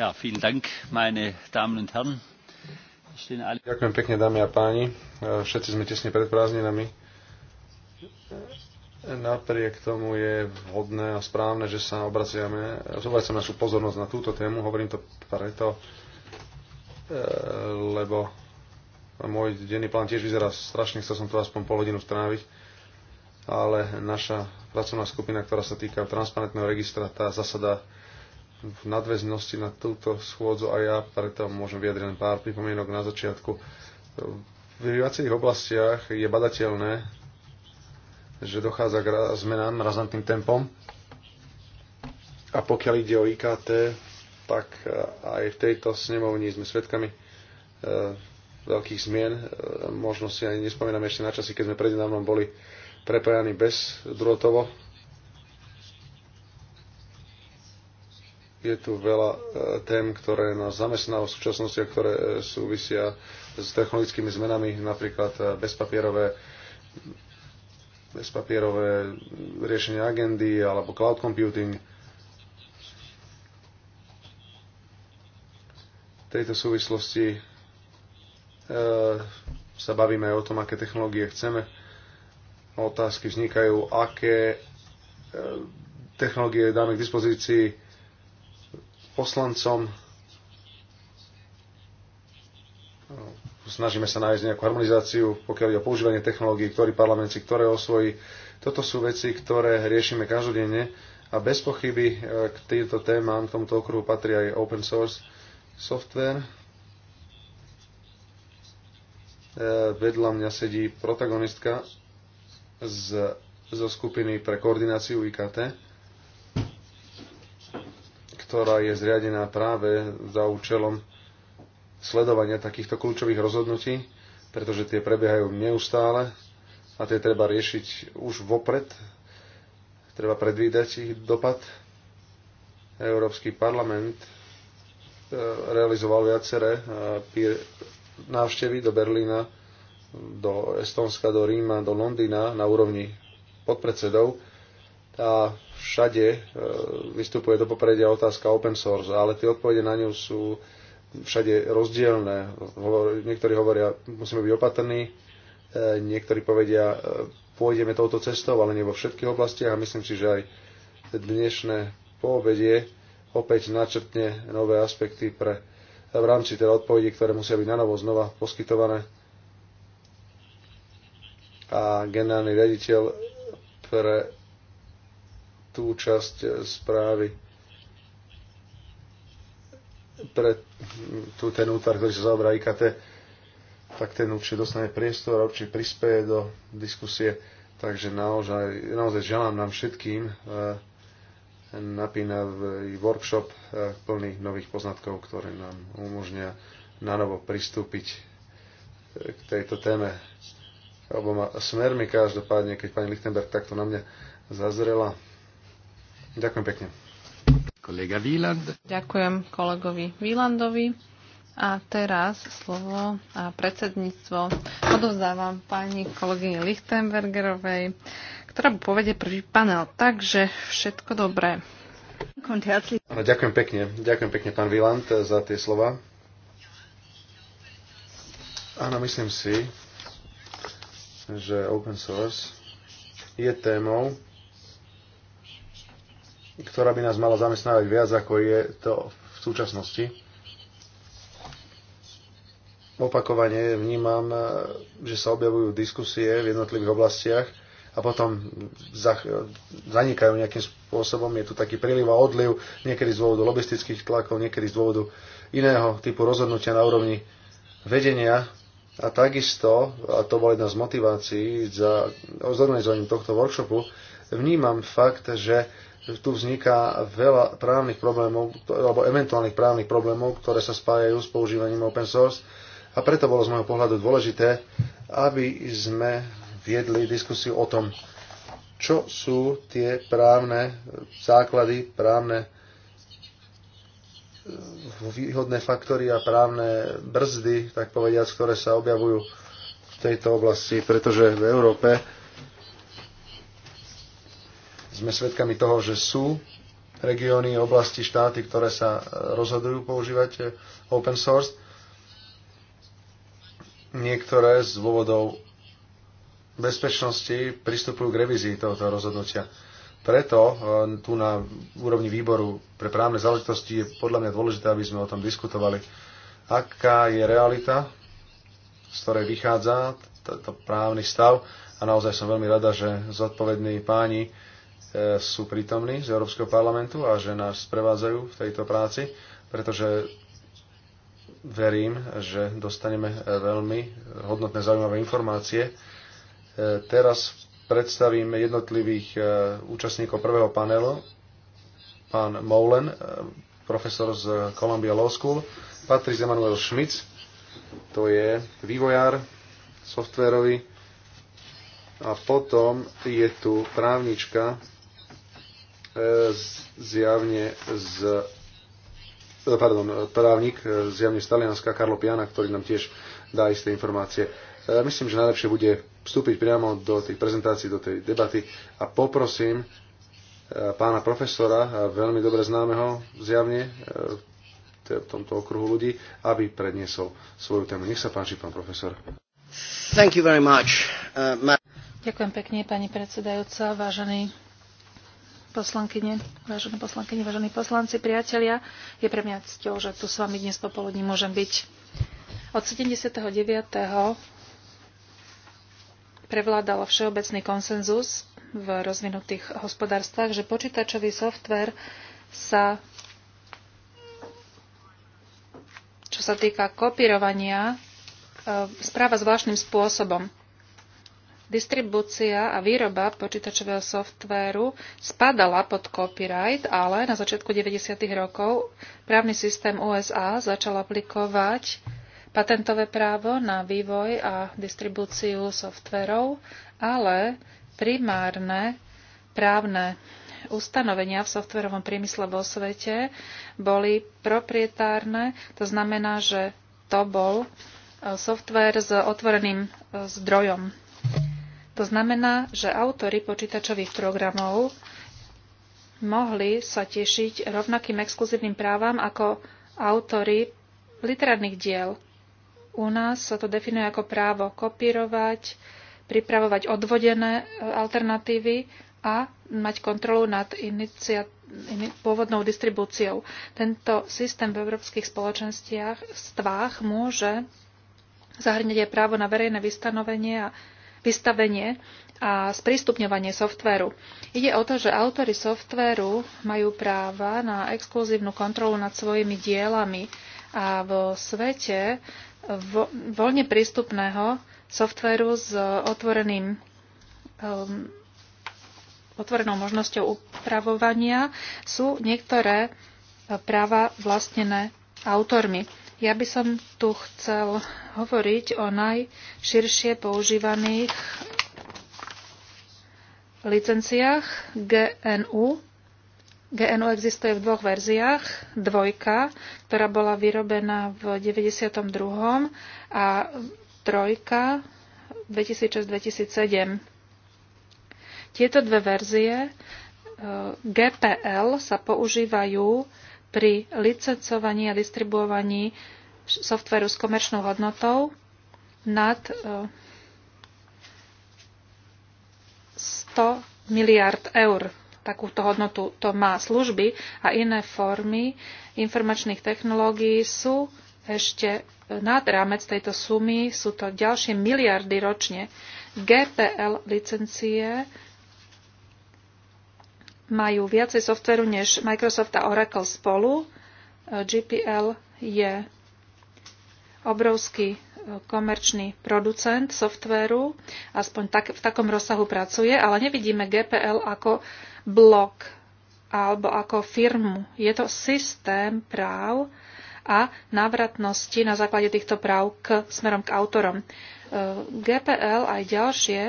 Ja, vielen Dank, meine Damen und Herren. Ďakujem pekne, dámy a páni. E, Všetci sme tesne pred prázdninami. E, Napriek tomu je vhodné a správne, že sa obraciame, obraciame našu pozornosť na túto tému. Hovorím to preto, e, lebo môj denný plán tiež vyzerá strašne, chcel som to aspoň pol hodinu stráviť, ale naša pracovná skupina, ktorá sa týka transparentného registra, tá zasada v nadväznosti na túto schôdzu a ja preto môžem vyjadriť len pár pripomienok na začiatku. V viacerých oblastiach je badateľné, že dochádza k zmenám razantným tempom. A pokiaľ ide o IKT, tak e, aj v tejto snemovni sme svedkami e, veľkých zmien. E, možno si ani nespomínam ešte na časy, keď sme prednedávnom boli bez drôtovo Je tu veľa e, tém, ktoré nás zamestnávajú v súčasnosti a ktoré e, súvisia s technologickými zmenami, napríklad e, bezpapierové bezpapierové riešenie agendy alebo cloud computing. V tejto súvislosti e, sa bavíme aj o tom, aké technológie chceme. Otázky vznikajú, aké e, technológie dáme k dispozícii poslancom. Snažíme sa nájsť nejakú harmonizáciu, pokiaľ je o používanie technológií, ktorý parlament si ktoré osvojí. Toto sú veci, ktoré riešime každodenne a bez pochyby e, k týmto témam, k tomuto okruhu patrí aj open source software. E, vedľa mňa sedí protagonistka z, zo skupiny pre koordináciu IKT ktorá je zriadená práve za účelom sledovania takýchto kľúčových rozhodnutí, pretože tie prebiehajú neustále a tie treba riešiť už vopred, treba predvídať ich dopad. Európsky parlament e, realizoval viaceré e, návštevy do Berlína, do Estonska, do Ríma, do Londýna na úrovni podpredsedov a všade e, vystupuje do popredia otázka open source, ale tie odpovede na ňu sú všade rozdielne. Niektorí hovoria, musíme byť opatrní, e, niektorí povedia, e, pôjdeme touto cestou, ale nie vo všetkých oblastiach a myslím si, že aj dnešné poobedie opäť načrtne nové aspekty pre v rámci teda odpovedí, ktoré musia byť na novo znova poskytované. A generálny riaditeľ pre tú časť e, správy pre hm, tú, ten útvar, ktorý sa zaoberá IKT, tak ten určite dostane priestor a určite prispieje do diskusie. Takže naozaj, naozaj želám nám všetkým e, napínavý workshop e, plný nových poznatkov, ktoré nám umožnia na novo pristúpiť e, k tejto téme oboma smermi. Každopádne, keď pani Lichtenberg takto na mňa zazrela, Ďakujem pekne. Kolega Wieland. Ďakujem kolegovi Wielandovi. A teraz slovo a predsedníctvo odovzdávam pani kolegyne Lichtenbergerovej, ktorá povede prvý panel. Takže všetko dobré. ďakujem pekne. Ďakujem pekne, pán Wieland, za tie slova. Áno, myslím si, že open source je témou, ktorá by nás mala zamestnávať viac, ako je to v súčasnosti. Opakovane vnímam, e, že sa objavujú diskusie v jednotlivých oblastiach a potom e, zanikajú nejakým spôsobom. Je tu taký príliv a odliv, niekedy z dôvodu lobistických tlakov, niekedy z dôvodu iného typu rozhodnutia na úrovni vedenia. A takisto, a to bola jedna z motivácií za zorganizovaním tohto workshopu, vnímam fakt, že že tu vzniká veľa právnych problémov, alebo eventuálnych právnych problémov, ktoré sa spájajú s používaním open source. A preto bolo z môjho pohľadu dôležité, aby sme viedli diskusiu o tom, čo sú tie právne základy, právne e, výhodné faktory a právne brzdy, tak povediac, ktoré sa objavujú v tejto oblasti, pretože v Európe sme svedkami toho, že sú regióny, oblasti, štáty, ktoré sa e, rozhodujú používať e, open source. Niektoré z dôvodov bezpečnosti pristupujú k revízii tohoto rozhodnutia. Preto e, tu na úrovni výboru pre právne záležitosti je podľa mňa dôležité, aby sme o tom diskutovali, aká je realita, z ktorej vychádza tento právny stav. A naozaj som veľmi rada, že zodpovední páni E, sú prítomní z Európskeho parlamentu a že nás sprevádzajú v tejto práci, pretože verím, že dostaneme e, veľmi hodnotné zaujímavé informácie. E, teraz predstavím jednotlivých účastníkov prvého panelu. Pán Moulen, profesor z Columbia Law School, Patrice Emanuel Schmitz, to je vývojár softvérový, a potom je tu právnička E, zjavne z e, pardon, právnik e, zjavne z Talianska, Karlo Piana, ktorý nám tiež dá isté informácie. Myslím, že najlepšie bude vstúpiť priamo do tých prezentácií, do tej debaty a poprosím pána profesora, veľmi dobre známeho zjavne v tomto okruhu ľudí, aby predniesol svoju tému. Nech sa páči, pán profesor. Thank you very much. Uh, Ďakujem pekne, pani predsedajúca, vážení poslankyne, vážené poslankyne, vážení poslanci, priatelia. Je pre mňa cťou, že tu s vami dnes popoludní môžem byť. Od 79. prevládal všeobecný konsenzus v rozvinutých hospodárstvách, že počítačový softver sa, čo sa týka kopírovania, e, správa zvláštnym spôsobom. Distribúcia a výroba počítačového softvéru spadala pod copyright, ale na začiatku 90. rokov právny systém USA začal aplikovať patentové právo na vývoj a distribúciu softverov, ale primárne právne ustanovenia v softverovom priemysle vo svete boli proprietárne, to znamená, že to bol e, software s otvoreným e, zdrojom to znamená, že autory počítačových programov mohli sa tešiť rovnakým exkluzívnym právam ako autory literárnych diel. U nás sa to definuje ako právo kopírovať, pripravovať odvodené e, alternatívy a mať kontrolu nad iniciat- pôvodnou distribúciou. Tento systém v európskych spoločenstiach stvách môže zahrňať aj právo na verejné vystanovenie a vystavenie a sprístupňovanie softvéru. Ide o to, že autory softvéru majú práva na exkluzívnu kontrolu nad svojimi dielami a vo svete vo, voľne prístupného softvéru s otvoreným um, otvorenou možnosťou upravovania sú niektoré práva vlastnené autormi. Ja by som tu chcel hovoriť o najširšie používaných licenciách GNU. GNU existuje v dvoch verziách. Dvojka, ktorá bola vyrobená v 92. a trojka 2006-2007. Tieto dve verzie e, GPL sa používajú pri licencovaní a distribuovaní softveru s komerčnou hodnotou nad 100 e, miliard eur. Takúto hodnotu to má služby a iné formy informačných technológií sú ešte nad rámec tejto sumy, sú to ďalšie miliardy ročne. GPL licencie majú viacej softveru než Microsoft a Oracle spolu. E, GPL je obrovský e, komerčný producent softvéru, aspoň tak, v takom rozsahu pracuje, ale nevidíme GPL ako blok alebo ako firmu. Je to systém práv a návratnosti na základe týchto práv k, smerom k autorom. E, GPL aj ďalšie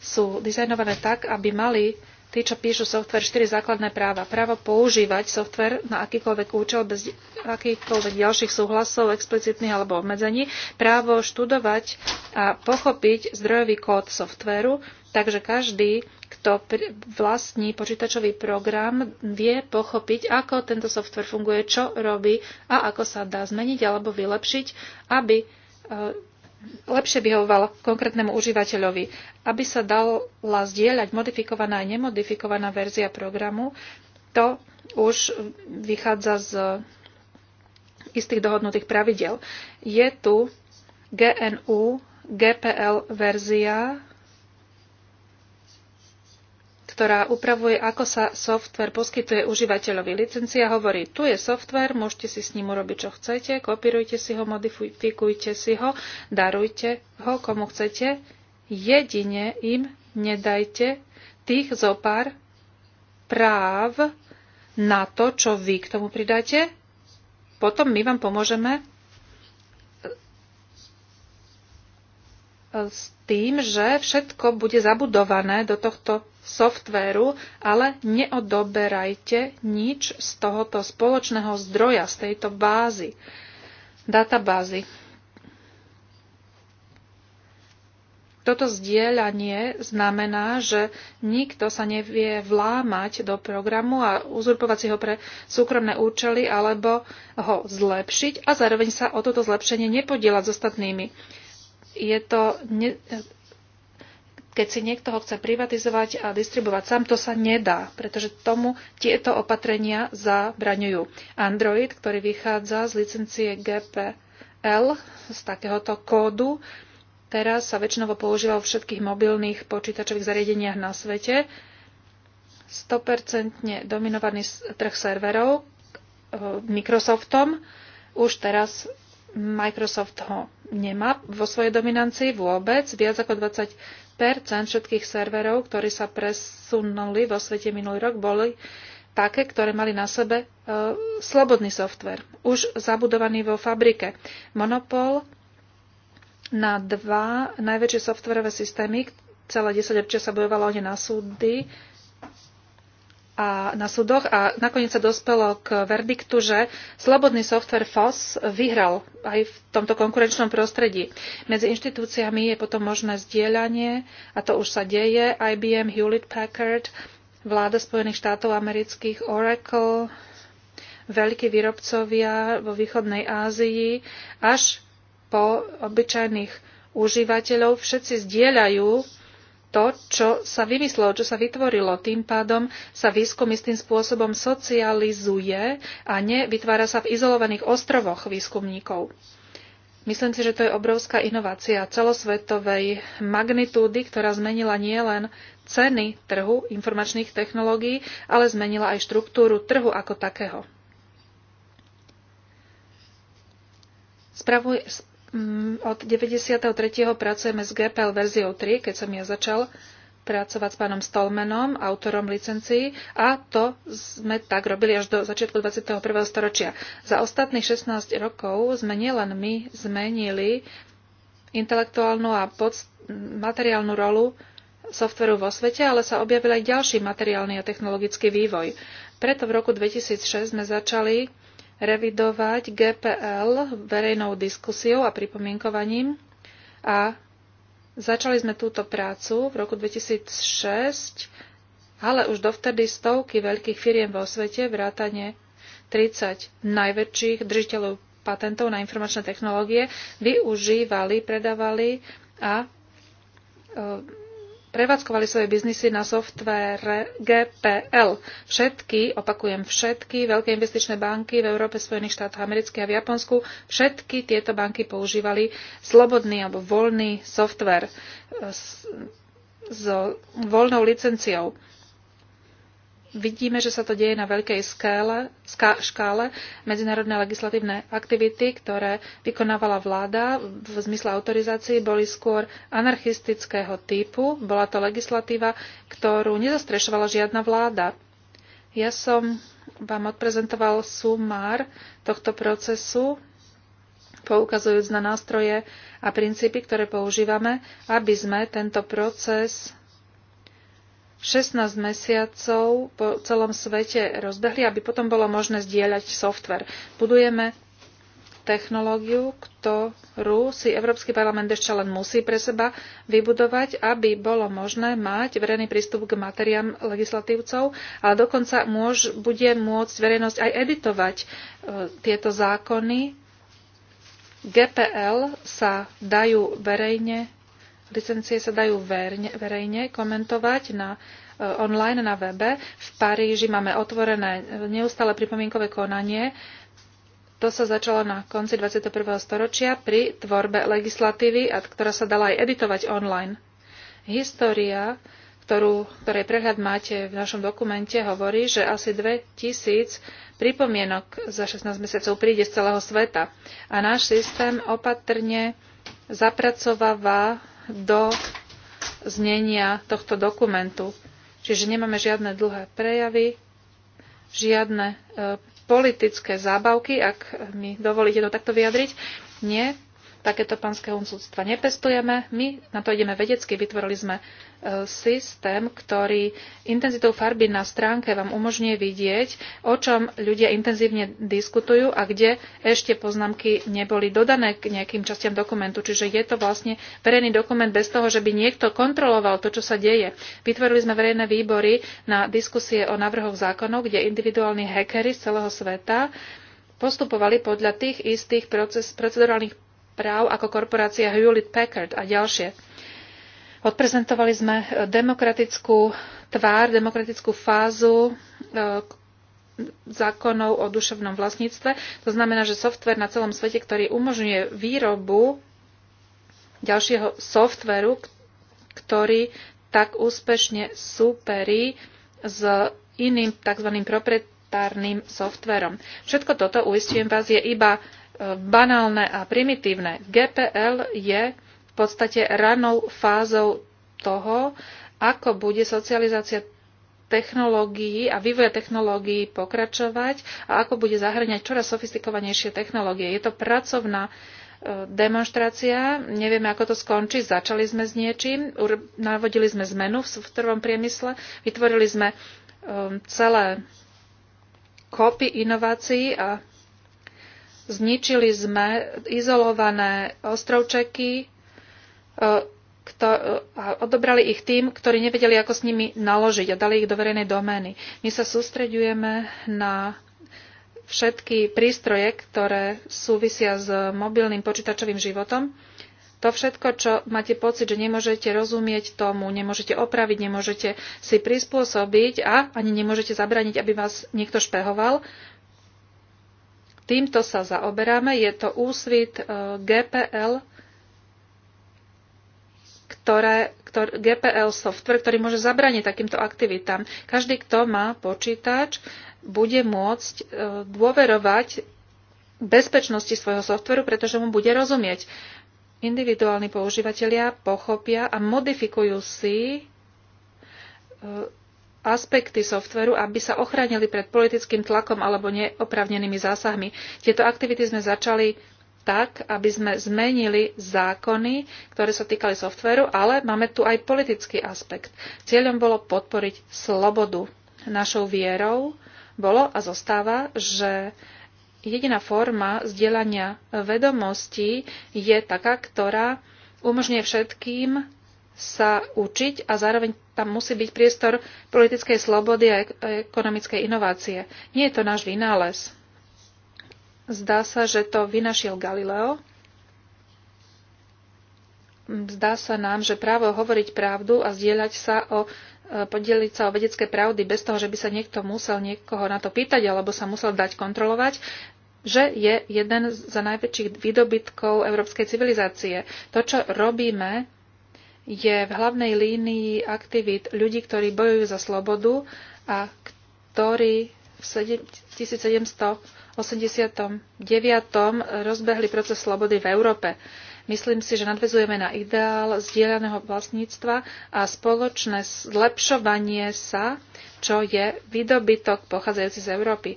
sú dizajnované tak, aby mali tí, čo píšu software, štyri základné práva. Právo používať software na akýkoľvek účel bez akýchkoľvek ďalších súhlasov, explicitných alebo obmedzení. Právo študovať a pochopiť zdrojový kód softvéru, takže každý, kto vlastní počítačový program, vie pochopiť, ako tento software funguje, čo robí a ako sa dá zmeniť alebo vylepšiť, aby e, lepšie vyhovoval konkrétnemu užívateľovi, aby sa dala zdieľať modifikovaná a nemodifikovaná verzia programu. To už vychádza z istých dohodnutých pravidel. Je tu GNU, GPL verzia ktorá upravuje, ako sa software poskytuje užívateľovi. Licencia hovorí, tu je software, môžete si s ním urobiť, čo chcete, kopírujte si ho, modifikujte si ho, darujte ho, komu chcete, jedine im nedajte tých zopár práv na to, čo vy k tomu pridáte, potom my vám pomôžeme s tým, že všetko bude zabudované do tohto softvéru, ale neodoberajte nič z tohoto spoločného zdroja, z tejto bázy, databázy. Toto zdieľanie znamená, že nikto sa nevie vlámať do programu a uzurpovať si ho pre súkromné účely alebo ho zlepšiť a zároveň sa o toto zlepšenie nepodielať s ostatnými je to... Ne, keď si niekto ho chce privatizovať a distribuovať sám, to sa nedá, pretože tomu tieto opatrenia zabraňujú. Android, ktorý vychádza z licencie GPL, z takéhoto kódu, teraz sa väčšinovo používa vo všetkých mobilných počítačových zariadeniach na svete. 100% dominovaný trh serverov eh, Microsoftom už teraz Microsoft ho nemá vo svojej dominancii vôbec. Viac ako 20 všetkých serverov, ktorí sa presunuli vo svete minulý rok, boli také, ktoré mali na sebe e, slobodný software, už zabudovaný vo fabrike. Monopol na dva najväčšie softverové systémy, celé 10 občia sa bojovalo ne na súdy, a na súdoch a nakoniec sa dospelo k verdiktu, že slobodný software FOS vyhral aj v tomto konkurenčnom prostredí. Medzi inštitúciami je potom možné zdieľanie a to už sa deje. IBM, Hewlett Packard, vláda Spojených štátov amerických, Oracle, veľkí výrobcovia vo východnej Ázii až po obyčajných užívateľov. Všetci zdieľajú to, čo sa vymyslelo, čo sa vytvorilo. Tým pádom sa výskum istým spôsobom socializuje a nevytvára sa v izolovaných ostrovoch výskumníkov. Myslím si, že to je obrovská inovácia celosvetovej magnitúdy, ktorá zmenila nielen ceny trhu informačných technológií, ale zmenila aj štruktúru trhu ako takého. Spravuje, Mm, od 93. pracujeme s GPL verziou 3, keď som ja začal pracovať s pánom Stolmenom, autorom licencií, a to sme tak robili až do začiatku 21. storočia. Za ostatných 16 rokov sme nielen my zmenili intelektuálnu a materiálnu rolu softveru vo svete, ale sa objavil aj ďalší materiálny a technologický vývoj. Preto v roku 2006 sme začali revidovať GPL verejnou diskusiou a pripomienkovaním a začali sme túto prácu v roku 2006, ale už dovtedy stovky veľkých firiem vo svete, vrátane 30 najväčších držiteľov patentov na informačné technológie využívali, predávali a e, prevádzkovali svoje biznisy na softvére GPL. Všetky, opakujem všetky, veľké investičné banky v Európe, Spojených štátoch amerických a v Japonsku, všetky tieto banky používali slobodný alebo voľný software e, s, s voľnou licenciou. Vidíme, že sa to deje na veľkej skále, ská, škále medzinárodné legislatívne aktivity, ktoré vykonávala vláda v zmysle autorizácií, boli skôr anarchistického typu. Bola to legislatíva, ktorú nezastrešovala žiadna vláda. Ja som vám odprezentoval sumár tohto procesu, poukazujúc na nástroje a princípy, ktoré používame, aby sme tento proces 16 mesiacov po celom svete rozbehli, aby potom bolo možné zdieľať software. Budujeme technológiu, ktorú si Európsky parlament ešte len musí pre seba vybudovať, aby bolo možné mať verejný prístup k materiám legislatívcov, ale dokonca môž, bude môcť verejnosť aj editovať e, tieto zákony. GPL sa dajú verejne Licencie sa dajú verne, verejne komentovať na, e, online na webe. V Paríži máme otvorené neustále pripomienkové konanie. To sa začalo na konci 21. storočia pri tvorbe legislatívy, ktorá sa dala aj editovať online. História, ktorú, ktorej prehľad máte v našom dokumente, hovorí, že asi 2000 pripomienok za 16 mesiacov príde z celého sveta. A náš systém opatrne zapracováva do znenia tohto dokumentu. Čiže nemáme žiadne dlhé prejavy, žiadne e, politické zábavky, ak mi dovolíte to takto vyjadriť. Nie, takéto pánske úctva nepestujeme. My na to ideme vedecky. Vytvorili sme e, systém, ktorý intenzitou farby na stránke vám umožňuje vidieť, o čom ľudia intenzívne diskutujú a kde ešte poznámky neboli dodané k nejakým častiam dokumentu. Čiže je to vlastne verejný dokument bez toho, že by niekto kontroloval to, čo sa deje. Vytvorili sme verejné výbory na diskusie o návrhoch zákonov, kde individuálni hackery z celého sveta postupovali podľa tých istých proces, procedurálnych práv ako korporácia Hewlett Packard a ďalšie. Odprezentovali sme demokratickú tvár, demokratickú fázu e, zákonov o duševnom vlastníctve. To znamená, že software na celom svete, ktorý umožňuje výrobu ďalšieho softveru, ktorý tak úspešne súperí s iným tzv. proprietárnym softverom. Všetko toto, uistujem vás, je iba banálne a primitívne. GPL je v podstate ranou fázou toho, ako bude socializácia technológií a vývoja technológií pokračovať a ako bude zahrňať čoraz sofistikovanejšie technológie. Je to pracovná e, demonstrácia, nevieme, ako to skončí, začali sme s niečím, navodili sme zmenu v softwarovom priemysle, vytvorili sme e, celé kopy inovácií a Zničili sme izolované ostrovčeky e, a odobrali ich tým, ktorí nevedeli, ako s nimi naložiť a dali ich do verejnej domény. My sa sústreďujeme na všetky prístroje, ktoré súvisia s mobilným počítačovým životom. To všetko, čo máte pocit, že nemôžete rozumieť tomu, nemôžete opraviť, nemôžete si prispôsobiť a ani nemôžete zabraniť, aby vás niekto špehoval, Týmto sa zaoberáme. Je to úsvit e, GPL, ktoré, ktor, GPL software, ktorý môže zabraniť takýmto aktivitám. Každý, kto má počítač, bude môcť e, dôverovať bezpečnosti svojho softveru, pretože mu bude rozumieť. Individuálni používateľia pochopia a modifikujú si e, aspekty softveru, aby sa ochránili pred politickým tlakom alebo neopravnenými zásahmi. Tieto aktivity sme začali tak, aby sme zmenili zákony, ktoré sa týkali softveru, ale máme tu aj politický aspekt. Cieľom bolo podporiť slobodu. Našou vierou bolo a zostáva, že jediná forma zdieľania vedomostí je taká, ktorá umožňuje všetkým sa učiť a zároveň tam musí byť priestor politickej slobody a ekonomickej inovácie. Nie je to náš vynález. Zdá sa, že to vynašiel Galileo. Zdá sa nám, že právo hovoriť pravdu a zdieľať sa o e, podeliť sa o vedecké pravdy bez toho, že by sa niekto musel niekoho na to pýtať alebo sa musel dať kontrolovať, že je jeden z najväčších výdobytkov európskej civilizácie. To, čo robíme, je v hlavnej línii aktivít ľudí, ktorí bojujú za slobodu a ktorí v 1789. rozbehli proces slobody v Európe. Myslím si, že nadvezujeme na ideál zdieľaného vlastníctva a spoločné zlepšovanie sa, čo je vydobytok pochádzajúci z Európy.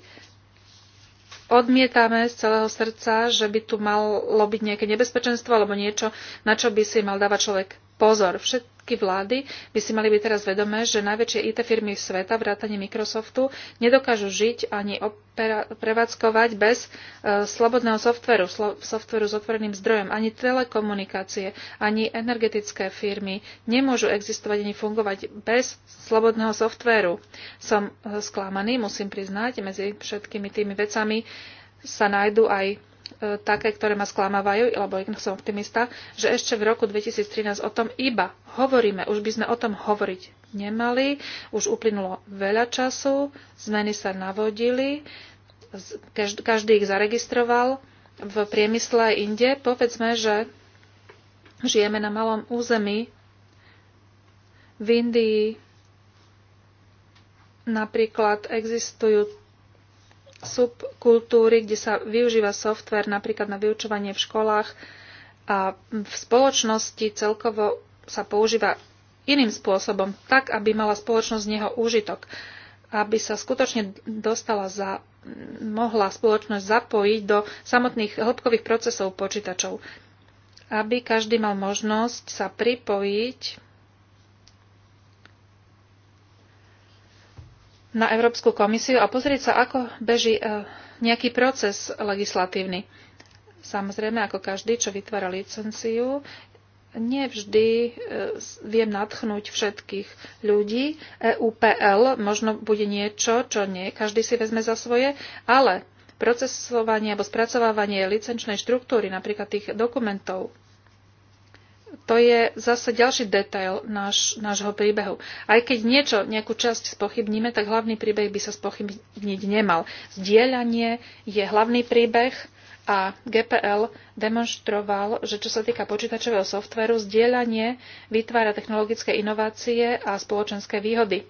Odmietame z celého srdca, že by tu malo byť nejaké nebezpečenstvo alebo niečo, na čo by si mal dávať človek pozor, všetky vlády by si mali byť teraz vedomé, že najväčšie IT firmy sveta, vrátane Microsoftu, nedokážu žiť ani opera- prevádzkovať bez e, slobodného softveru, slo- softveru s otvoreným zdrojom. Ani telekomunikácie, ani energetické firmy nemôžu existovať ani fungovať bez slobodného softveru. Som e, sklamaný, musím priznať, medzi všetkými tými vecami sa nájdú aj E, také, ktoré ma sklamávajú, lebo som optimista, že ešte v roku 2013 o tom iba hovoríme. Už by sme o tom hovoriť nemali. Už uplynulo veľa času, zmeny sa navodili, každý ich zaregistroval v priemysle aj inde. Povedzme, že žijeme na malom území v Indii, Napríklad existujú subkultúry, kde sa využíva software napríklad na vyučovanie v školách a v spoločnosti celkovo sa používa iným spôsobom, tak, aby mala spoločnosť z neho úžitok, aby sa skutočne dostala za, mohla spoločnosť zapojiť do samotných hĺbkových procesov počítačov, aby každý mal možnosť sa pripojiť na Európsku komisiu a pozrieť sa, ako beží e, nejaký proces legislatívny. Samozrejme, ako každý, čo vytvára licenciu, nevždy e, viem nadchnúť všetkých ľudí. EUPL možno bude niečo, čo nie každý si vezme za svoje, ale procesovanie alebo spracovávanie licenčnej štruktúry, napríklad tých dokumentov, to je zase ďalší detail náš, nášho príbehu. Aj keď niečo, nejakú časť spochybníme, tak hlavný príbeh by sa spochybniť nemal. Zdieľanie je hlavný príbeh a GPL demonstroval, že čo sa týka počítačového softveru, zdieľanie vytvára technologické inovácie a spoločenské výhody.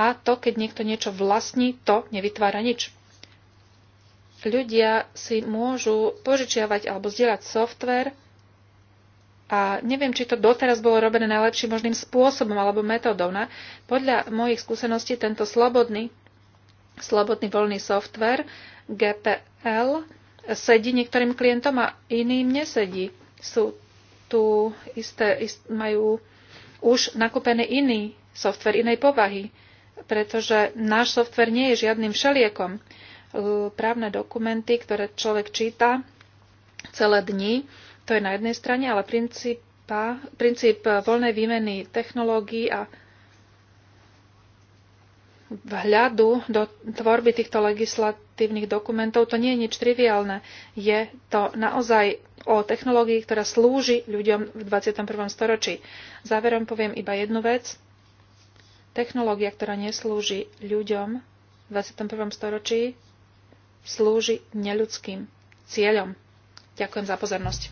A to, keď niekto niečo vlastní, to nevytvára nič ľudia si môžu požičiavať alebo zdieľať software a neviem, či to doteraz bolo robené najlepším možným spôsobom alebo metodou. Na, podľa mojich skúseností tento slobodný, slobodný voľný software GPL sedí niektorým klientom a iným nesedí. Sú tu isté, ist, majú už nakúpený iný software inej povahy, pretože náš software nie je žiadnym všeliekom. Právne dokumenty, ktoré človek číta celé dni, to je na jednej strane, ale princípa, princíp voľnej výmeny technológií a vhľadu do tvorby týchto legislatívnych dokumentov, to nie je nič triviálne. Je to naozaj o technológii, ktorá slúži ľuďom v 21. storočí. Záverom poviem iba jednu vec. Technológia, ktorá neslúži ľuďom v 21. storočí, slúži neľudským cieľom. Ďakujem za pozornosť.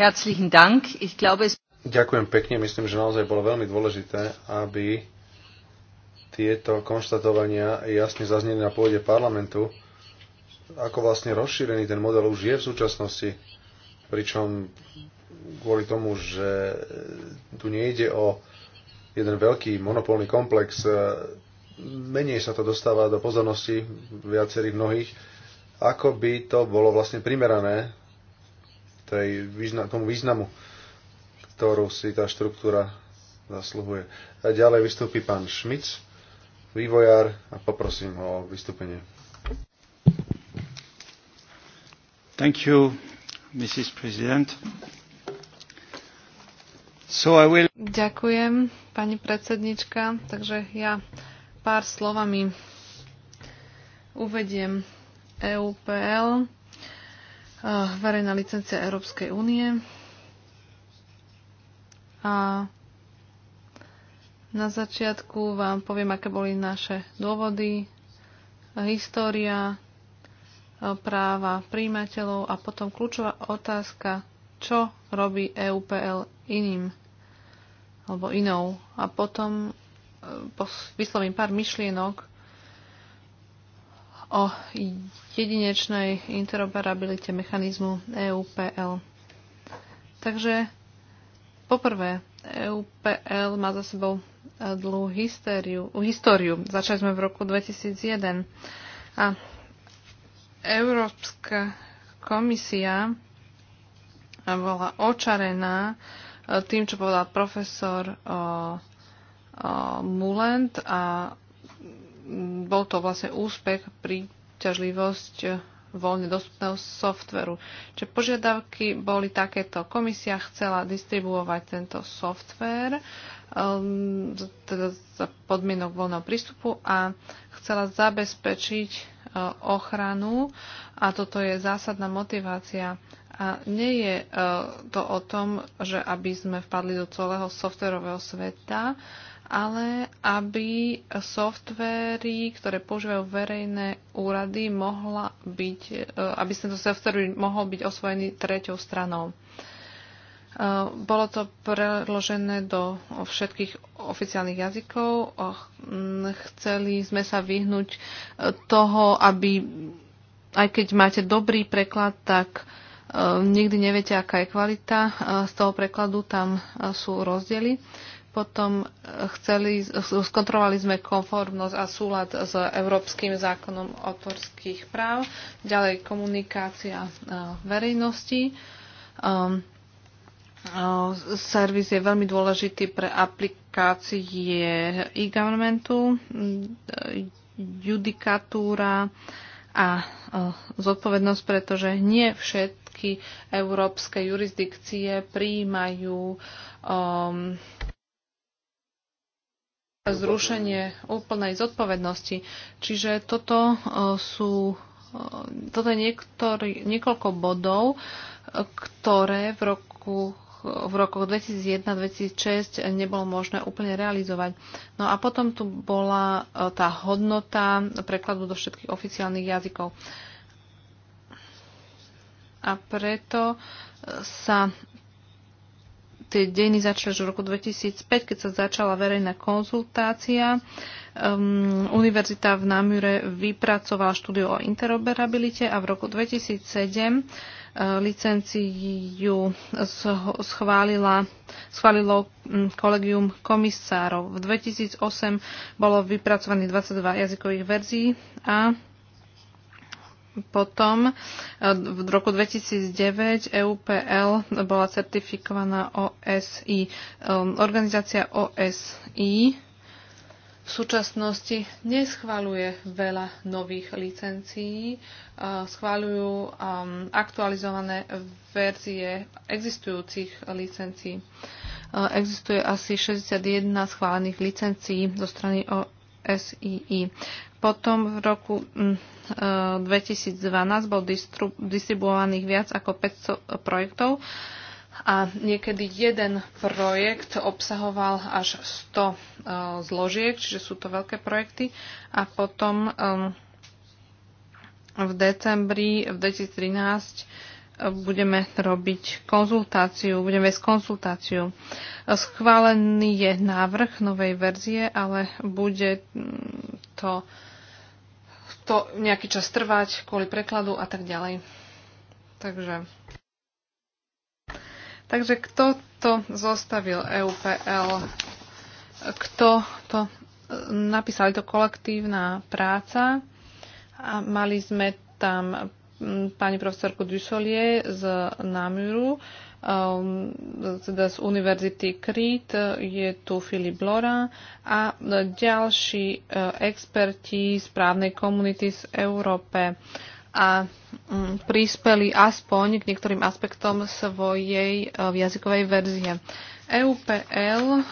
Herzlichen Dank. Ich glaube, es... Ďakujem pekne. Myslím, že naozaj bolo veľmi dôležité, aby tieto konštatovania jasne zazneli na pôde parlamentu, ako vlastne rozšírený ten model už je v súčasnosti. Pričom kvôli tomu, že tu nejde o jeden veľký monopolný komplex, menej sa to dostáva do pozornosti viacerých mnohých, ako by to bolo vlastne primerané tej tomu významu, ktorú si tá štruktúra zasluhuje. A ďalej vystúpi pán Šmic, vývojár, a poprosím ho o vystúpenie. Thank you, Mrs. President. So I will... Ďakujem, pani predsednička. Takže ja pár slovami uvediem EUPL verejná licencia Európskej únie. A na začiatku vám poviem, aké boli naše dôvody, história, práva príjimateľov a potom kľúčová otázka, čo robí EUPL iným alebo inou. A potom e, vyslovím pár myšlienok o jedinečnej interoperabilite mechanizmu EUPL. Takže poprvé, EUPL má za sebou e, dlhú histériu, históriu. Začali sme v roku 2001 a Európska komisia bola očarená e, tým, čo povedal profesor Mulent a bol to vlastne úspech, príťažlivosť voľne dostupného softveru. Čiže požiadavky boli takéto. Komisia chcela distribuovať tento softver um, teda za podmienok voľného prístupu a chcela zabezpečiť uh, ochranu a toto je zásadná motivácia. A nie je uh, to o tom, že aby sme vpadli do celého softverového sveta, ale aby softvery, ktoré používajú verejné úrady, mohla byť, e, aby tento softver mohol byť osvojený treťou stranou. E, bolo to preložené do všetkých oficiálnych jazykov. Chceli sme sa vyhnúť toho, aby aj keď máte dobrý preklad, tak e, nikdy neviete, aká je kvalita z toho prekladu, tam sú rozdiely. Potom e, chceli, skontrolovali sme konformnosť a súlad s Európskym zákonom autorských práv, ďalej komunikácia e, verejnosti. Ehm, e, servis je veľmi dôležitý pre aplikácie e-governmentu, mm, judikatúra a zodpovednosť, pretože nie všetky európske jurisdikcie príjmajú um, ehm, zrušenie úplnej zodpovednosti. Čiže toto e, sú e, toto je niektorý, niekoľko bodov, e, ktoré v roku v rokoch 2001-2006 nebolo možné úplne realizovať. No a potom tu bola tá hodnota prekladu do všetkých oficiálnych jazykov. A preto sa tie dejiny začali v roku 2005, keď sa začala verejná konzultácia. Um, univerzita v Namure vypracovala štúdiu o interoperabilite a v roku 2007 uh, licenciu schválila, schválilo um, kolegium komisárov. V 2008 bolo vypracovaných 22 jazykových verzií a potom e, v roku 2009 EUPL bola certifikovaná OSI. E, organizácia OSI v súčasnosti neschváluje veľa nových licencií, e, Schváľujú um, aktualizované verzie existujúcich licencií. Existuje asi 61 schválených licencií zo strany OSI. Potom v roku 2012 mm, e, bol distribuovaných viac ako 500 projektov a niekedy jeden projekt obsahoval až 100 e, zložiek, čiže sú to veľké projekty. A potom e, v decembri v 2013 budeme robiť konzultáciu, budeme viesť konzultáciu. Schválený je návrh novej verzie, ale bude mm, to to nejaký čas trvať kvôli prekladu a tak ďalej. Takže, takže kto to zostavil EUPL? Kto to e, napísali to kolektívna práca a mali sme tam pani profesorku Dussolier z Namuru, Um, teda z Univerzity Crete je tu Filip Lora a ďalší e, experti z právnej komunity z Európe a mm, prispeli aspoň k niektorým aspektom svojej e, jazykovej verzie. EUPL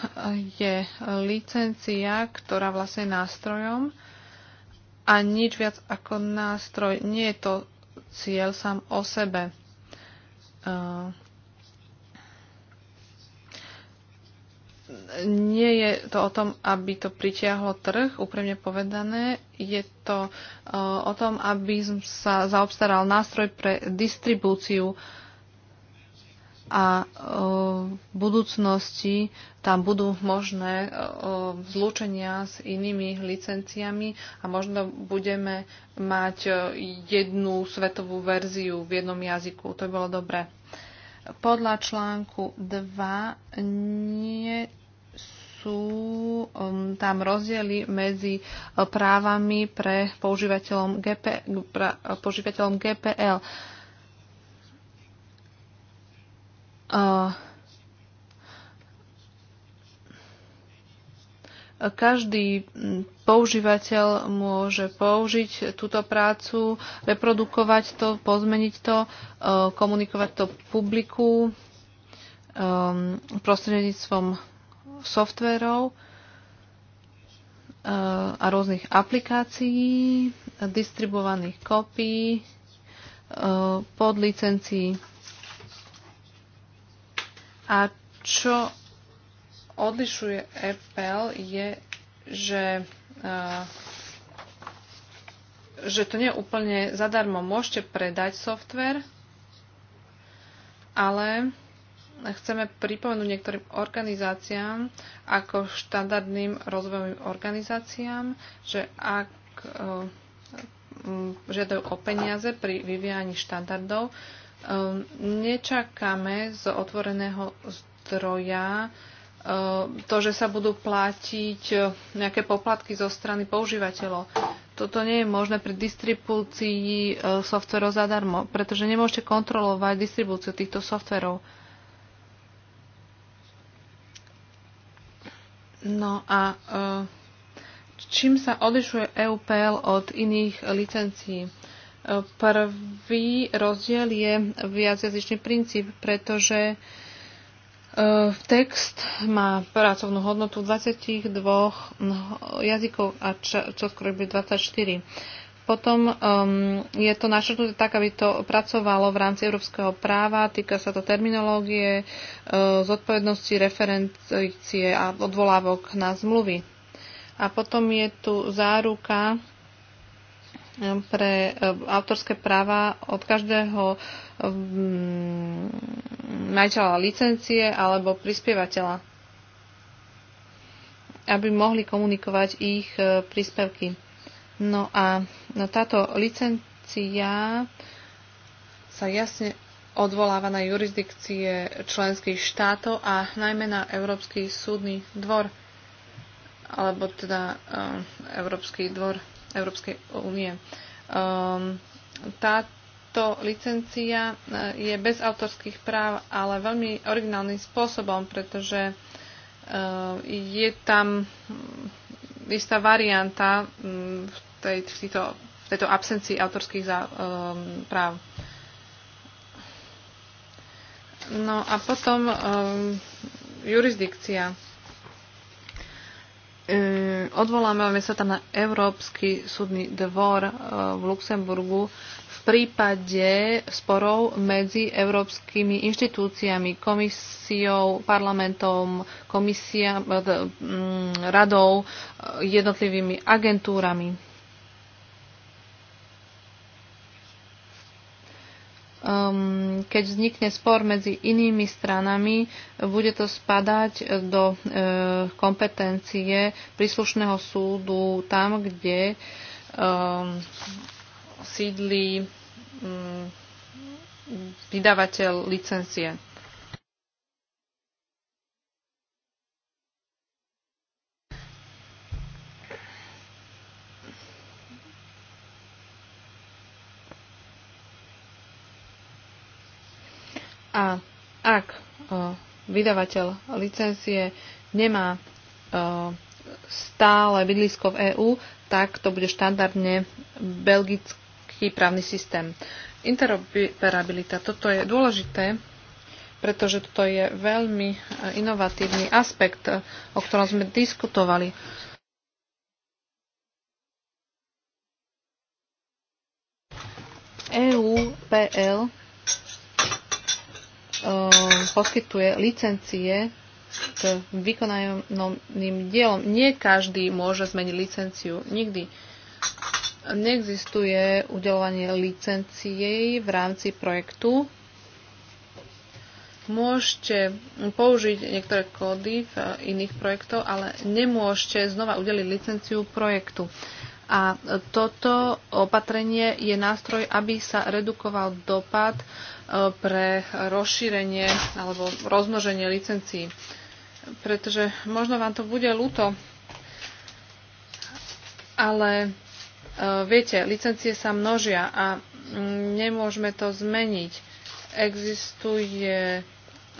je licencia, ktorá vlastne je nástrojom a nič viac ako nástroj. Nie je to cieľ sám o sebe. Uh, nie je to o tom, aby to pritiahlo trh, úprimne povedané. Je to e, o tom, aby sa zaobstaral nástroj pre distribúciu a e, v budúcnosti tam budú možné e, zlúčenia s inými licenciami a možno budeme mať jednu svetovú verziu v jednom jazyku. To by bolo dobré. Podľa článku 2 nie sú um, tam rozdiely medzi uh, právami pre používateľom, GP, pra, používateľom GPL. Uh, každý používateľ môže použiť túto prácu, reprodukovať to, pozmeniť to, uh, komunikovať to publiku um, prostredníctvom softverov e, a rôznych aplikácií, distribuovaných kopií e, pod licencií. A čo odlišuje Apple je, že e, že to nie je úplne zadarmo. Môžete predať software, ale chceme pripomenúť niektorým organizáciám ako štandardným rozvojovým organizáciám, že ak eh, žiadajú o peniaze pri vyvíjaní štandardov, eh, nečakáme z otvoreného zdroja eh, to, že sa budú platiť nejaké poplatky zo strany používateľov. Toto nie je možné pri distribúcii softverov zadarmo, pretože nemôžete kontrolovať distribúciu týchto softverov. No a e, čím sa odlišuje EUPL od iných licencií? E, prvý rozdiel je viacjazyčný princíp, pretože e, text má pracovnú hodnotu 22 jazykov a čoskoro bude 24. Potom um, je to našrtnuté tak, aby to pracovalo v rámci európskeho práva, týka sa to terminológie, uh, zodpovednosti, referencie a odvolávok na zmluvy. A potom je tu záruka um, pre uh, autorské práva od každého um, majiteľa licencie alebo prispievateľa, aby mohli komunikovať ich uh, príspevky. No a no táto licencia sa jasne odvoláva na jurisdikcie členských štátov a najmä na Európsky súdny dvor, alebo teda eh, Európsky dvor Európskej únie. Ehm, táto licencia eh, je bez autorských práv, ale veľmi originálnym spôsobom, pretože eh, je tam istá varianta hm, v tej, týto, tejto absencii autorských zá, um, práv. No a potom um, jurisdikcia. Um, odvolávame sa tam na Európsky súdny dvor uh, v Luxemburgu v prípade sporov medzi európskymi inštitúciami, komisiou, parlamentom, komisia, uh, um, radou, uh, jednotlivými agentúrami. um, keď vznikne spor medzi inými stranami, bude to spadať do e, kompetencie príslušného súdu tam, kde um, ehm, sídli um, mm, vydavateľ licencie. A ak vydavateľ licencie nemá stále bydlisko v EÚ, tak to bude štandardne belgický právny systém. Interoperabilita, toto je dôležité, pretože toto je veľmi e, inovatívny aspekt, e, o ktorom sme diskutovali. EUPL Ehm, poskytuje licencie k vykonaným dielom. Nie každý môže zmeniť licenciu. Nikdy. Neexistuje udelovanie licencií v rámci projektu. Môžete použiť niektoré kódy v iných projektoch, ale nemôžete znova udeliť licenciu projektu. Uh, a toto opatrenie je nástroj, aby sa redukoval dopad e, pre rozšírenie alebo rozmnoženie licencií. Pretože možno vám to bude ľúto, ale e, viete, licencie sa množia a mm, nemôžeme to zmeniť. Existuje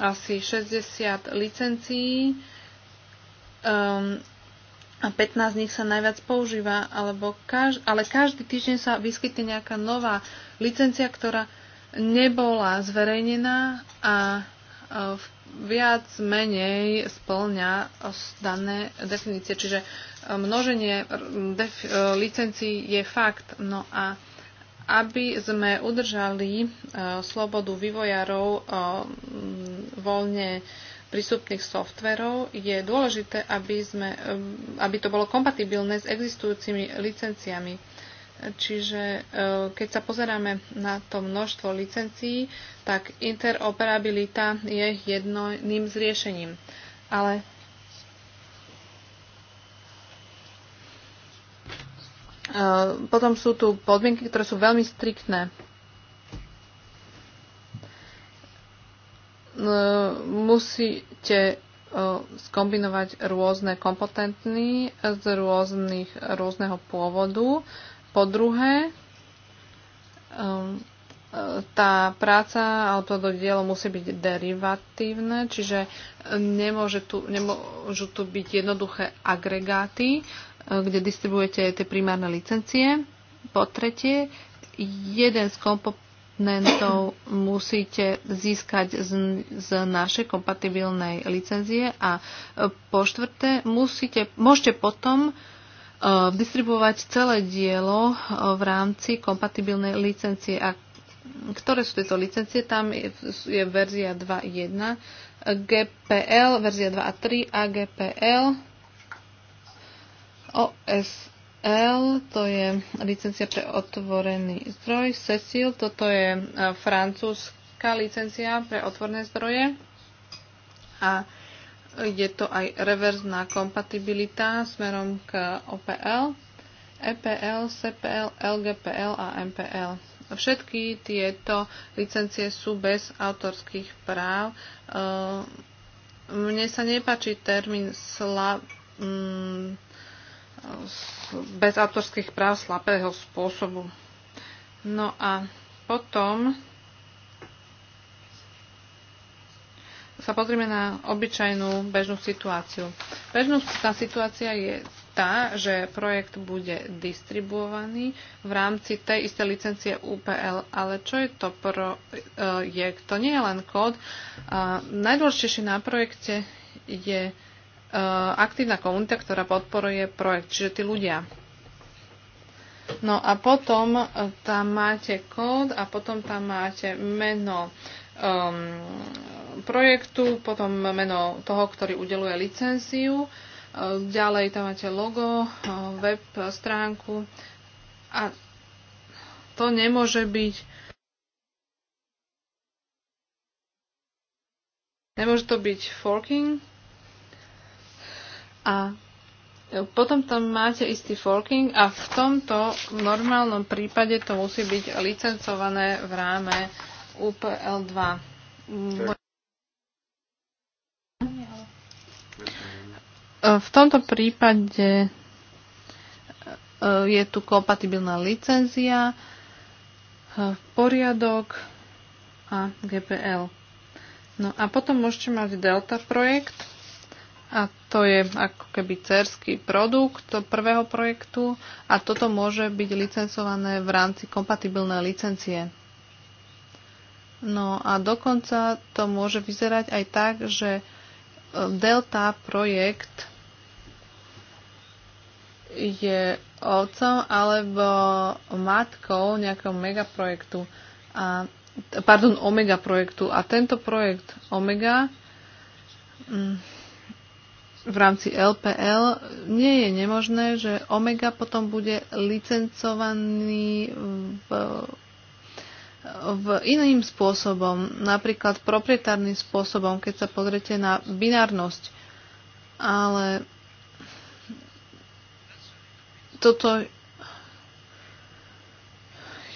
asi 60 licencií, um, a 15 z nich sa najviac používa, alebo kaž, ale každý týždeň sa vyskytne nejaká nová licencia, ktorá nebola zverejnená a e, viac menej splňa dané definície. Čiže e, množenie def- e, licencií je fakt. No a aby sme udržali slobodu vývojárov voľne prístupných softverov, je dôležité, aby, sme, eh, aby to bolo kompatibilné s existujúcimi licenciami. Čiže eh, keď sa pozeráme na to množstvo licencií, tak interoperabilita je jedným z riešením. Ale eh, potom sú tu podmienky, ktoré sú veľmi striktné. musíte skombinovať rôzne kompetentní z rôznych, rôzneho pôvodu. Po druhé, tá práca alebo to dielo musí byť derivatívne, čiže nemôže tu, nemôžu tu byť jednoduché agregáty, kde distribuujete tie primárne licencie. Po tretie, jeden z kompetentných patentov musíte získať z, z našej kompatibilnej licenzie a e, po štvrté musíte, môžete potom e, distribuovať celé dielo e, v rámci kompatibilnej licencie. A ktoré sú tieto licencie? Tam je, je verzia 2.1, GPL, verzia 2 a 3 a GPL, OS L, to je licencia pre otvorený zdroj. Cecil, toto je e, francúzska licencia pre otvorné zdroje. A je to aj reverzná kompatibilita smerom k OPL, EPL, CPL, LGPL a MPL. Všetky tieto licencie sú bez autorských práv. E, mne sa nepáči termín slab, bez autorských práv slabého spôsobu. No a potom sa pozrieme na obyčajnú bežnú situáciu. Bežnú tá situácia je tá, že projekt bude distribuovaný v rámci tej istej licencie UPL, ale čo je to projekt? To nie je len kód. najdôležitejšie na projekte je Eh, aktívna komunita, ktorá podporuje projekt, čiže tí ľudia. No a potom eh, tam máte kód a potom tam máte meno um, projektu, potom meno toho, ktorý udeluje licenciu, eh, ďalej tam máte logo, web stránku a to nemôže byť Nemôže to byť forking, a e, potom tam máte istý forking a v tomto normálnom prípade to musí byť licencované v ráme UPL 2. E, v tomto prípade e, je tu kompatibilná licenzia, poriadok a GPL. No a potom môžete mať Delta projekt, a to je ako keby cerský produkt prvého projektu a toto môže byť licencované v rámci kompatibilnej licencie. No a dokonca to môže vyzerať aj tak, že e, Delta projekt je otcom alebo matkou nejakého megaprojektu a pardon, omega projektu a tento projekt omega mm, v rámci LPL nie je nemožné, že Omega potom bude licencovaný v, v iným spôsobom, napríklad proprietárnym spôsobom, keď sa pozriete na binárnosť. Ale toto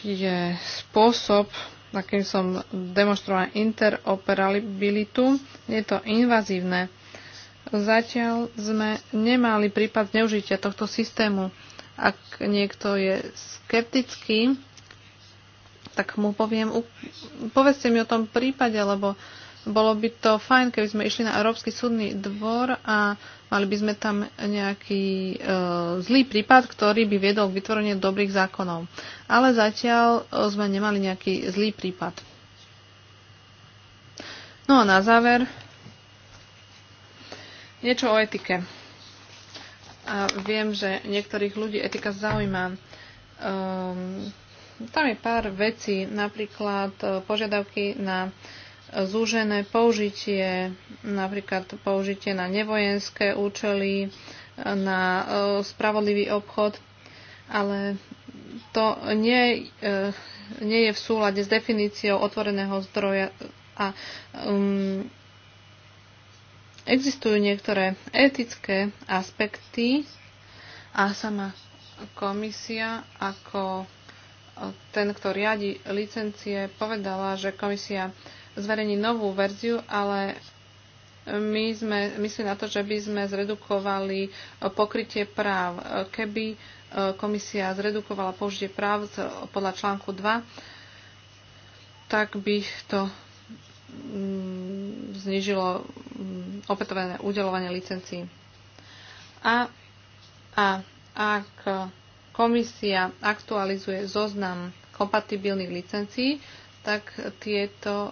je spôsob, akým som demonstroval interoperabilitu. Je to invazívne Zatiaľ sme nemali prípad zneužitia tohto systému. Ak niekto je skeptický, tak mu poviem, povedzte mi o tom prípade, lebo bolo by to fajn, keby sme išli na Európsky súdny dvor a mali by sme tam nejaký e, zlý prípad, ktorý by viedol k vytvoreniu dobrých zákonov. Ale zatiaľ e, sme nemali nejaký zlý prípad. No a na záver Niečo o etike. A viem, že niektorých ľudí etika zaujíma. Um, tam je pár vecí, napríklad e, požiadavky na e, zúžené použitie, napríklad použitie na nevojenské účely, e, na spravodlivý obchod, ale to nie, nie je v súlade s definíciou otvoreného zdroja a um, existujú niektoré etické aspekty a sama komisia ako ten, kto riadi licencie, povedala, že komisia zverejní novú verziu, ale my sme myslí na to, že by sme zredukovali pokrytie práv. Keby e, komisia zredukovala použitie práv podľa článku 2, tak by to Mm, znižilo mm, opätovné udelovanie licencií. A, a ak komisia aktualizuje zoznam kompatibilných licencií, tak tieto e,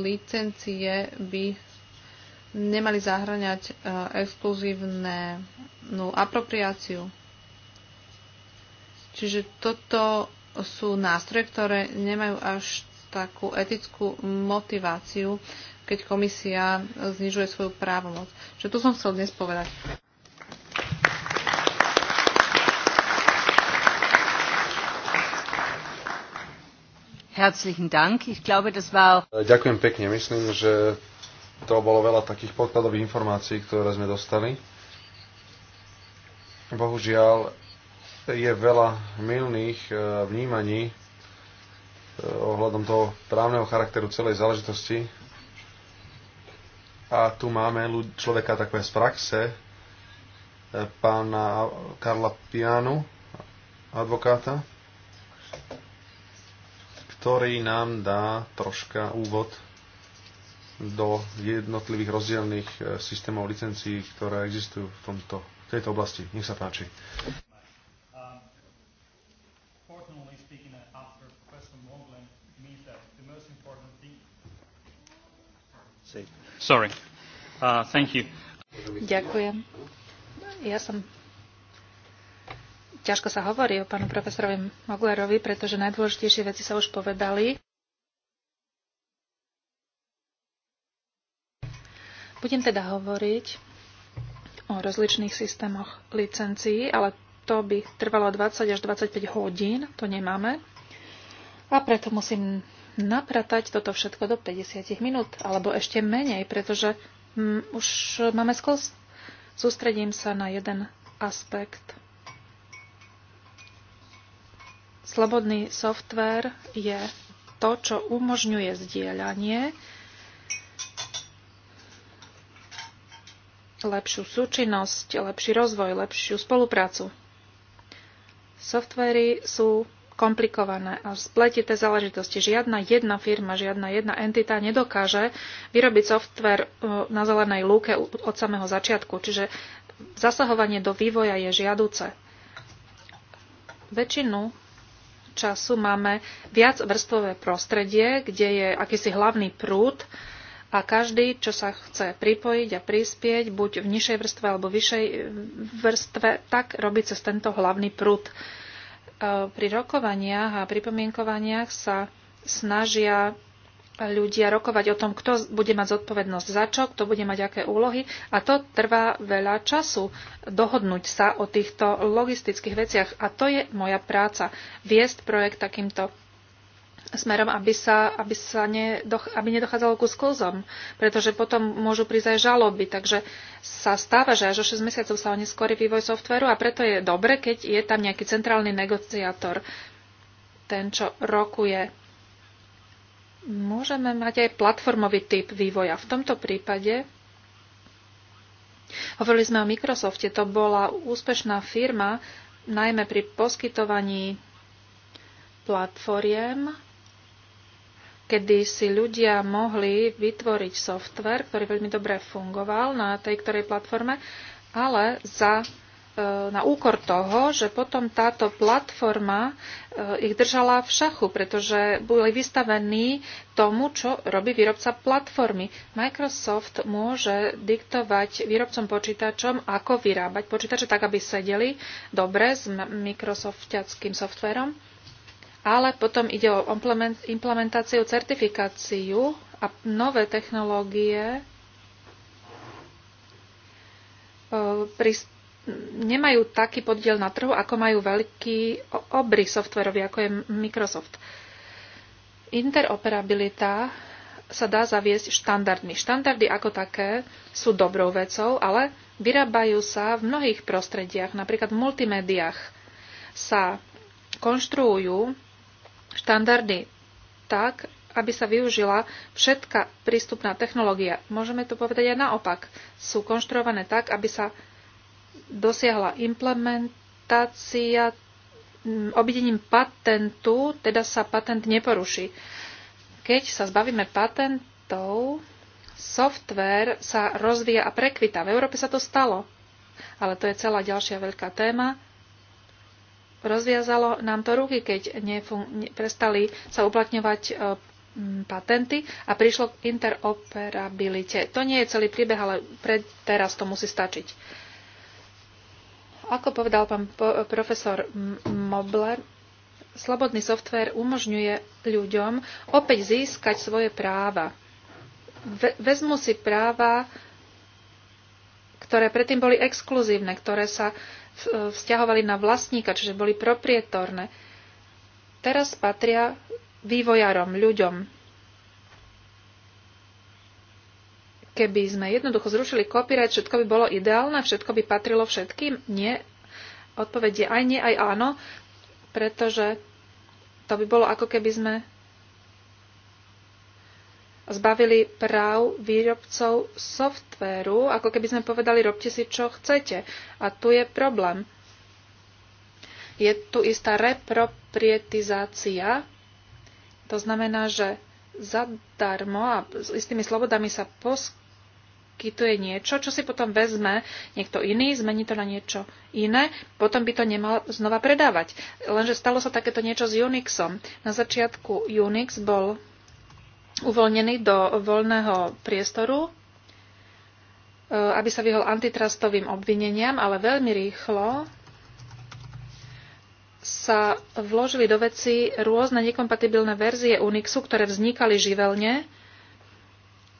licencie by nemali zahraňať e, no, apropriáciu. Čiže toto sú nástroje, ktoré nemajú až takú etickú motiváciu, keď komisia znižuje svoju právomoc. Čo to som chcel dnes povedať. Herzlichen Dank. Ich glaube, das war... Ďakujem pekne. Myslím, že to bolo veľa takých podkladových informácií, ktoré sme dostali. Bohužiaľ, je veľa mylných eh, vnímaní Eh, ohľadom toho právneho charakteru celej záležitosti. A tu máme človeka takové z praxe, eh, pána Karla Pianu, advokáta, ktorý nám dá troška úvod do jednotlivých rozdielných eh, systémov licencií, ktoré existujú v, tomto, v tejto oblasti. Nech sa páči. Sorry. Uh, thank you. Ďakujem. Ja som... Ťažko sa hovorí o pánu profesorovi Moglerovi, pretože najdôležitejšie veci sa už povedali. Budem teda hovoriť o rozličných systémoch licencií, ale to by trvalo 20 až 25 hodín, to nemáme. A preto musím napratať toto všetko do 50 minút, alebo ešte menej, pretože mm, už máme skôr Sústredím sa na jeden aspekt. Slobodný software je to, čo umožňuje zdieľanie, lepšiu súčinnosť, lepší rozvoj, lepšiu spoluprácu. Softvery sú komplikované a spletité záležitosti. Žiadna jedna firma, žiadna jedna entita nedokáže vyrobiť software e, na zelenej lúke od samého začiatku. Čiže zasahovanie do vývoja je žiaduce. Väčšinu času máme viac vrstvové prostredie, kde je akýsi hlavný prúd a každý, čo sa chce pripojiť a prispieť, buď v nižšej vrstve alebo vyššej vrstve, tak robí cez tento hlavný prúd. E, pri rokovaniach a pripomienkovaniach sa snažia ľudia rokovať o tom, kto bude mať zodpovednosť za čo, kto bude mať aké úlohy a to trvá veľa času dohodnúť sa o týchto logistických veciach a to je moja práca, viesť projekt takýmto smerom, aby, sa, aby, sa ne, aby nedochádzalo ku sklzom, pretože potom môžu prísť aj žaloby. Takže sa stáva, že až o 6 mesiacov sa oneskorí vývoj softveru a preto je dobre, keď je tam nejaký centrálny negociátor, ten, čo rokuje. Môžeme mať aj platformový typ vývoja. V tomto prípade hovorili sme o Microsofte, to bola úspešná firma, najmä pri poskytovaní platformiem kedy si ľudia mohli vytvoriť software, ktorý veľmi dobre fungoval na tej ktorej platforme, ale za, e, na úkor toho, že potom táto platforma e, ich držala v šachu, pretože boli vystavení tomu, čo robí výrobca platformy. Microsoft môže diktovať výrobcom počítačom, ako vyrábať počítače tak, aby sedeli dobre s Microsoftiackým softverom ale potom ide o implementáciu, certifikáciu a nové technológie e, nemajú taký podiel na trhu, ako majú veľký obry softverový, ako je Microsoft. Interoperabilita sa dá zaviesť štandardmi. Štandardy ako také sú dobrou vecou, ale vyrábajú sa v mnohých prostrediach, napríklad v multimédiách sa konštruujú štandardy tak, aby sa využila všetka prístupná technológia. Môžeme to povedať aj naopak. Sú konštruované tak, aby sa dosiahla implementácia obidením patentu, teda sa patent neporuší. Keď sa zbavíme patentov, software sa rozvíja a prekvita. V Európe sa to stalo, ale to je celá ďalšia veľká téma rozviazalo nám to ruky, keď prestali sa uplatňovať e, patenty a prišlo k interoperabilite. To nie je celý príbeh, ale pre teraz to musí stačiť. Ako povedal pán profesor Mobler, slobodný software umožňuje ľuďom opäť získať svoje práva. Ve- vezmu si práva, ktoré predtým boli exkluzívne, ktoré sa vzťahovali na vlastníka, čiže boli proprietorné. Teraz patria vývojarom, ľuďom. Keby sme jednoducho zrušili copyright, všetko by bolo ideálne, všetko by patrilo všetkým? Nie. Odpovedie aj nie, aj áno, pretože to by bolo ako keby sme zbavili práv výrobcov softvéru, ako keby sme povedali, robte si, čo chcete. A tu je problém. Je tu istá reproprietizácia, to znamená, že zadarmo a s istými slobodami sa poskytuje niečo, čo si potom vezme niekto iný, zmení to na niečo iné, potom by to nemal znova predávať. Lenže stalo sa takéto niečo s Unixom. Na začiatku Unix bol uvoľnený do voľného priestoru, e, aby sa vyhol antitrustovým obvineniam, ale veľmi rýchlo sa vložili do veci rôzne nekompatibilné verzie Unixu, ktoré vznikali živelne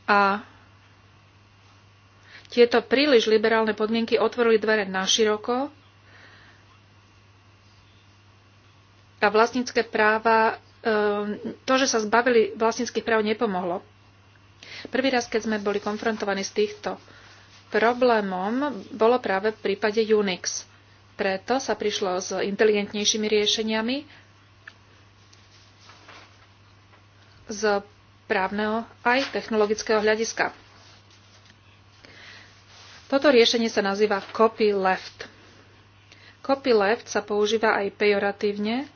a tieto príliš liberálne podmienky otvorili dvere naširoko a vlastnícke práva Ehm, to, že sa zbavili vlastníckých práv, nepomohlo. Prvý raz, keď sme boli konfrontovaní s týchto problémom, bolo práve v prípade Unix. Preto sa prišlo s inteligentnejšími riešeniami z právneho aj technologického hľadiska. Toto riešenie sa nazýva copyleft. Copyleft sa používa aj pejoratívne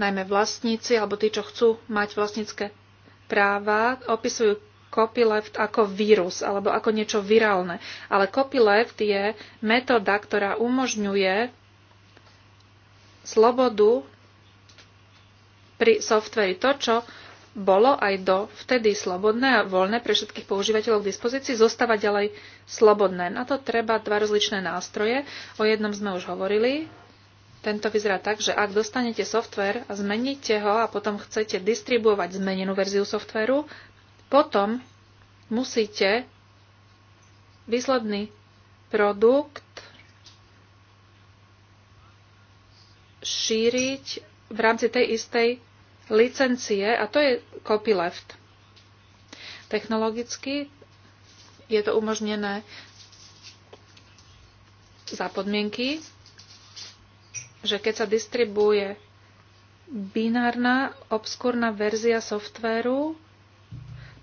najmä vlastníci alebo tí, čo chcú mať vlastnícke práva, opisujú copyleft ako vírus alebo ako niečo virálne. Ale copyleft je metóda, ktorá umožňuje slobodu pri softveri. To, čo bolo aj do vtedy slobodné a voľné pre všetkých používateľov k dispozícii, zostáva ďalej slobodné. Na to treba dva rozličné nástroje. O jednom sme už hovorili, tento vyzerá tak, že ak dostanete software, zmeníte ho a potom chcete distribuovať zmenenú verziu softveru, potom musíte výsledný produkt šíriť v rámci tej istej licencie a to je copyleft. Technologicky je to umožnené za podmienky, že keď sa distribuje binárna, obskúrna verzia softvéru,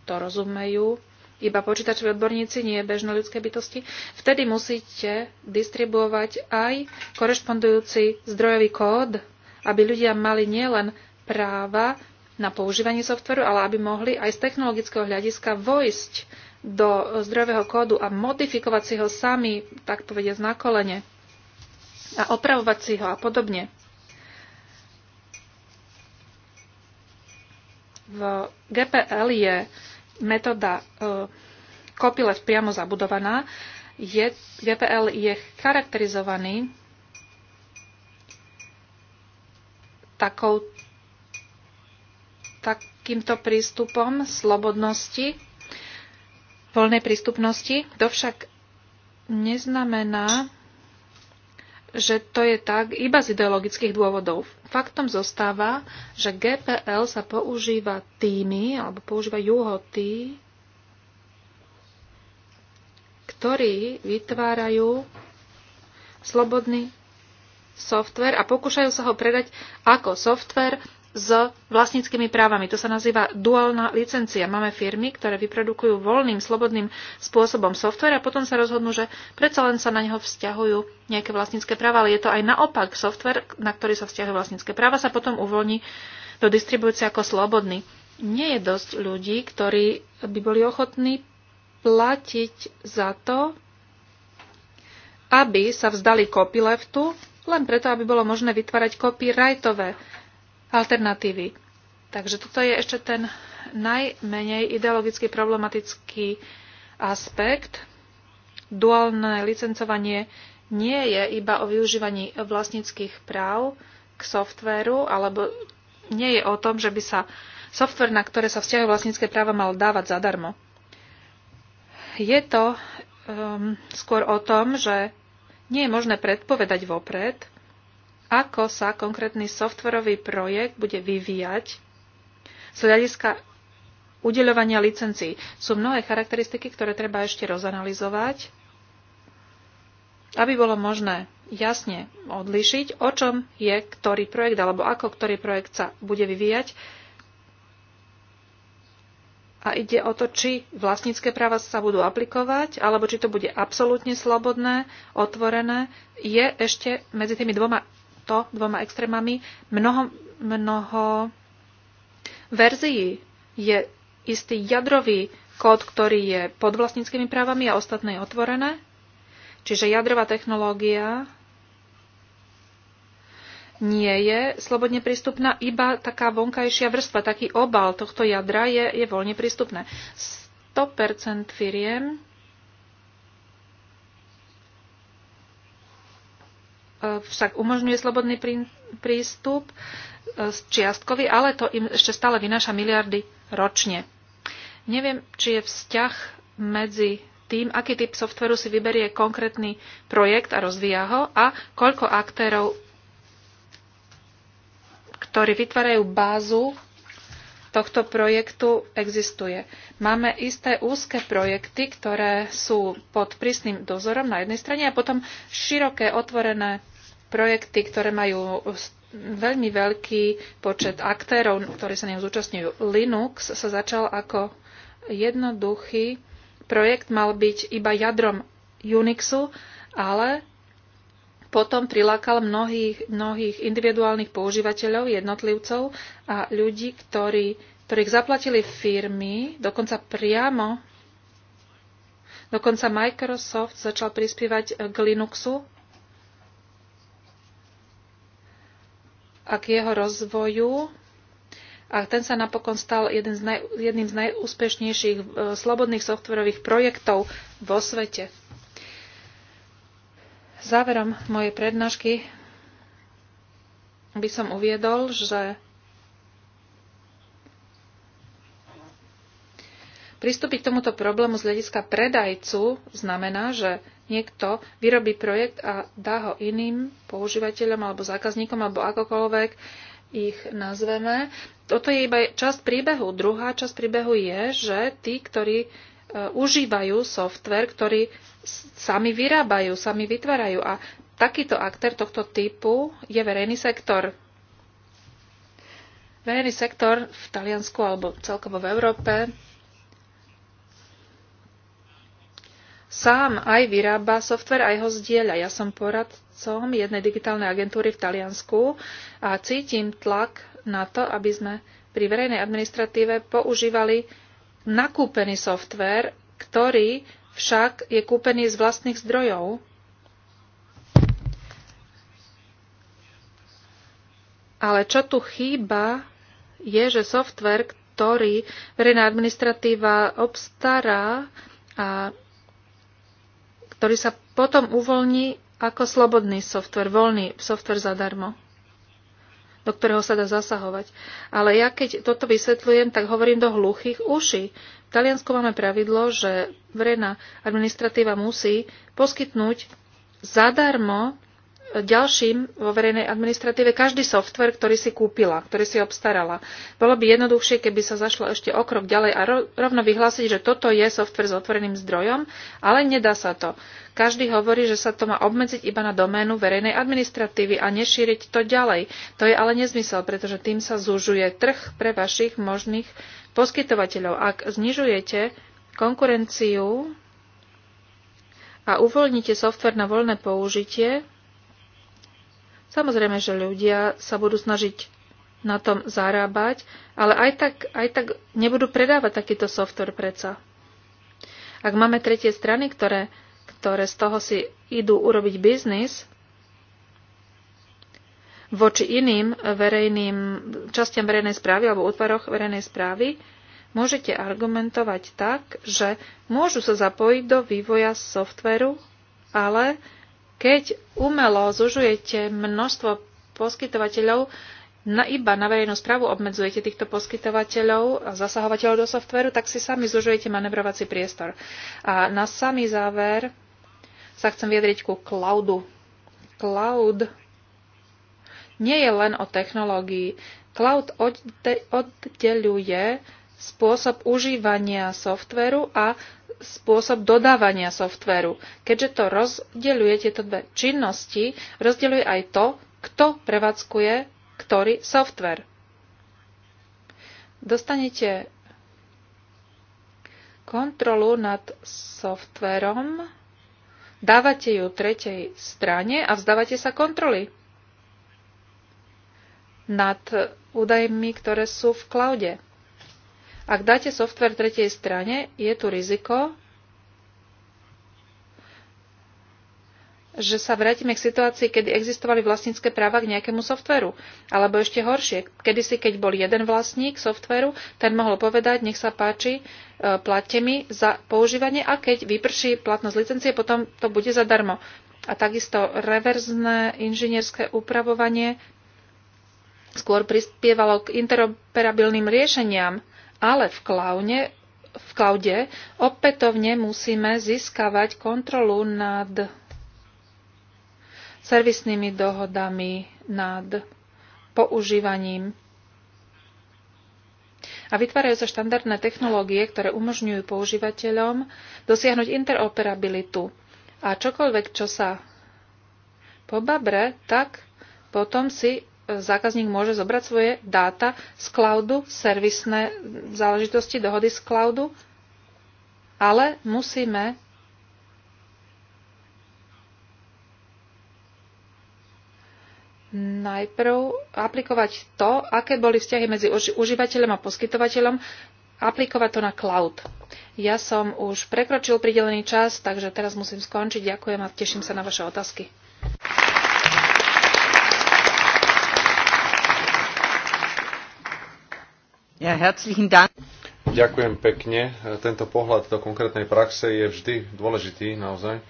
to rozumejú iba počítačoví odborníci, nie bežné ľudské bytosti, vtedy musíte distribuovať aj korešpondujúci zdrojový kód, aby ľudia mali nielen práva na používanie softveru, ale aby mohli aj z technologického hľadiska vojsť do zdrojového kódu a modifikovať si ho sami, tak povediať, na kolene a opravovať si ho a podobne. V GPL je metóda e, copyleft priamo zabudovaná. Je, GPL je charakterizovaný takou, takýmto prístupom slobodnosti, voľnej prístupnosti. To však neznamená, že to je tak iba z ideologických dôvodov. Faktom zostáva, že GPL sa používa tými, alebo používa juho tí, ktorí vytvárajú slobodný software a pokúšajú sa ho predať ako software s vlastníckými právami. To sa nazýva duálna licencia. Máme firmy, ktoré vyprodukujú voľným, slobodným spôsobom software a potom sa rozhodnú, že predsa len sa na neho vzťahujú nejaké vlastnícke práva, ale je to aj naopak. Software, na ktorý sa vzťahujú vlastnícke práva, sa potom uvoľní do distribúcie ako slobodný. Nie je dosť ľudí, ktorí by boli ochotní platiť za to, aby sa vzdali copyleftu, len preto, aby bolo možné vytvárať copyrightové alternatívy. Takže toto je ešte ten najmenej ideologicky problematický aspekt. Duálne licencovanie nie je iba o využívaní vlastníckých práv k softvéru, alebo nie je o tom, že by sa software, na ktoré sa vzťahujú vlastnícke práva, mal dávať zadarmo. Je to um, skôr o tom, že nie je možné predpovedať vopred, ako sa konkrétny softverový projekt bude vyvíjať z hľadiska udeľovania licencií. Sú mnohé charakteristiky, ktoré treba ešte rozanalizovať, aby bolo možné jasne odlišiť, o čom je ktorý projekt alebo ako ktorý projekt sa bude vyvíjať. A ide o to, či vlastnícke práva sa budú aplikovať, alebo či to bude absolútne slobodné, otvorené, je ešte medzi tými dvoma týmito dvoma extrémami mnoho, mnoho verzií. Je istý jadrový kód, ktorý je pod vlastníckými právami a ostatné je otvorené. Čiže jadrová technológia nie je slobodne prístupná, iba taká vonkajšia vrstva, taký obal tohto jadra je, je voľne prístupné. 100% firiem však umožňuje slobodný prístup e, čiastkový, ale to im ešte stále vynáša miliardy ročne. Neviem, či je vzťah medzi tým, aký typ softveru si vyberie konkrétny projekt a rozvíja ho a koľko aktérov, ktorí vytvárajú bázu tohto projektu existuje. Máme isté úzke projekty, ktoré sú pod prísnym dozorom na jednej strane a potom široké otvorené projekty, ktoré majú veľmi veľký počet aktérov, ktorí sa ním zúčastňujú. Linux sa začal ako jednoduchý projekt, mal byť iba jadrom Unixu, ale potom prilákal mnohých, mnohých individuálnych používateľov, jednotlivcov a ľudí, ktorí, ktorých zaplatili firmy, dokonca priamo Dokonca Microsoft začal prispievať k Linuxu a k jeho rozvoju. A ten sa napokon stal jeden z naj, jedným z najúspešnejších e, slobodných softverových projektov vo svete. Záverom mojej prednášky by som uviedol, že Pristúpiť k tomuto problému z hľadiska predajcu znamená, že niekto vyrobí projekt a dá ho iným používateľom alebo zákazníkom alebo akokoľvek ich nazveme. Toto je iba časť príbehu. Druhá časť príbehu je, že tí, ktorí e, užívajú software, ktorý sami vyrábajú, sami vytvárajú. A takýto aktér tohto typu je verejný sektor. Verejný sektor v Taliansku alebo celkovo v Európe sám aj vyrába software, aj ho zdieľa. Ja som poradcom jednej digitálnej agentúry v Taliansku a cítim tlak na to, aby sme pri verejnej administratíve používali nakúpený software, ktorý však je kúpený z vlastných zdrojov. Ale čo tu chýba, je, že software, ktorý verejná administratíva obstará a ktorý sa potom uvoľní ako slobodný software, voľný software zadarmo, do ktorého sa dá zasahovať. Ale ja keď toto vysvetľujem, tak hovorím do hluchých uší. V Taliansku máme pravidlo, že verejná administratíva musí poskytnúť zadarmo ďalším vo verejnej administratíve každý software, ktorý si kúpila, ktorý si obstarala. Bolo by jednoduchšie, keby sa zašlo ešte o krok ďalej a rovno vyhlásiť, že toto je software s otvoreným zdrojom, ale nedá sa to. Každý hovorí, že sa to má obmedziť iba na doménu verejnej administratívy a nešíriť to ďalej. To je ale nezmysel, pretože tým sa zužuje trh pre vašich možných poskytovateľov. Ak znižujete konkurenciu a uvoľnite software na voľné použitie, Samozrejme, že ľudia sa budú snažiť na tom zarábať, ale aj tak, aj tak nebudú predávať takýto software predsa. Ak máme tretie strany, ktoré, ktoré z toho si idú urobiť biznis, voči iným verejným častiam verejnej správy alebo útvaroch verejnej správy, môžete argumentovať tak, že môžu sa zapojiť do vývoja softveru, ale keď umelo zužujete množstvo poskytovateľov, na iba na verejnú správu obmedzujete týchto poskytovateľov a zasahovateľov do softveru, tak si sami zužujete manevrovací priestor. A na samý záver sa chcem vyjadriť ku cloudu. Cloud nie je len o technológii. Cloud oddeluje spôsob užívania softveru a spôsob dodávania softveru. Keďže to rozdeľuje tieto dve činnosti, rozdeľuje aj to, kto prevádzkuje ktorý software. Dostanete kontrolu nad softverom, dávate ju tretej strane a vzdávate sa kontroly nad údajmi, ktoré sú v cloude. Ak dáte software tretej strane, je tu riziko, že sa vrátime k situácii, kedy existovali vlastnícke práva k nejakému softveru. Alebo ešte horšie, kedysi, keď bol jeden vlastník softveru, ten mohol povedať, nech sa páči, e, platte mi za používanie a keď vyprší platnosť licencie, potom to bude zadarmo. A takisto reverzné inžinierské upravovanie skôr prispievalo k interoperabilným riešeniam ale v klaune v klaude opätovne musíme získavať kontrolu nad servisnými dohodami, nad používaním. A vytvárajú sa štandardné technológie, ktoré umožňujú používateľom dosiahnuť interoperabilitu. A čokoľvek, čo sa pobabre, tak potom si zákazník môže zobrať svoje dáta z cloudu, servisné záležitosti, dohody z cloudu, ale musíme najprv aplikovať to, aké boli vzťahy medzi užívateľom a poskytovateľom, aplikovať to na cloud. Ja som už prekročil pridelený čas, takže teraz musím skončiť. Ďakujem a teším sa na vaše otázky. Ja, herzlichen Dank. Ďakujem pekne. Tento pohľad do konkrétnej praxe je vždy dôležitý naozaj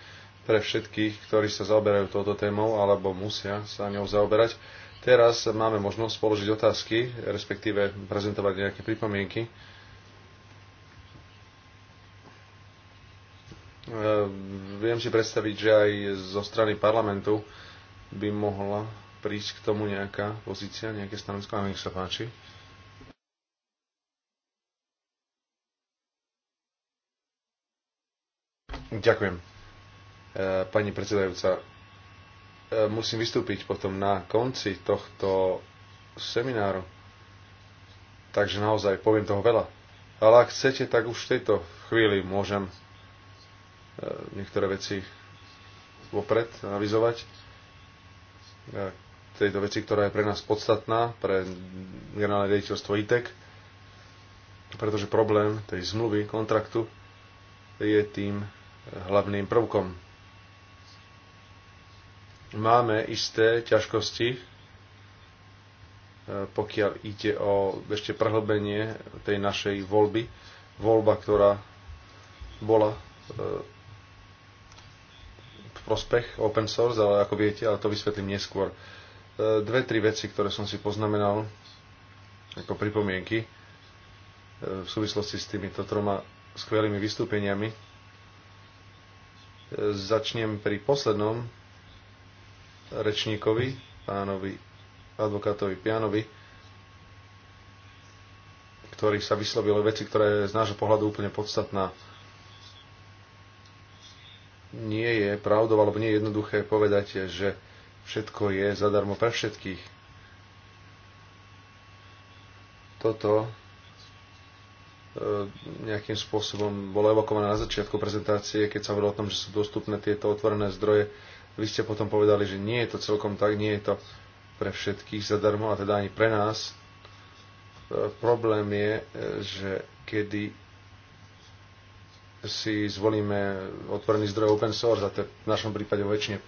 pre všetkých, ktorí sa zaoberajú touto témou alebo musia sa ňou zaoberať. Teraz máme možnosť položiť otázky, respektíve prezentovať nejaké pripomienky. Ehm, viem si predstaviť, že aj zo strany parlamentu by mohla prísť k tomu nejaká pozícia, nejaké stanovisko, nech sa páči. Ďakujem. E, pani predsedajúca, e, musím vystúpiť potom na konci tohto semináru. Takže naozaj poviem toho veľa. Ale ak chcete, tak už v tejto chvíli môžem e, niektoré veci vopred avizovať. Tejto veci, ktorá je pre nás podstatná, pre generálne riaditeľstvo ITEC, pretože problém tej zmluvy, kontraktu je tým hlavným prvkom. Máme isté ťažkosti, e, pokiaľ ide o ešte prehlbenie tej našej voľby. Voľba, ktorá bola e, v prospech open source, ale ako viete, ale to vysvetlím neskôr. E, dve, tri veci, ktoré som si poznamenal ako pripomienky v súvislosti s týmito troma skvelými vystúpeniami Začnem pri poslednom rečníkovi, pánovi advokátovi Pianovi, ktorý sa vyslovil o veci, ktoré z nášho pohľadu úplne podstatná. Nie je pravdou, alebo nie je jednoduché povedať, že všetko je zadarmo pre všetkých. Toto E, nejakým spôsobom bola evakovaná na začiatku prezentácie, keď sa hovorilo o tom, že sú dostupné tieto otvorené zdroje. Vy ste potom povedali, že nie je to celkom tak, nie je to pre všetkých zadarmo a teda ani pre nás. E, problém je, e, že kedy si zvolíme otvorený zdroj open source a to je v našom prípade vo väčšine,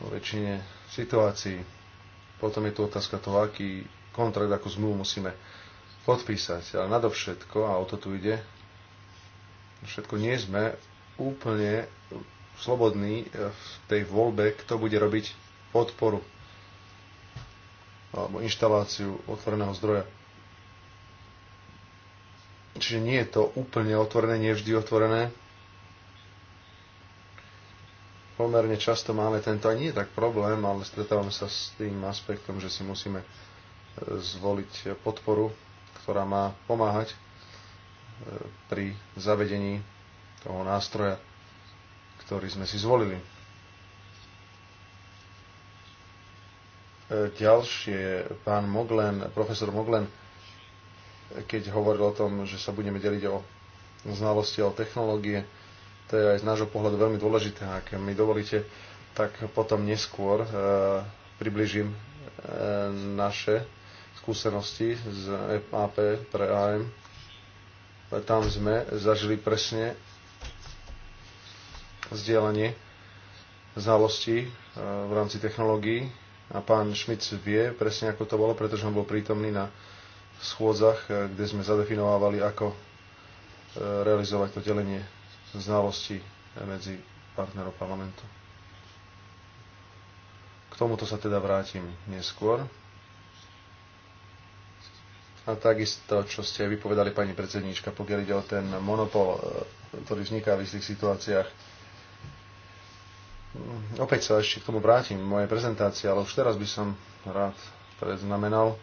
vo väčšine situácií. Potom je tu otázka toho, aký kontrakt, akú zmluvu musíme podpísať. Ale nadovšetko, a o to tu ide, všetko nie sme úplne slobodní v tej voľbe, kto bude robiť podporu alebo inštaláciu otvoreného zdroja. Čiže nie je to úplne otvorené, nie je vždy otvorené. Pomerne často máme tento, a nie je tak problém, ale stretávame sa s tým aspektom, že si musíme e, zvoliť podporu ktorá má pomáhať e, pri zavedení toho nástroja, ktorý sme si zvolili. E, ďalšie, pán Moglen, profesor Moglen, keď hovoril o tom, že sa budeme deliť o znalosti a o technológie, to je aj z nášho pohľadu veľmi dôležité. Ak mi dovolíte, tak potom neskôr e, približím naše skúsenosti z FAP pre AM. Tam sme zažili presne zdieľanie znalostí e, v rámci technológií a pán Šmic vie presne, ako to bolo, pretože on bol prítomný na schôdzach, e, kde sme zadefinovávali, ako e, realizovať to delenie znalostí medzi partnerov parlamentu. K tomuto sa teda vrátim neskôr. A takisto, čo ste vypovedali, pani predsedníčka, pokiaľ ide o ten monopol, e, ktorý vzniká v istých situáciách. Mm, opäť sa ešte k tomu vrátim v mojej prezentácii, ale už teraz by som rád predznamenal,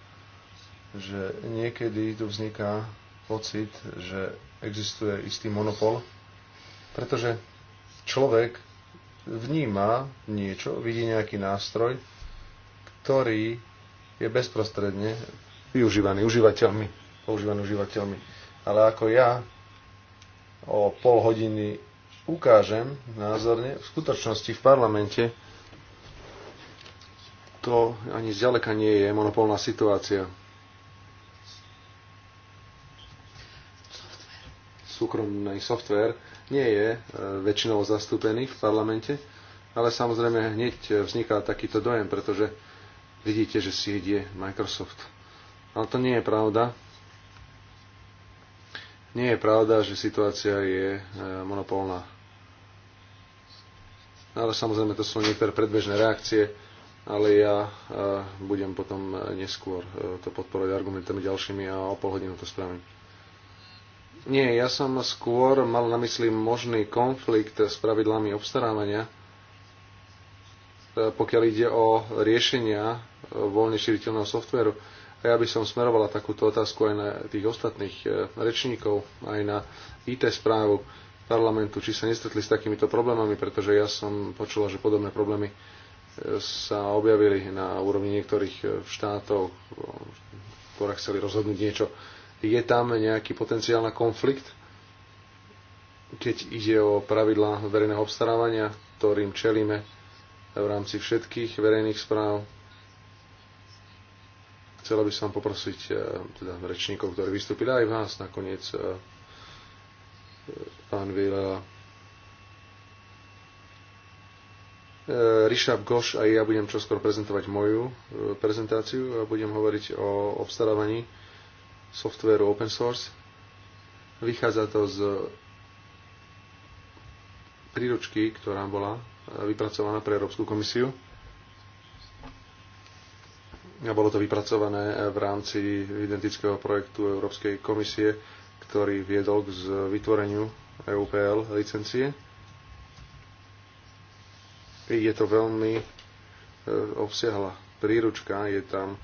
že niekedy tu vzniká pocit, že existuje istý monopol, pretože človek vníma niečo, vidí nejaký nástroj, ktorý je bezprostredne využívaný užívateľmi, používaný užívateľmi. Ale ako ja o pol hodiny ukážem názorne, v skutočnosti v parlamente to ani zďaleka nie je monopolná situácia. Súkromný software nie je e, väčšinou zastúpený v parlamente, ale samozrejme hneď vzniká takýto dojem, pretože vidíte, že si ide Microsoft ale to nie je pravda. Nie je pravda, že situácia je e, monopolná. Ale samozrejme, to sú niektoré predbežné reakcie, ale ja e, budem potom e, neskôr to podporovať argumentami ďalšími a o pol hodinu to spravím. Nie, ja som skôr mal na mysli možný konflikt s pravidlami obstarávania, pokiaľ ide o riešenia voľne šíriteľného softveru a Ja by som smerovala takúto otázku aj na tých ostatných e, rečníkov, aj na IT správu parlamentu, či sa nestretli s takýmito problémami, pretože ja som počula, že podobné problémy e, sa objavili na úrovni niektorých e, štátov, ktoré chceli rozhodnúť niečo. Je tam nejaký potenciálny konflikt, keď ide o pravidlá verejného obstarávania, ktorým čelíme v rámci všetkých verejných správ, Chcela by som poprosiť eh, teda rečníkov, ktorí vystúpili aj vás nakoniec, eh, pán Vila, eh, Rišab Goš a ja budem čoskoro prezentovať moju prezentáciu a budem hovoriť o obstarávaní softvéru open source. Vychádza to z príručky, ktorá bola vypracovaná pre Európsku komisiu. Bolo to vypracované v rámci identického projektu Európskej komisie, ktorý viedol k vytvoreniu EUPL licencie. Je to veľmi e, obsiahla príručka, je tam e,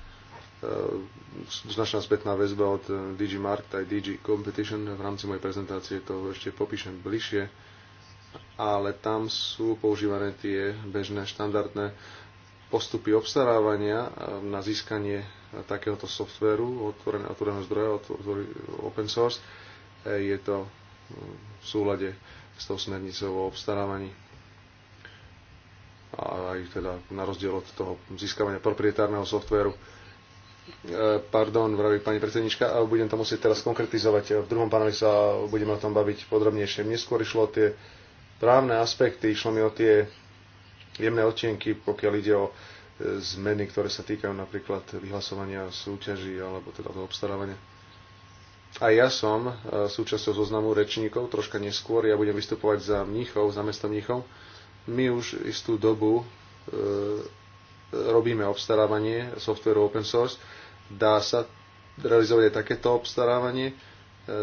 značná spätná väzba od e, DG Mark aj DG Competition. V rámci mojej prezentácie to ešte popíšem bližšie, ale tam sú používané tie bežné štandardné postupy obstarávania eh, na získanie eh, takéhoto softvéru otvoreného zdroja, otvorený, open source, eh, je to mm, v súlade s tou smernicou o obstarávaní. A aj teda na rozdiel od toho získavania proprietárneho softvéru. Pardon, vraví pani predsednička, budem to musieť teraz konkretizovať. V druhom paneli sa budeme o tom baviť podrobnejšie. Mne skôr išlo o tie právne aspekty, išlo mi o tie jemné odtienky, pokiaľ ide o e, zmeny, ktoré sa týkajú napríklad vyhlasovania súťaží alebo teda toho obstarávania. A ja som e, súčasťou zoznamu rečníkov, troška neskôr, ja budem vystupovať za mníchov, za mesto mníchov. My už istú dobu e, robíme obstarávanie softveru open source. Dá sa realizovať aj takéto obstarávanie, e,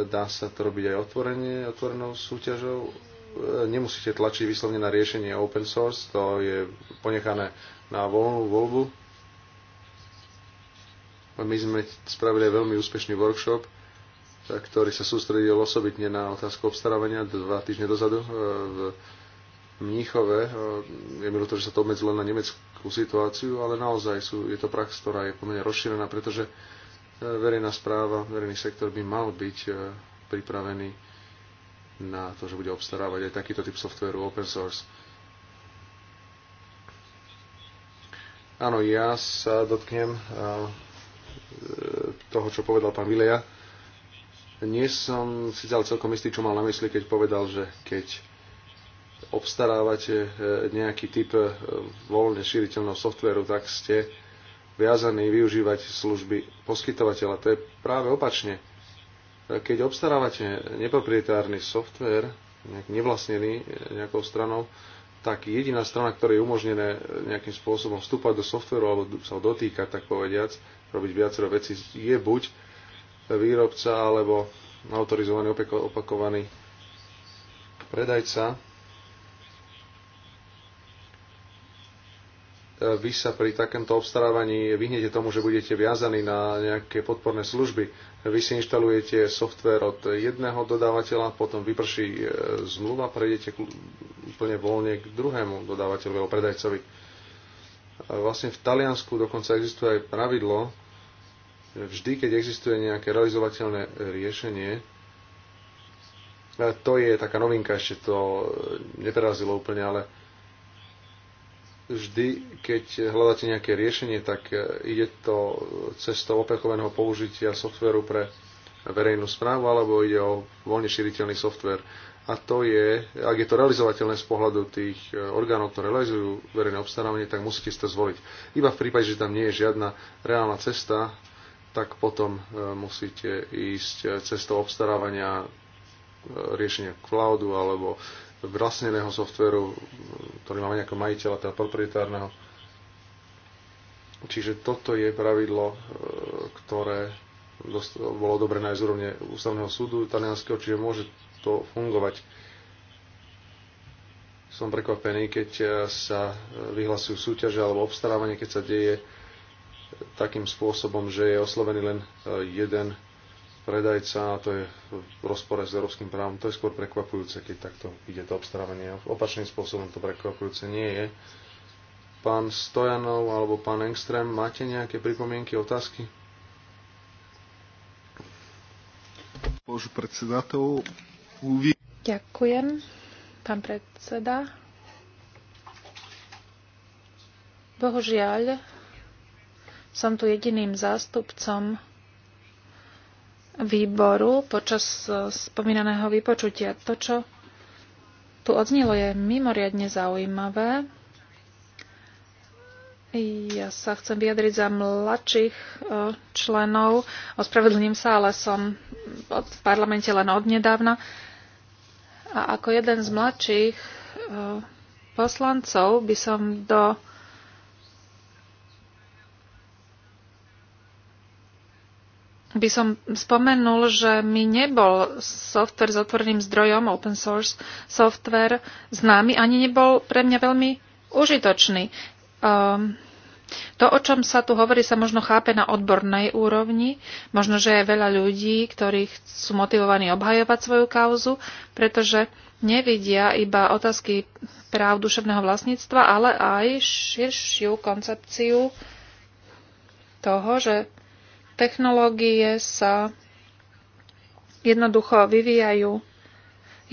dá sa to robiť aj otvorenie, otvorenou súťažou, E, nemusíte tlačiť vyslovne na riešenie open source, to je ponechané na voľnú voľbu. My sme spravili veľmi úspešný workshop, e, ktorý sa sústredil osobitne na otázku obstarávania dva týždne dozadu e, v Mníchove. Je mi ľúto, že sa to obmedzilo na nemeckú situáciu, ale naozaj sú, je to prax, ktorá je pomerne rozšírená, pretože verejná správa, verejný sektor by mal byť pripravený na to, že bude obstarávať aj takýto typ softveru open source. Áno, ja sa dotknem e, toho, čo povedal pán Vileja. Nie som si dal celkom istý, čo mal na mysli, keď povedal, že keď obstarávate e, nejaký typ e, voľne šíriteľného softveru, tak ste viazaní využívať služby poskytovateľa. To je práve opačne keď obstarávate neproprietárny software, nejak nevlastnený e, nejakou stranou, tak jediná strana, ktorej je umožnené e, nejakým spôsobom vstúpať do softveru alebo sa ho dotýkať, tak povediac, robiť viacero vecí, je buď výrobca alebo autorizovaný opakovaný predajca. E, vy sa pri takomto obstarávaní vyhnete tomu, že budete viazaní na nejaké podporné služby. Vy si inštalujete software od jedného dodávateľa, potom vyprší e, zmluva, prejdete úplne voľne k druhému dodávateľovi alebo predajcovi. Vlastne v Taliansku dokonca existuje aj pravidlo, vždy, keď existuje nejaké realizovateľné riešenie, e, to je taká novinka, ešte to neprerazilo úplne, ale vždy, keď hľadáte nejaké riešenie, tak e, ide to cestou opakovaného použitia softveru pre verejnú správu, alebo ide o voľne šíriteľný softver. A to je, ak je to realizovateľné z pohľadu tých e, orgánov, ktoré realizujú verejné obstarávanie, tak musíte si to zvoliť. Iba v prípade, že tam nie je žiadna reálna cesta, tak potom e, musíte ísť cestou obstarávania riešenia cloudu alebo vlastneného softveru, ktorý máme nejakého majiteľa, teda proprietárneho. Čiže toto je pravidlo, e, ktoré bolo dobre aj z úrovne ústavného súdu italianského, čiže môže to fungovať. Som prekvapený, keď e, sa e, vyhlasujú súťaže alebo obstarávanie, keď sa deje takým spôsobom, že je oslovený len jeden predajca a to je v rozpore s európskym právom. To je skôr prekvapujúce, keď takto ide to obstarávanie. Opačným spôsobom to prekvapujúce nie je. Pán Stojanov alebo pán Engström, máte nejaké pripomienky, otázky? Božu predsedateľ, uvi... Ďakujem, pán predseda. Bohužiaľ, som tu jediným zástupcom výboru počas e, spomínaného vypočutia. To, čo tu odznilo, je mimoriadne zaujímavé. Ja sa chcem vyjadriť za mladších e, členov. Ospravedlním sa, ale som v parlamente len odnedávna. A ako jeden z mladších e, poslancov by som do by som spomenul, že mi nebol software s otvoreným zdrojom, open source software, známy, ani nebol pre mňa veľmi užitočný. Um, to, o čom sa tu hovorí, sa možno chápe na odbornej úrovni. Možno, že je veľa ľudí, ktorí sú motivovaní obhajovať svoju kauzu, pretože nevidia iba otázky práv duševného vlastníctva, ale aj širšiu koncepciu toho, že Technológie sa jednoducho vyvíjajú.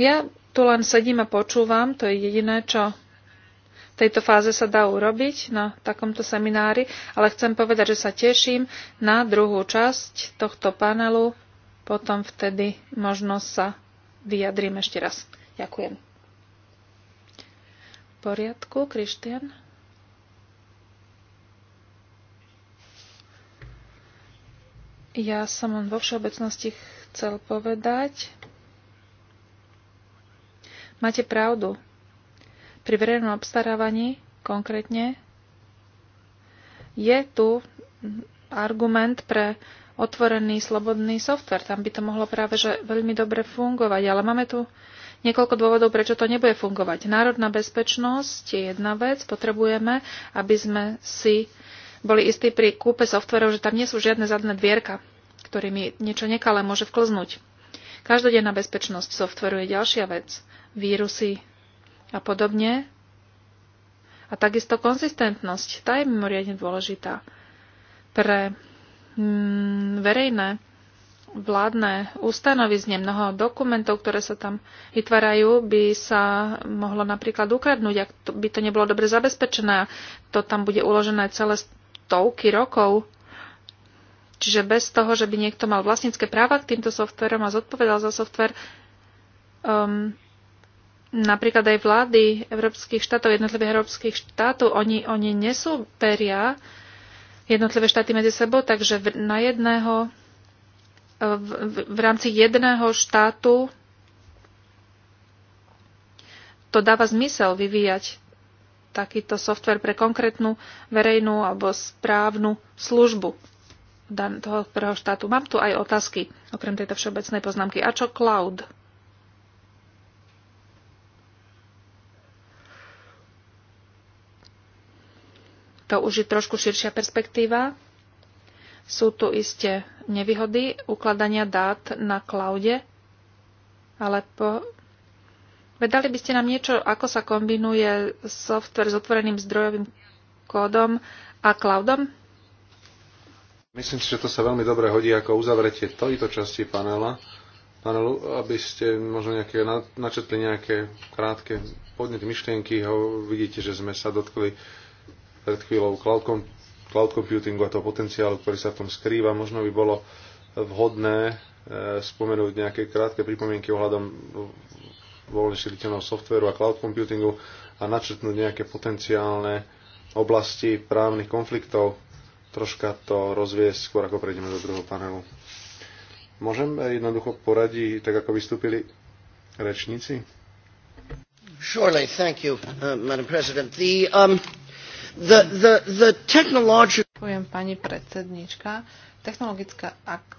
Ja tu len sedím a počúvam, to je jediné, čo v tejto fáze sa dá urobiť na takomto seminári, ale chcem povedať, že sa teším na druhú časť tohto panelu. Potom vtedy možno sa vyjadrím ešte raz. Ďakujem. V poriadku, Krištian? Ja som len vo všeobecnosti chcel povedať. Máte pravdu. Pri verejnom obstarávaní konkrétne je tu argument pre otvorený, slobodný software. Tam by to mohlo práve že veľmi dobre fungovať, ale máme tu niekoľko dôvodov, prečo to nebude fungovať. Národná bezpečnosť je jedna vec, potrebujeme, aby sme si boli istí pri kúpe softverov, že tam nie sú žiadne zadné dvierka, ktorými niečo nekalé môže vklznúť. Každodenná bezpečnosť softveru je ďalšia vec. Vírusy a podobne. A takisto konzistentnosť, tá je mimoriadne dôležitá pre mm, verejné vládne ústanovy z mnoho dokumentov, ktoré sa tam vytvárajú, by sa mohlo napríklad ukradnúť, ak to, by to nebolo dobre zabezpečené. To tam bude uložené celé stovky rokov. Čiže bez toho, že by niekto mal vlastnícke práva k týmto softverom a zodpovedal za softver, um, napríklad aj vlády európskych štátov, jednotlivých európskych štátov, oni, oni nesúperia jednotlivé štáty medzi sebou, takže v, na jedného, v, v, v rámci jedného štátu to dáva zmysel vyvíjať takýto software pre konkrétnu verejnú alebo správnu službu toho prvého štátu. Mám tu aj otázky, okrem tejto všeobecnej poznámky. A čo cloud? To už je trošku širšia perspektíva. Sú tu iste nevýhody ukladania dát na cloude, ale po Vedali by ste nám niečo, ako sa kombinuje software s otvoreným zdrojovým kódom a cloudom? Myslím si, že to sa veľmi dobre hodí ako uzavretie tejto časti panela, panelu, aby ste možno nejaké, načetli nejaké krátke podnet myšlienky. Ho vidíte, že sme sa dotkli pred chvíľou cloud, cloud computingu a toho potenciálu, ktorý sa v tom skrýva. Možno by bolo vhodné eh, spomenúť nejaké krátke pripomienky ohľadom voľne širiteľného softveru a cloud computingu a načrtnúť nejaké potenciálne oblasti právnych konfliktov, troška to rozviesť skôr ako prejdeme do druhého panelu. Môžem jednoducho poradí, tak ako vystúpili rečníci? Surely, thank you, uh, Madam President. The, um, the, the, the technological... Poviem pani predsednička, technologická ak-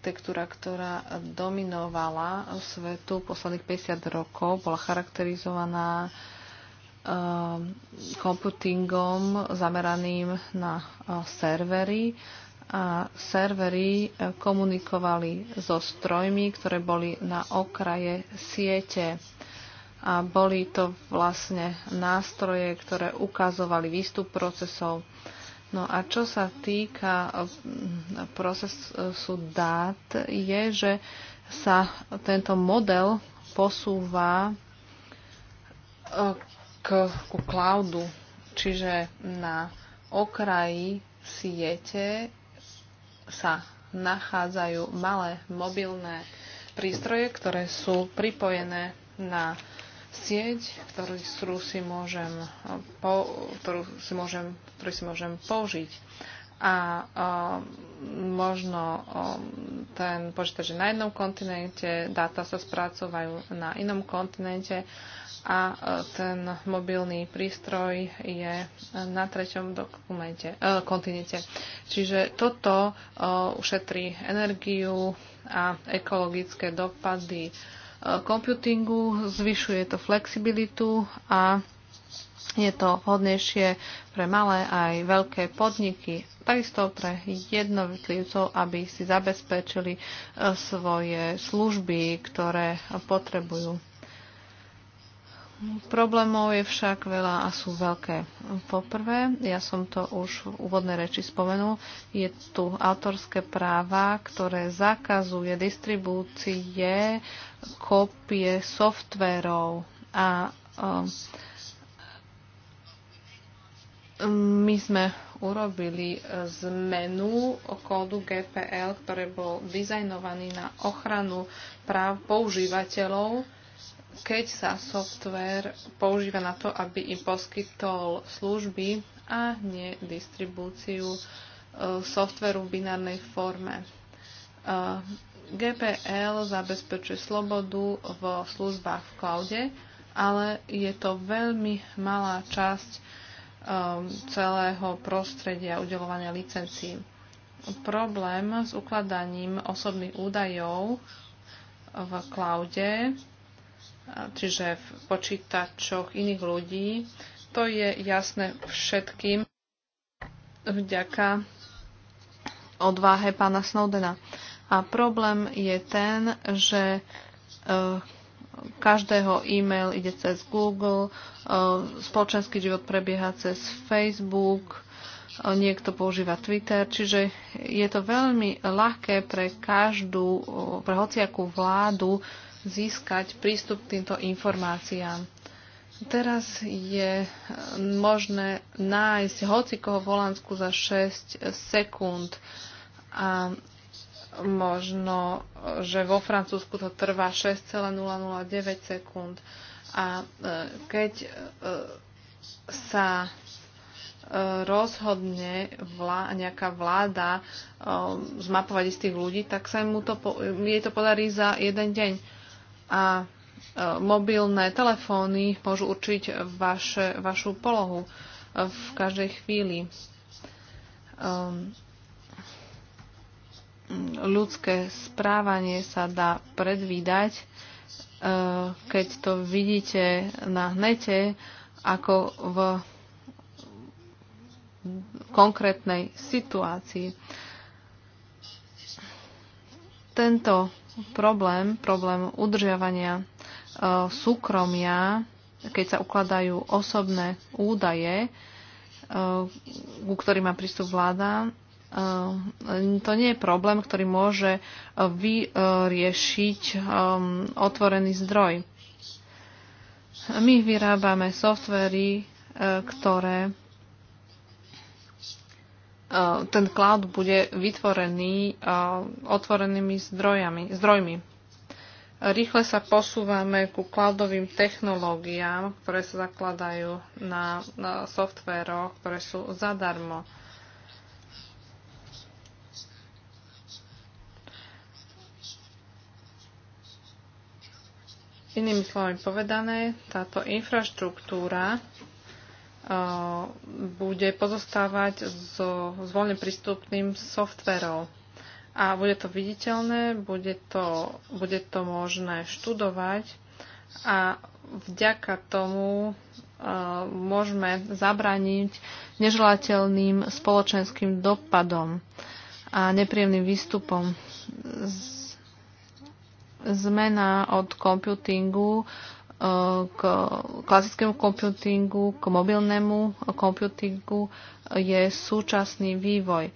architektúra, ktorá dominovala svetu posledných 50 rokov, bola charakterizovaná ehm, computingom zameraným na e, servery a servery e, komunikovali so strojmi, ktoré boli na okraje siete a boli to vlastne nástroje, ktoré ukazovali výstup procesov No a čo sa týka eh, procesu eh, dát, je, že sa tento model posúva eh, k, ku cloudu, čiže na okraji siete sa nachádzajú malé mobilné prístroje, ktoré sú pripojené na sieť, ktorú si môžem, po, ktorú si môžem ktorý si môžem použiť. A možno ten počítač je na jednom kontinente, dáta sa spracovajú na inom kontinente a ten mobilný prístroj je na treťom dokumente, uh, kontinente. Čiže toto uh, ušetrí energiu a ekologické dopady uh, e, computingu, zvyšuje to flexibilitu a je to vhodnejšie pre malé aj veľké podniky, takisto pre jednotlivcov, aby si zabezpečili e, svoje služby, ktoré potrebujú. Problémov je však veľa a sú veľké. Poprvé, ja som to už v úvodnej reči spomenul, je tu autorské práva, ktoré zakazuje distribúcie, kopie, softvérov a um, my sme urobili e, zmenu kódu GPL, ktorý bol dizajnovaný na ochranu práv používateľov, keď sa software používa na to, aby im poskytol služby a nie distribúciu e, softveru v binárnej forme. E, GPL zabezpečuje slobodu v službách v cloude, ale je to veľmi malá časť Um, celého prostredia udelovania licencií. Problém s ukladaním osobných údajov v cloude, čiže v počítačoch iných ľudí, to je jasné všetkým vďaka odváhe pána Snowdena. A problém je ten, že eh, každého e-mail ide cez Google, e, spoločenský život prebieha cez Facebook, e, niekto používa Twitter, čiže je to veľmi ľahké pre každú, e, pre hociakú vládu získať prístup k týmto informáciám. Teraz je možné nájsť hocikoho v Holandsku za 6 sekúnd a možno, že vo Francúzsku to trvá 6,009 sekúnd. A e, keď e, sa e, rozhodne vlá, nejaká vláda zmapovať istých ľudí, tak sa mu to, jej to podarí za jeden deň. A mobilné telefóny môžu určiť vaše, vašu polohu v každej chvíli. Ehm, ľudské správanie sa dá predvídať, e, keď to vidíte na hnete, ako v konkrétnej situácii. Tento problém, problém udržiavania e, súkromia, keď sa ukladajú osobné údaje, e, ku ktorým má prístup vláda, Ehm, to nie je problém, ktorý môže eh, vyriešiť ehm, otvorený zdroj. My vyrábame softvery, eh, ktoré eh, ten cloud bude vytvorený otvorenými zdrojami, zdrojmi. Rýchle sa posúvame ku cloudovým technológiám, ktoré sa zakladajú na, na softveroch, ktoré sú zadarmo. Inými slovami povedané, táto infraštruktúra e, bude pozostávať so, s voľne prístupným softverom. A bude to viditeľné, bude to, bude to možné študovať a vďaka tomu uh, môžeme zabraniť neželateľným spoločenským dopadom a nepríjemným výstupom. Z zmena od computingu e, k klasickému computingu, k mobilnému computingu je súčasný vývoj.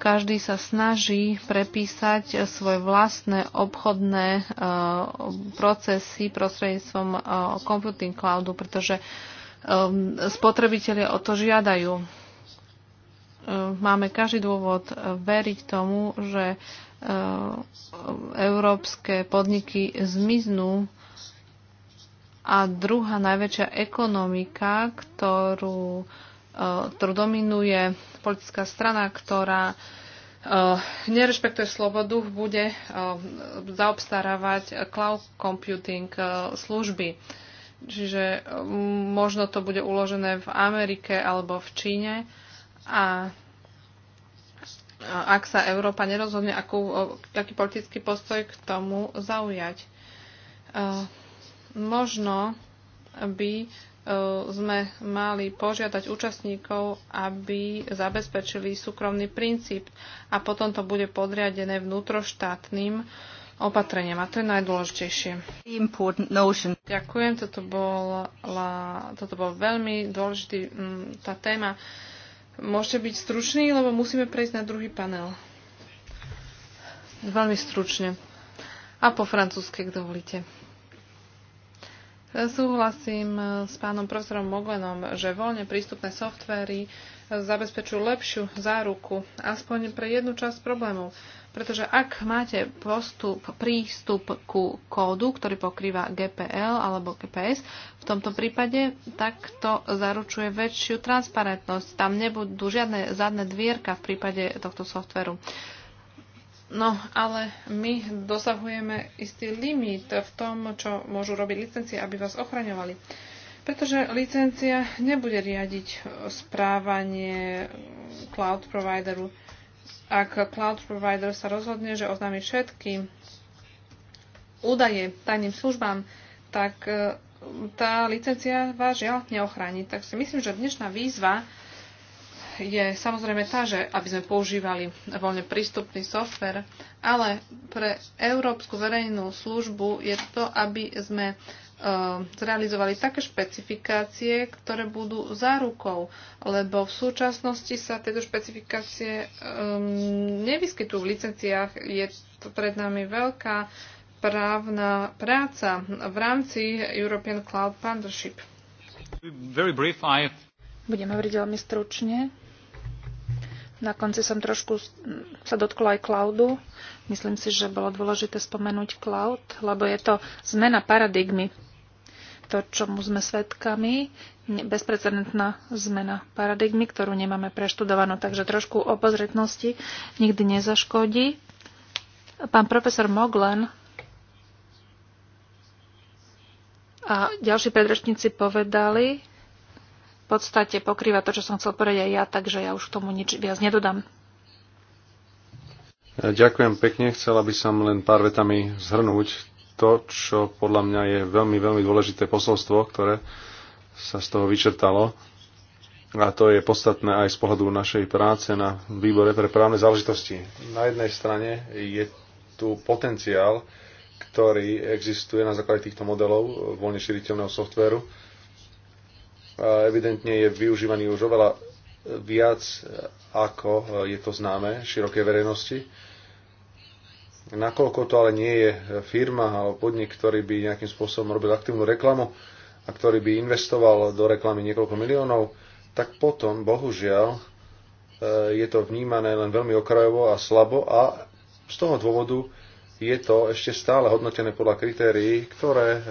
Každý sa snaží prepísať svoje vlastné obchodné e, procesy prostredníctvom e, computing cloudu, pretože spotrebitelia o to žiadajú. Máme každý dôvod veriť tomu, že E, európske podniky zmiznú. A druhá najväčšia ekonomika, ktorú, e, ktorú dominuje politická strana, ktorá e, nerešpektuje slobodu, bude zaobstarávať cloud computing služby. Čiže možno to bude uložené v Amerike alebo v Číne a ak sa Európa nerozhodne, akú, aký politický postoj k tomu zaujať. E, možno by e, sme mali požiadať účastníkov, aby zabezpečili súkromný princíp a potom to bude podriadené vnútroštátnym opatreniam a to je najdôležitejšie. Ďakujem, toto, bola, toto bol veľmi dôležitý tá téma. Môžete byť stručný, lebo musíme prejsť na druhý panel. Veľmi stručne. A po francúzske, kto dovolíte. Súhlasím s pánom profesorom Moglenom, že voľne prístupné softvery zabezpečujú lepšiu záruku, aspoň pre jednu časť problémov. Pretože ak máte postup, prístup ku kódu, ktorý pokrýva GPL alebo GPS, v tomto prípade tak to zaručuje väčšiu transparentnosť. Tam nebudú žiadne zadné dvierka v prípade tohto softveru. No, ale my dosahujeme istý limit v tom, čo môžu robiť licencie, aby vás ochraňovali. Pretože licencia nebude riadiť správanie cloud provideru ak cloud provider sa rozhodne, že oznámi všetky údaje tajným službám, tak e, tá licencia vás žiaľ neochráni. Tak si myslím, že dnešná výzva je samozrejme tá, že aby sme používali voľne prístupný software, ale pre európsku verejnú službu je to, aby sme Eh, zrealizovali také špecifikácie, ktoré budú zárukou, lebo v súčasnosti sa tieto špecifikácie um, nevyskytujú v licenciách. Je to pred nami veľká právna práca v rámci European Cloud Partnership. Very brief, I... Budem hovoriť veľmi stručne. Na konci som trošku sa dotkla aj cloudu. Myslím si, že bolo dôležité spomenúť cloud, lebo je to zmena paradigmy to, čomu sme svedkami, bezprecedentná zmena paradigmy, ktorú nemáme preštudovanú, takže trošku opozretnosti nikdy nezaškodí. Pán profesor Moglen a ďalší predrečníci povedali, v podstate pokrýva to, čo som chcel povedať aj ja, takže ja už k tomu nič viac nedodám. Ďakujem pekne. Chcela by som len pár vetami zhrnúť to, čo podľa mňa je veľmi, veľmi dôležité posolstvo, ktoré sa z toho vyčertalo. A to je podstatné aj z pohľadu našej práce na výbore pre právne záležitosti. Na jednej strane je tu potenciál, ktorý existuje na základe týchto modelov voľne širiteľného softvéru. A evidentne je využívaný už oveľa viac, ako je to známe širokej verejnosti nakoľko to ale nie je firma alebo podnik, ktorý by nejakým spôsobom robil aktívnu reklamu a ktorý by investoval do reklamy niekoľko miliónov, tak potom, bohužiaľ, e, je to vnímané len veľmi okrajovo a slabo a z toho dôvodu je to ešte stále hodnotené podľa kritérií, ktoré e,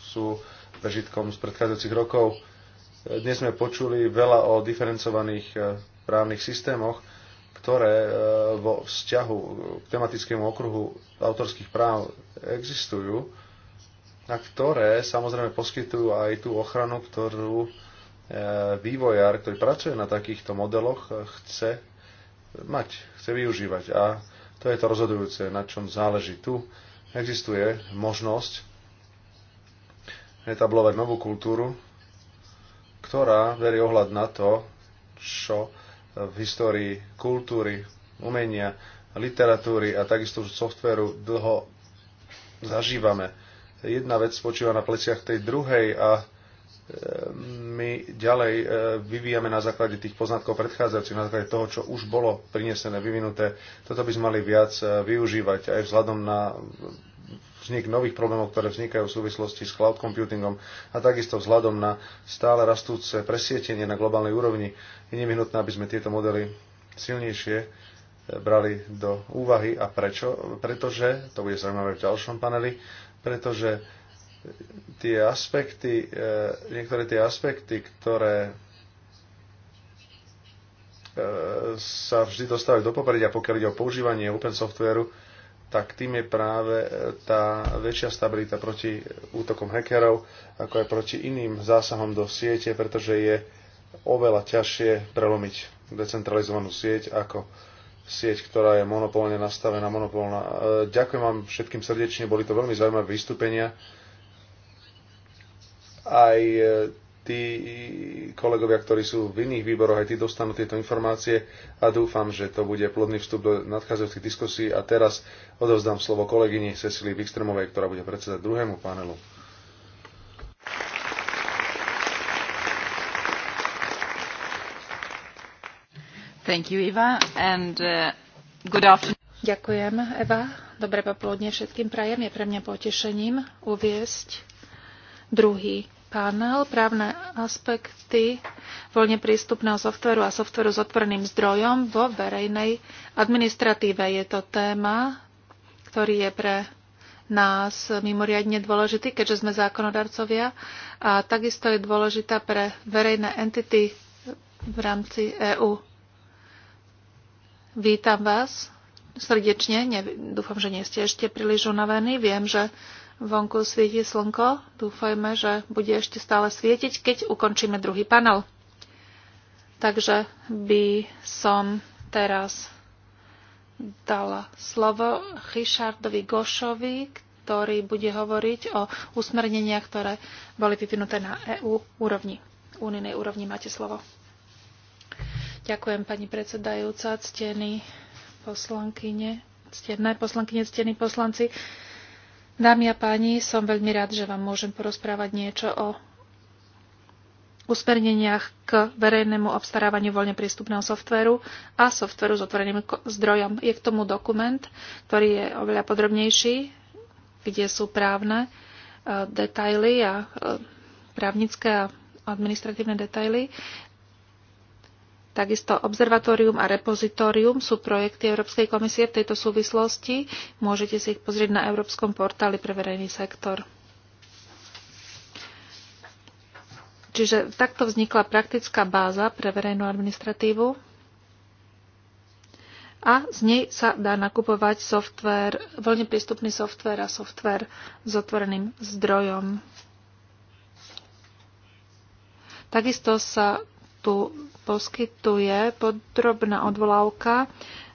sú prežitkom z predchádzajúcich rokov. E, dnes sme počuli veľa o diferencovaných právnych systémoch, ktoré e, vo vzťahu k tematickému okruhu autorských práv existujú a ktoré samozrejme poskytujú aj tú ochranu, ktorú e, vývojár, ktorý pracuje na takýchto modeloch, chce mať, chce využívať. A to je to rozhodujúce, na čom záleží. Tu existuje možnosť etablovať novú kultúru, ktorá verí ohľad na to, čo v histórii kultúry, umenia, literatúry a takisto softveru dlho zažívame. Jedna vec spočíva na pleciach tej druhej a e, my ďalej e, vyvíjame na základe tých poznatkov predchádzajúcich, na základe toho, čo už bolo prinesené, vyvinuté. Toto by sme mali viac e, využívať aj vzhľadom na vznik nových problémov, ktoré vznikajú v súvislosti s cloud computingom a takisto vzhľadom na stále rastúce presietenie na globálnej úrovni je nevyhnutné, aby sme tieto modely silnejšie eh, brali do úvahy. A prečo? Pretože, to bude zaujímavé v ďalšom paneli, pretože tie aspekty, eh, niektoré tie aspekty, ktoré eh, sa vždy dostávajú do popredia, pokiaľ ide o používanie open softvéru, tak tým je práve e, tá väčšia stabilita proti útokom hackerov, ako aj proti iným zásahom do siete, pretože je oveľa ťažšie prelomiť decentralizovanú sieť ako sieť, ktorá je monopolne nastavená, monopolná. E, ďakujem vám všetkým srdečne, boli to veľmi zaujímavé vystúpenia. Aj e, tí kolegovia, ktorí sú v iných výboroch, aj tí dostanú tieto informácie a dúfam, že to bude plodný vstup do nadchádzajúcich diskusí. A teraz odovzdám slovo kolegyni Cecilii Wikstremovej, ktorá bude predsedať druhému panelu. Thank you, Eva, and uh, good afternoon. Ďakujem, Eva. Dobré popoludne všetkým prajem. Je pre mňa potešením uviesť druhý panel právne aspekty voľne prístupného softveru a softveru s otvoreným zdrojom vo verejnej administratíve. Je to téma, ktorý je pre nás mimoriadne dôležitý, keďže sme zákonodarcovia a takisto je dôležitá pre verejné entity v rámci EÚ. Vítam vás srdečne, ne, dúfam, že nie ste ešte príliš unavení, viem, že Vonku svieti slnko. Dúfajme, že bude ešte stále svietiť, keď ukončíme druhý panel. Takže by som teraz dala slovo Richardovi Gošovi, ktorý bude hovoriť o usmerneniach, ktoré boli vyvinuté na EU úrovni. Úninej úrovni máte slovo. Ďakujem, pani predsedajúca, ctení poslankyne, ctené poslankyne, ctení poslanci. Dámy a páni, som veľmi rád, že vám môžem porozprávať niečo o usmerneniach k verejnému obstarávaniu voľne prístupného softvéru a softvéru s otvoreným zdrojom. Je k tomu dokument, ktorý je oveľa podrobnejší, kde sú právne e, detaily a e, právnické a administratívne detaily. Takisto observatórium a repozitórium sú projekty Európskej komisie v tejto súvislosti. Môžete si ich pozrieť na Európskom portáli pre verejný sektor. Čiže takto vznikla praktická báza pre verejnú administratívu a z nej sa dá nakupovať software, voľne prístupný software a software s otvoreným zdrojom. Takisto sa tu poskytuje podrobná odvolávka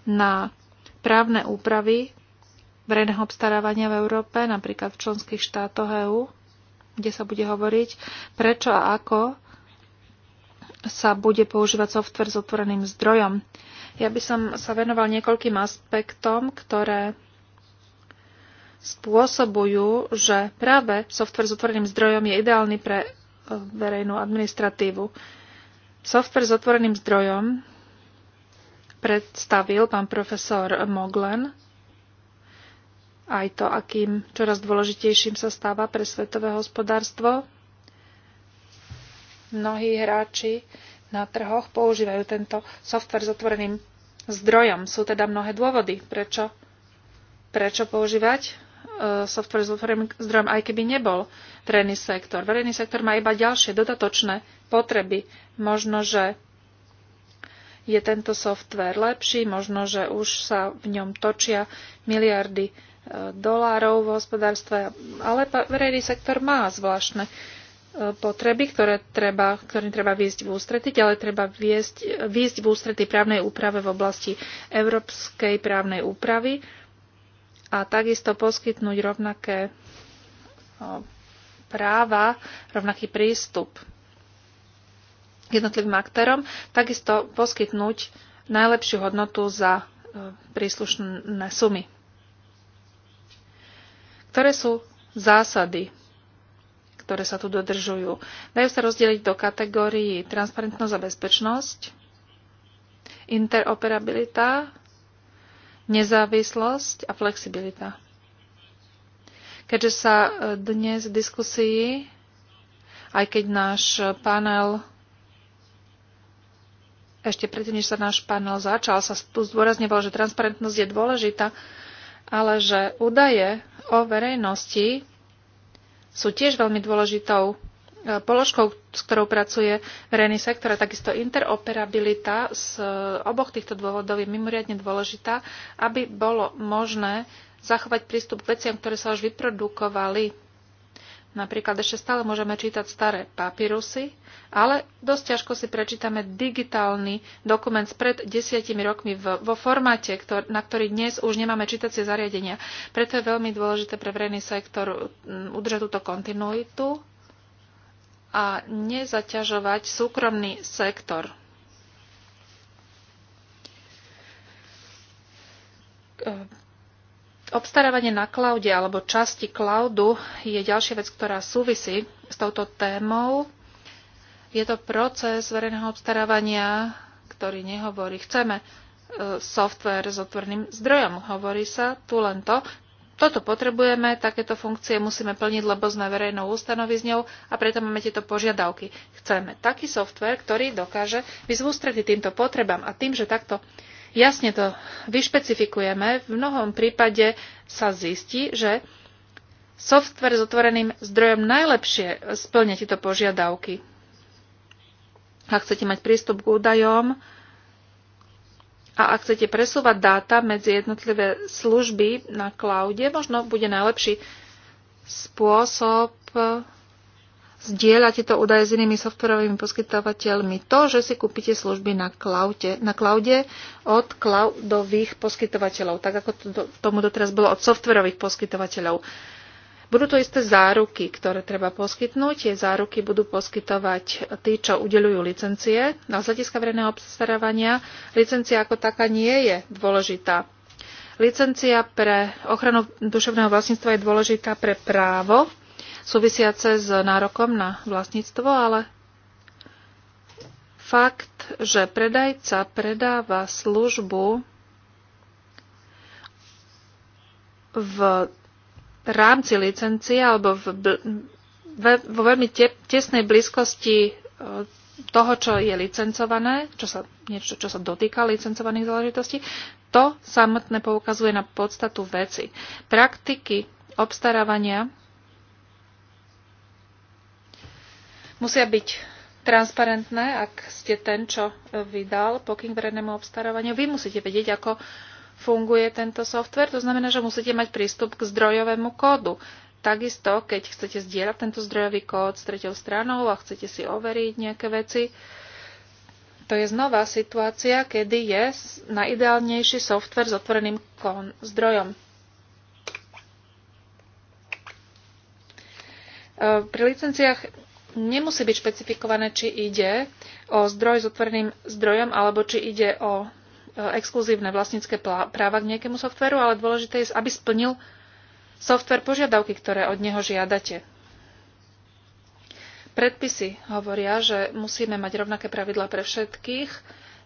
na právne úpravy verejného obstarávania v Európe, napríklad v členských štátoch EÚ, kde sa bude hovoriť, prečo a ako sa bude používať software s otvoreným zdrojom. Ja by som sa venoval niekoľkým aspektom, ktoré spôsobujú, že práve software s otvoreným zdrojom je ideálny pre e, verejnú administratívu. Software s otvoreným zdrojom predstavil pán profesor Moglen aj to, akým čoraz dôležitejším sa stáva pre svetové hospodárstvo. Mnohí hráči na trhoch používajú tento software s otvoreným zdrojom. Sú teda mnohé dôvody, prečo, prečo používať Eh, software zdrojom, aj keby nebol verejný sektor. Verejný sektor má iba ďalšie dodatočné potreby. Možno, že je tento software lepší, možno, že už sa v ňom točia miliardy eh, dolárov v hospodárstve, ale verejný sektor má zvláštne eh, potreby, ktoré treba, ktorým treba výjsť v ústrety, ale treba výjsť, v ústrety právnej úprave v oblasti európskej právnej úpravy a takisto poskytnúť rovnaké práva, rovnaký prístup jednotlivým aktérom, takisto poskytnúť najlepšiu hodnotu za príslušné sumy. Ktoré sú zásady, ktoré sa tu dodržujú? Dajú sa rozdeliť do kategórií transparentnosť a bezpečnosť, interoperabilita, nezávislosť a flexibilita. Keďže sa e, dnes v diskusii, aj keď náš panel, ešte predtým, než sa náš panel začal, sa tu zdôrazňovalo, že transparentnosť je dôležitá, ale že údaje o verejnosti sú tiež veľmi dôležitou E, položkou, s ktorou pracuje Renise, ktorá takisto interoperabilita z e, oboch týchto dôvodov je mimoriadne dôležitá, aby bolo možné zachovať prístup k veciam, ktoré sa už vyprodukovali. Napríklad ešte stále môžeme čítať staré papírusy, ale dosť ťažko si prečítame digitálny dokument spred desiatimi rokmi vo formáte, na ktorý dnes už nemáme čítacie zariadenia. Preto je veľmi dôležité pre verejný sektor udržať túto kontinuitu a nezaťažovať súkromný sektor. Obstarávanie na cloude alebo časti cloudu je ďalšia vec, ktorá súvisí s touto témou. Je to proces verejného obstarávania, ktorý nehovorí, chceme e, software s otvorným zdrojom. Hovorí sa tu len to, toto potrebujeme, takéto funkcie musíme plniť, lebo sme verejnou ústanovizňou a preto máme tieto požiadavky. Chceme taký software, ktorý dokáže byť týmto potrebám a tým, že takto jasne to vyšpecifikujeme, v mnohom prípade sa zistí, že software s otvoreným zdrojom najlepšie splňa tieto požiadavky. Ak chcete mať prístup k údajom, a ak chcete presúvať dáta medzi jednotlivé služby na cloude, možno bude najlepší spôsob eh, zdieľať tieto údaje s inými softverovými poskytovateľmi. To, že si kúpite služby na cloude, na cloude od cloudových poskytovateľov, tak ako to, tomu doteraz bolo od softverových poskytovateľov. Uh, budú to isté záruky, ktoré treba poskytnúť. Tie záruky budú poskytovať tí, čo udelujú licencie. na no, z hľadiska verejného obstarávania licencia ako taká nie je dôležitá. Licencia pre ochranu duševného vlastníctva je dôležitá pre právo súvisiace s nárokom na vlastníctvo, ale fakt, že predajca predáva službu v rámci licencie alebo v, vo veľmi te, tesnej blízkosti e, toho, čo je licencované, čo sa, niečo, čo sa dotýka licencovaných záležitostí, to samotné poukazuje na podstatu veci. Praktiky obstarávania musia byť transparentné, ak ste ten, čo vydal pokyn verejnému obstarávaniu. Vy musíte vedieť, ako uh, funguje tento software. To znamená, že musíte mať prístup k zdrojovému kódu. Takisto, keď chcete zdieľať tento zdrojový kód s tretou stranou a chcete si overiť nejaké veci, to je znova situácia, kedy je najideálnejší software s otvoreným zdrojom. E, pri licenciách nemusí byť špecifikované, či ide o zdroj s otvoreným zdrojom alebo či ide o exkluzívne vlastnícke práva k nejakému softveru, ale dôležité je, aby splnil softver požiadavky, ktoré od neho žiadate. Predpisy hovoria, že musíme mať rovnaké pravidla pre všetkých.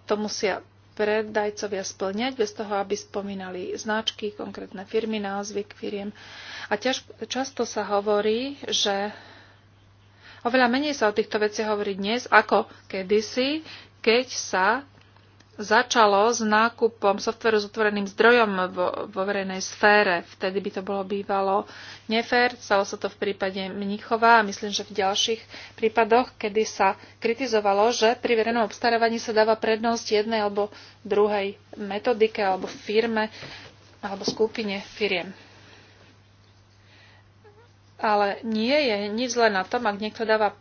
To musia predajcovia splňať, bez toho, aby spomínali značky, konkrétne firmy, názvy k firiem. A ťaž, často sa hovorí, že oveľa menej sa o týchto veciach hovorí dnes ako kedysi, keď sa začalo s nákupom softveru s otvoreným zdrojom vo, vo verejnej sfére. Vtedy by to bolo bývalo nefér. Stalo sa to v prípade Mnichova a myslím, že v ďalších prípadoch, kedy sa kritizovalo, že pri verejnom obstarávaní sa dáva prednosť jednej alebo druhej metodike alebo firme alebo skupine firiem. Ale nie je nič zle na tom, ak niekto dáva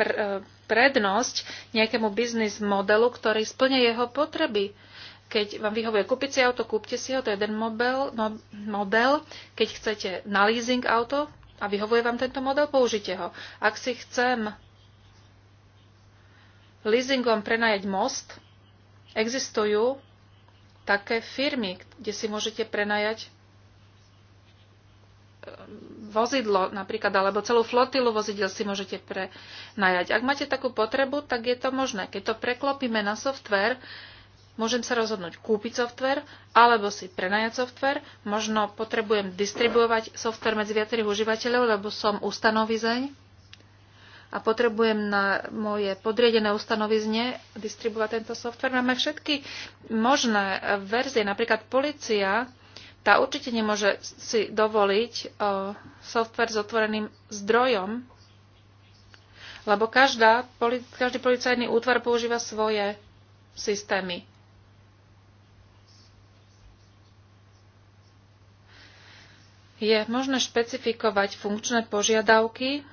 pr- e, prednosť nejakému biznis modelu, ktorý splne jeho potreby. Keď vám vyhovuje kúpiť si auto, kúpte si ho, to je jeden model, mo- model. Keď chcete na leasing auto a vyhovuje vám tento model, použite ho. Ak si chcem leasingom prenajať most, existujú také firmy, kde si môžete prenajať vozidlo napríklad, alebo celú flotilu vozidel si môžete prenajať. Ak máte takú potrebu, tak je to možné. Keď to preklopíme na software, môžem sa rozhodnúť kúpiť software, alebo si prenajať software. Možno potrebujem distribuovať software medzi viacerých užívateľov, lebo som ustanovizeň a potrebujem na moje podriedené ustanovizne distribuovať tento software. Máme všetky možné verzie. Napríklad policia tá určite nemôže si dovoliť e, software s otvoreným zdrojom, lebo každá, každý policajný útvar používa svoje systémy. Je možné špecifikovať funkčné požiadavky,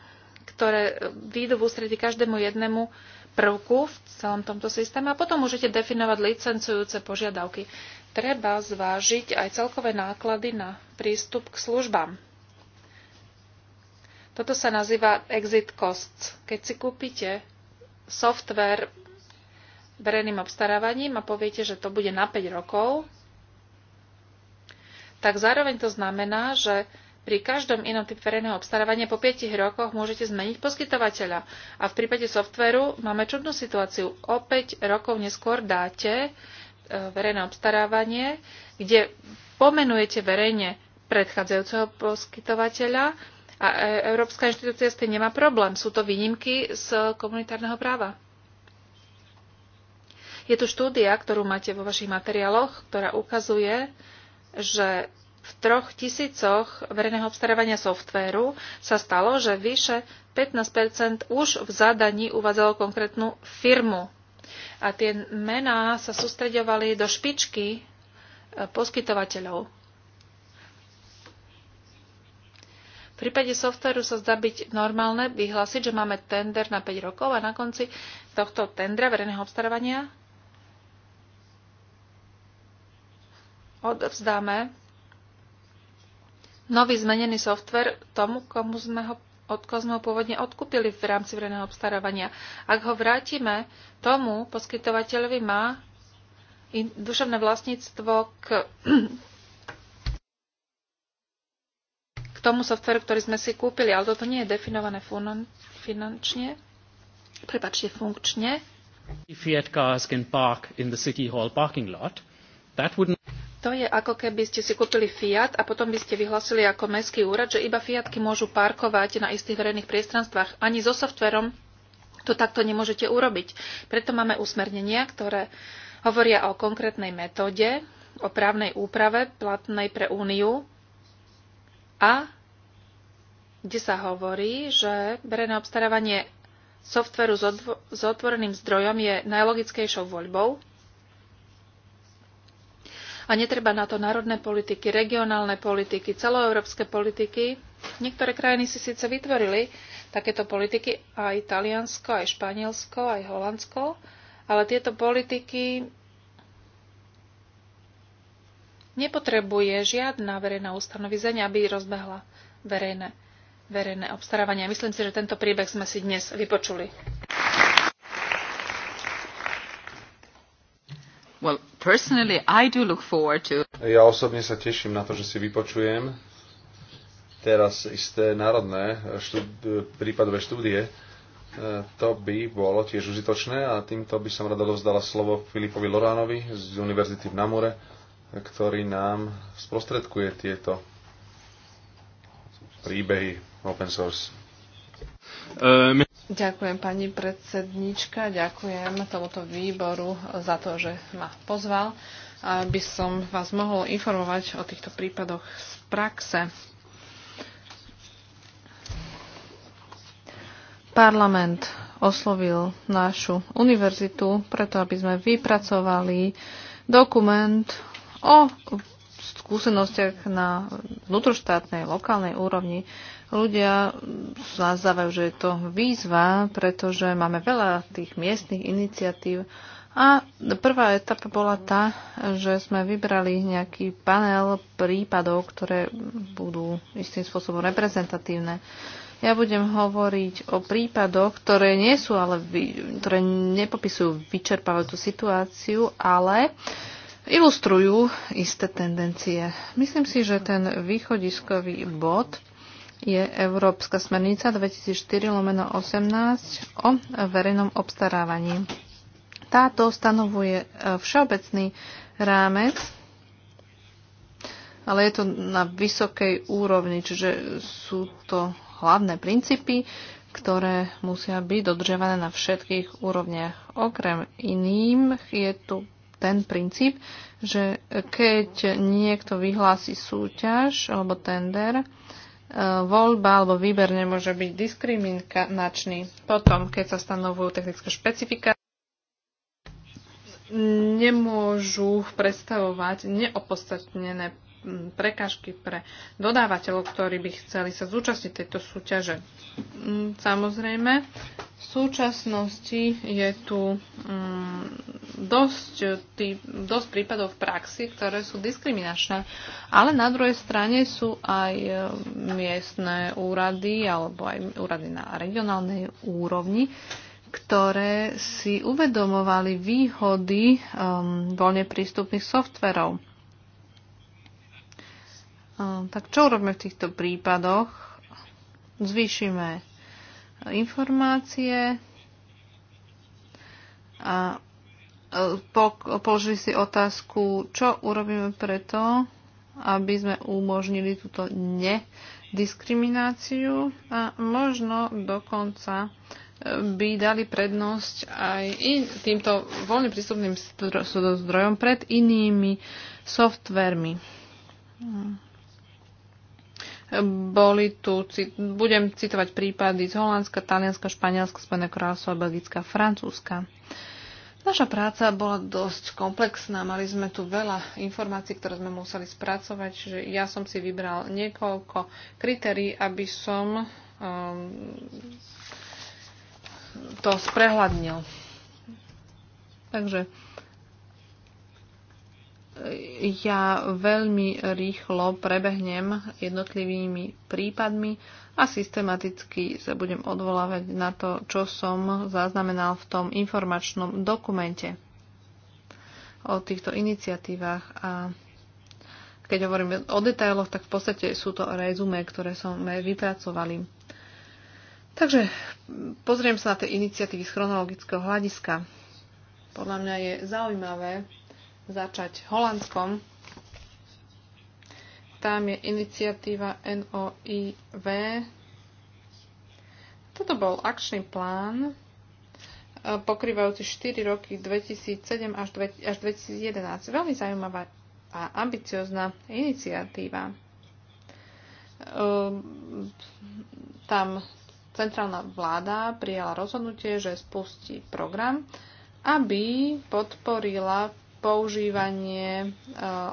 ktoré výjdu v ústredí každému jednému prvku v celom tomto systéme a potom môžete definovať licencujúce požiadavky treba zvážiť aj celkové náklady na prístup k službám. Toto sa nazýva exit costs. Keď si kúpite software verejným obstarávaním a poviete, že to bude na 5 rokov, tak zároveň to znamená, že pri každom inom typu verejného obstarávania po 5 rokoch môžete zmeniť poskytovateľa. A v prípade softveru máme čudnú situáciu. O 5 rokov neskôr dáte E, verejné obstarávanie, kde pomenujete verejne predchádzajúceho poskytovateľa a e, Európska inštitúcia s tým nemá problém. Sú to výnimky z komunitárneho práva. Je tu štúdia, ktorú máte vo vašich materiáloch, ktorá ukazuje, že v troch tisícoch verejného obstarávania softvéru sa stalo, že vyše 15 už v zadaní uvádzalo konkrétnu firmu. A tie mená sa sústreďovali do špičky e, poskytovateľov. V prípade softveru sa zdá byť normálne vyhlásiť, že máme tender na 5 rokov a na konci tohto tendra verejného obstarávania odovzdáme nový zmenený softver tomu, komu sme ho od koho sme ho pôvodne odkúpili v rámci verejného obstarávania. Ak ho vrátime tomu, poskytovateľovi má duševné vlastníctvo k, k tomu softveru, ktorý sme si kúpili, ale toto nie je definované finančne, prepačte, funkčne. Fiat cars can park in the city hall parking lot. That would to je ako keby ste si kúpili Fiat a potom by ste vyhlasili ako mestský úrad, že iba Fiatky môžu parkovať na istých verejných priestranstvách. Ani so softverom to takto nemôžete urobiť. Preto máme usmernenia, ktoré hovoria o konkrétnej metóde, o právnej úprave platnej pre Úniu a kde sa hovorí, že verejné obstarávanie softveru s otvoreným zdrojom je najlogickejšou voľbou a netreba na to národné politiky, regionálne politiky, celoeurópske politiky. Niektoré krajiny si síce vytvorili takéto politiky, aj Taliansko, aj Španielsko, aj Holandsko, ale tieto politiky nepotrebuje žiadna verejná ustanovizenia, aby rozbehla verejné, verejné obstarávanie. Myslím si, že tento príbeh sme si dnes vypočuli. Well, personally I do look forward to... Ja osobne sa teším na to, že si vypočujem teraz isté národné štúd- prípadové štúdie. E, to by bolo tiež užitočné a týmto by som rada dovzdala slovo Filipovi Loránovi z Univerzity v Namure, ktorý nám sprostredkuje tieto príbehy open source. Ehm, ďakujem pani predsednička, ďakujem tomuto výboru za to, že ma pozval, aby som vás mohol informovať o týchto prípadoch z praxe. Parlament oslovil našu univerzitu preto, aby sme vypracovali dokument o skúsenostiach na vnútroštátnej, lokálnej úrovni ľudia nazdávajú, že je to výzva, pretože máme veľa tých miestnych iniciatív. A prvá etapa bola tá, že sme vybrali nejaký panel prípadov, ktoré budú istým spôsobom reprezentatívne. Ja budem hovoriť o prípadoch, ktoré nie sú, ale ktoré nepopisujú vyčerpávajúcu situáciu, ale uh, ilustrujú isté tendencie. Myslím si, že ten východiskový bod je Európska smernica 2004-18 o verejnom obstarávaní. Táto stanovuje e, všeobecný rámec, ale je to na vysokej úrovni, čiže sú to hlavné princípy, ktoré musia byť dodržiavané na všetkých úrovniach. Okrem iným je tu ten princíp, že keď niekto vyhlási súťaž alebo tender, e, voľba alebo výber nemôže byť diskriminačný. Potom, keď sa stanovujú technické špecifikácie, nemôžu predstavovať neopodstatnené prekažky pre dodávateľov, ktorí by chceli sa zúčastniť tejto súťaže. Samozrejme, v súčasnosti je tu dosť, tý, dosť prípadov v praxi, ktoré sú diskriminačné, ale na druhej strane sú aj e, miestne úrady alebo aj úrady na regionálnej úrovni, ktoré si uvedomovali výhody um, voľne prístupných softverov. Tak čo urobíme v týchto prípadoch? Zvýšime informácie a e, položili si otázku, čo urobíme preto, aby sme umožnili túto nediskrimináciu a možno dokonca e, by dali prednosť aj týmto voľne prístupným zdrojom pred inými softvermi. Boli tu, budem citovať prípady z Holandska, Talianska, Španielska, Spojené a Belgická, Francúzska. Naša práca bola dosť komplexná, mali sme tu veľa informácií, ktoré sme museli spracovať, čiže ja som si vybral niekoľko kritérií, aby som um, to sprehľadnil. Takže ja veľmi rýchlo prebehnem jednotlivými prípadmi a systematicky sa budem odvolávať na to, čo som zaznamenal v tom informačnom dokumente o týchto iniciatívach. A keď hovorím o detailoch, tak v podstate sú to rezume, ktoré sme vypracovali. Takže pozriem sa na tie iniciatívy z chronologického hľadiska. Podľa mňa je zaujímavé začať Holandskom. Tam je iniciatíva NOIV. Toto bol akčný plán e, pokrývajúci 4 roky 2007 až 2011. Veľmi zaujímavá a ambiciozná iniciatíva. E, tam centrálna vláda prijala rozhodnutie, že spustí program, aby podporila používanie e,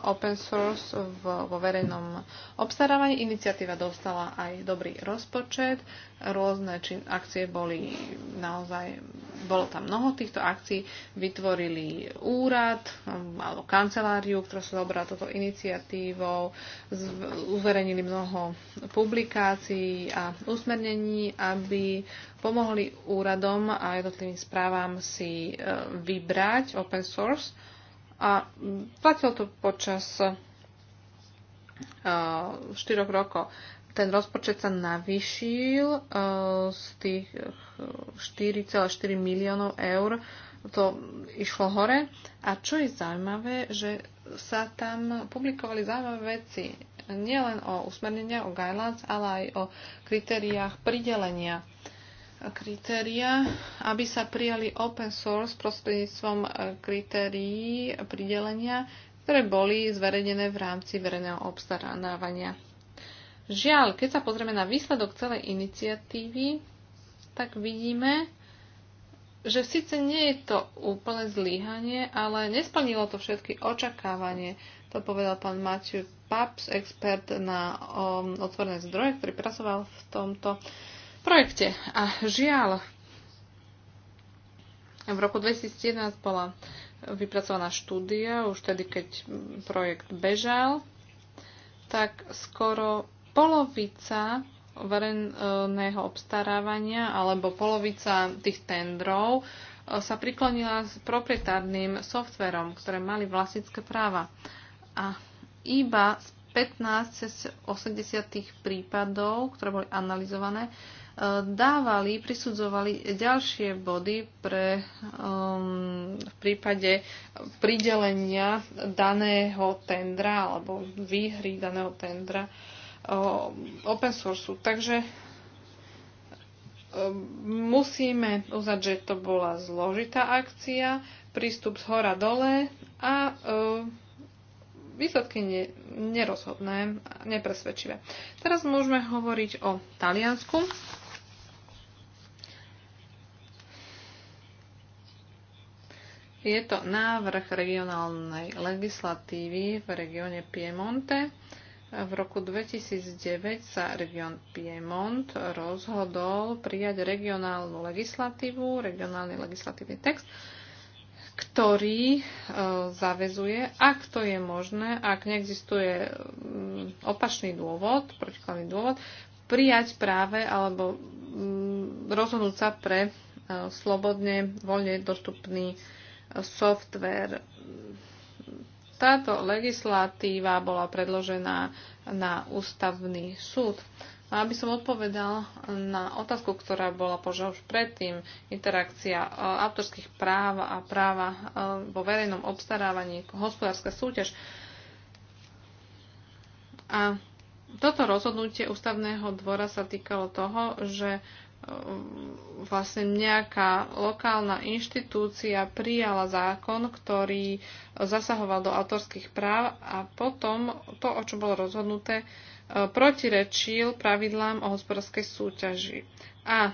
open source vo verejnom obstarávaní. Iniciatíva dostala aj dobrý rozpočet, rôzne akcie boli naozaj, bolo tam mnoho týchto akcií, vytvorili úrad alebo kanceláriu, ktorá sa zobrá touto iniciatívou, uverejnili mnoho publikácií a usmernení, aby pomohli úradom a jednotlivým správam si e, vybrať open source a platil to počas eh, štyroch rokov. Ten rozpočet sa navýšil eh, z tých 4,4 eh, miliónov eur. To išlo hore. A čo je zaujímavé, že sa tam publikovali zaujímavé veci. Nielen o usmernenia, o guidelines, ale aj o kritériách pridelenia kritéria, aby sa prijali open source prostredníctvom e, kritérií pridelenia, ktoré boli zverejnené v rámci verejného obstarávania. Žiaľ, keď sa pozrieme na výsledok celej iniciatívy, tak vidíme, že síce nie je to úplne zlíhanie, ale nesplnilo to všetky očakávanie. To povedal pán Matthew Paps, expert na otvorené zdroje, ktorý pracoval v tomto uh, projekte. A žiaľ, v roku 2011 bola vypracovaná štúdia, už tedy, keď projekt bežal, tak skoro polovica verejného obstarávania alebo polovica tých tendrov e, sa priklonila s proprietárnym softverom, ktoré mali vlastnícke práva. A iba z 15 z 80 prípadov, ktoré boli analyzované, dávali, prisudzovali ďalšie body pre, um, v prípade pridelenia daného tendra alebo výhry daného tendra um, open source. Takže um, musíme uznať, že to bola zložitá akcia, prístup z hora dole a um, výsledky ne, nerozhodné, nepresvedčivé. Teraz môžeme hovoriť o Taliansku. Je to návrh regionálnej legislatívy v regióne Piemonte. V roku 2009 sa región Piemont rozhodol prijať regionálnu legislatívu, regionálny legislatívny text, ktorý e, zavezuje, ak to je možné, ak neexistuje mm, opačný dôvod, protikladný dôvod, prijať práve alebo mm, rozhodnúť sa pre e, slobodne, voľne dostupný software. Táto legislatíva bola predložená na ústavný súd. A aby som odpovedal na otázku, ktorá bola požiaľ už predtým, interakcia e, autorských práv a práva e, vo verejnom obstarávaní, hospodárska súťaž. A toto rozhodnutie ústavného dvora sa týkalo toho, že E, vlastne nejaká lokálna inštitúcia prijala zákon, ktorý zasahoval do autorských práv a potom to, o čo bolo rozhodnuté, e, protirečil pravidlám o hospodárskej súťaži. A e,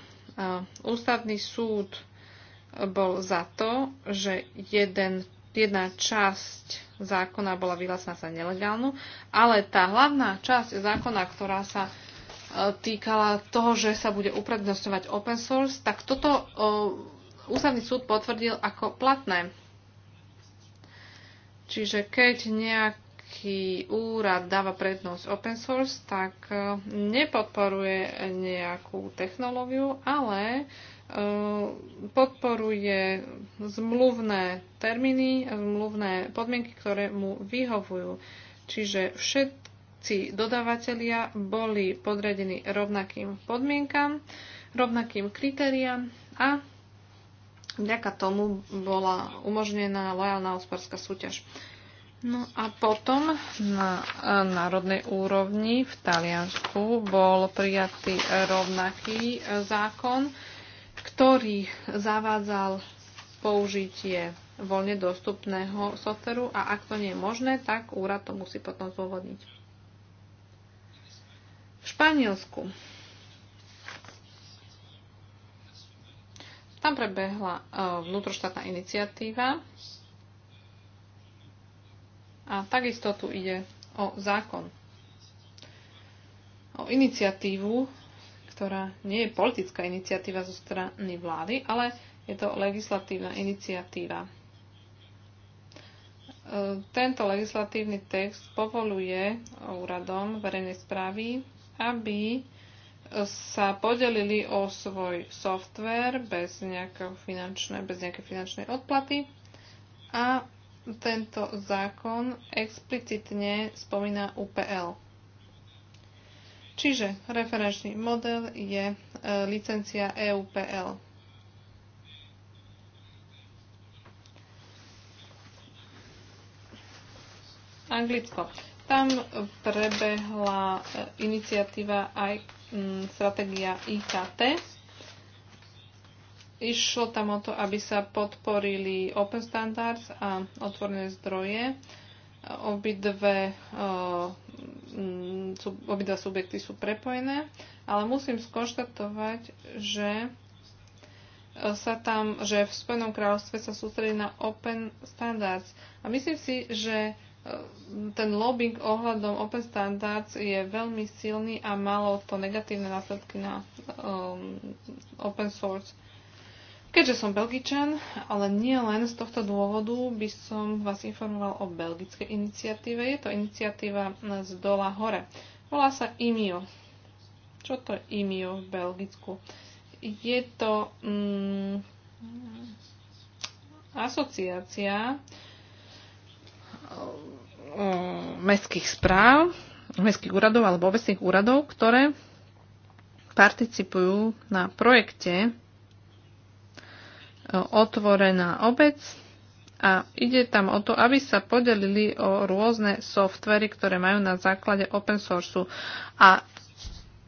ústavný súd bol za to, že jeden, jedna časť zákona bola vyhlásená za nelegálnu, ale tá hlavná časť zákona, ktorá sa E, týkala toho, že sa bude uprednostňovať open source, tak toto e, ústavný súd potvrdil ako platné. Čiže keď nejaký úrad dáva prednosť open source, tak e, nepodporuje nejakú technológiu, ale podporuje zmluvné termíny, zmluvné podmienky, ktoré mu vyhovujú. Čiže všet, všetci dodávateľia boli podredení rovnakým podmienkam, rovnakým kritériám a vďaka tomu bola umožnená lojálna hospodárska súťaž. No a potom na národnej úrovni v Taliansku bol prijatý rovnaký zákon, ktorý zavádzal použitie voľne dostupného softveru a ak to nie je možné, tak úrad to musí potom zôvodniť. Španielsku. Tam prebehla eh, vnútroštátna iniciatíva a takisto tu ide o zákon. O iniciatívu, ktorá nie je politická iniciatíva zo strany vlády, ale je to legislatívna iniciatíva. Eh, tento legislatívny text povoluje úradom verejnej správy aby sa podelili o svoj software bez, finančné, bez nejakej finančnej odplaty a tento zákon explicitne spomína UPL. Čiže referenčný model je e, licencia EUPL. Anglicko. Tam prebehla e, iniciatíva aj mm, stratégia IKT. Išlo tam o to, aby sa podporili open standards a otvorené zdroje. Obidve, e, mm, obidva subjekty sú prepojené, ale musím skonštatovať, že e, sa tam, že v Spojenom kráľovstve sa sústredí na open standards. A myslím si, že ten lobbying ohľadom Open Standards je veľmi silný a malo to negatívne následky na um, open source. Keďže som belgičan, ale nie len z tohto dôvodu by som vás informoval o belgickej iniciatíve. Je to iniciatíva z dola hore. Volá sa IMIO. Čo to je IMIO v Belgicku? Je to um, asociácia, Mm, mestských správ, mestských úradov alebo obecných úradov, ktoré participujú na projekte e, Otvorená obec a ide tam o to, aby sa podelili o rôzne softvery, ktoré majú na základe open source. A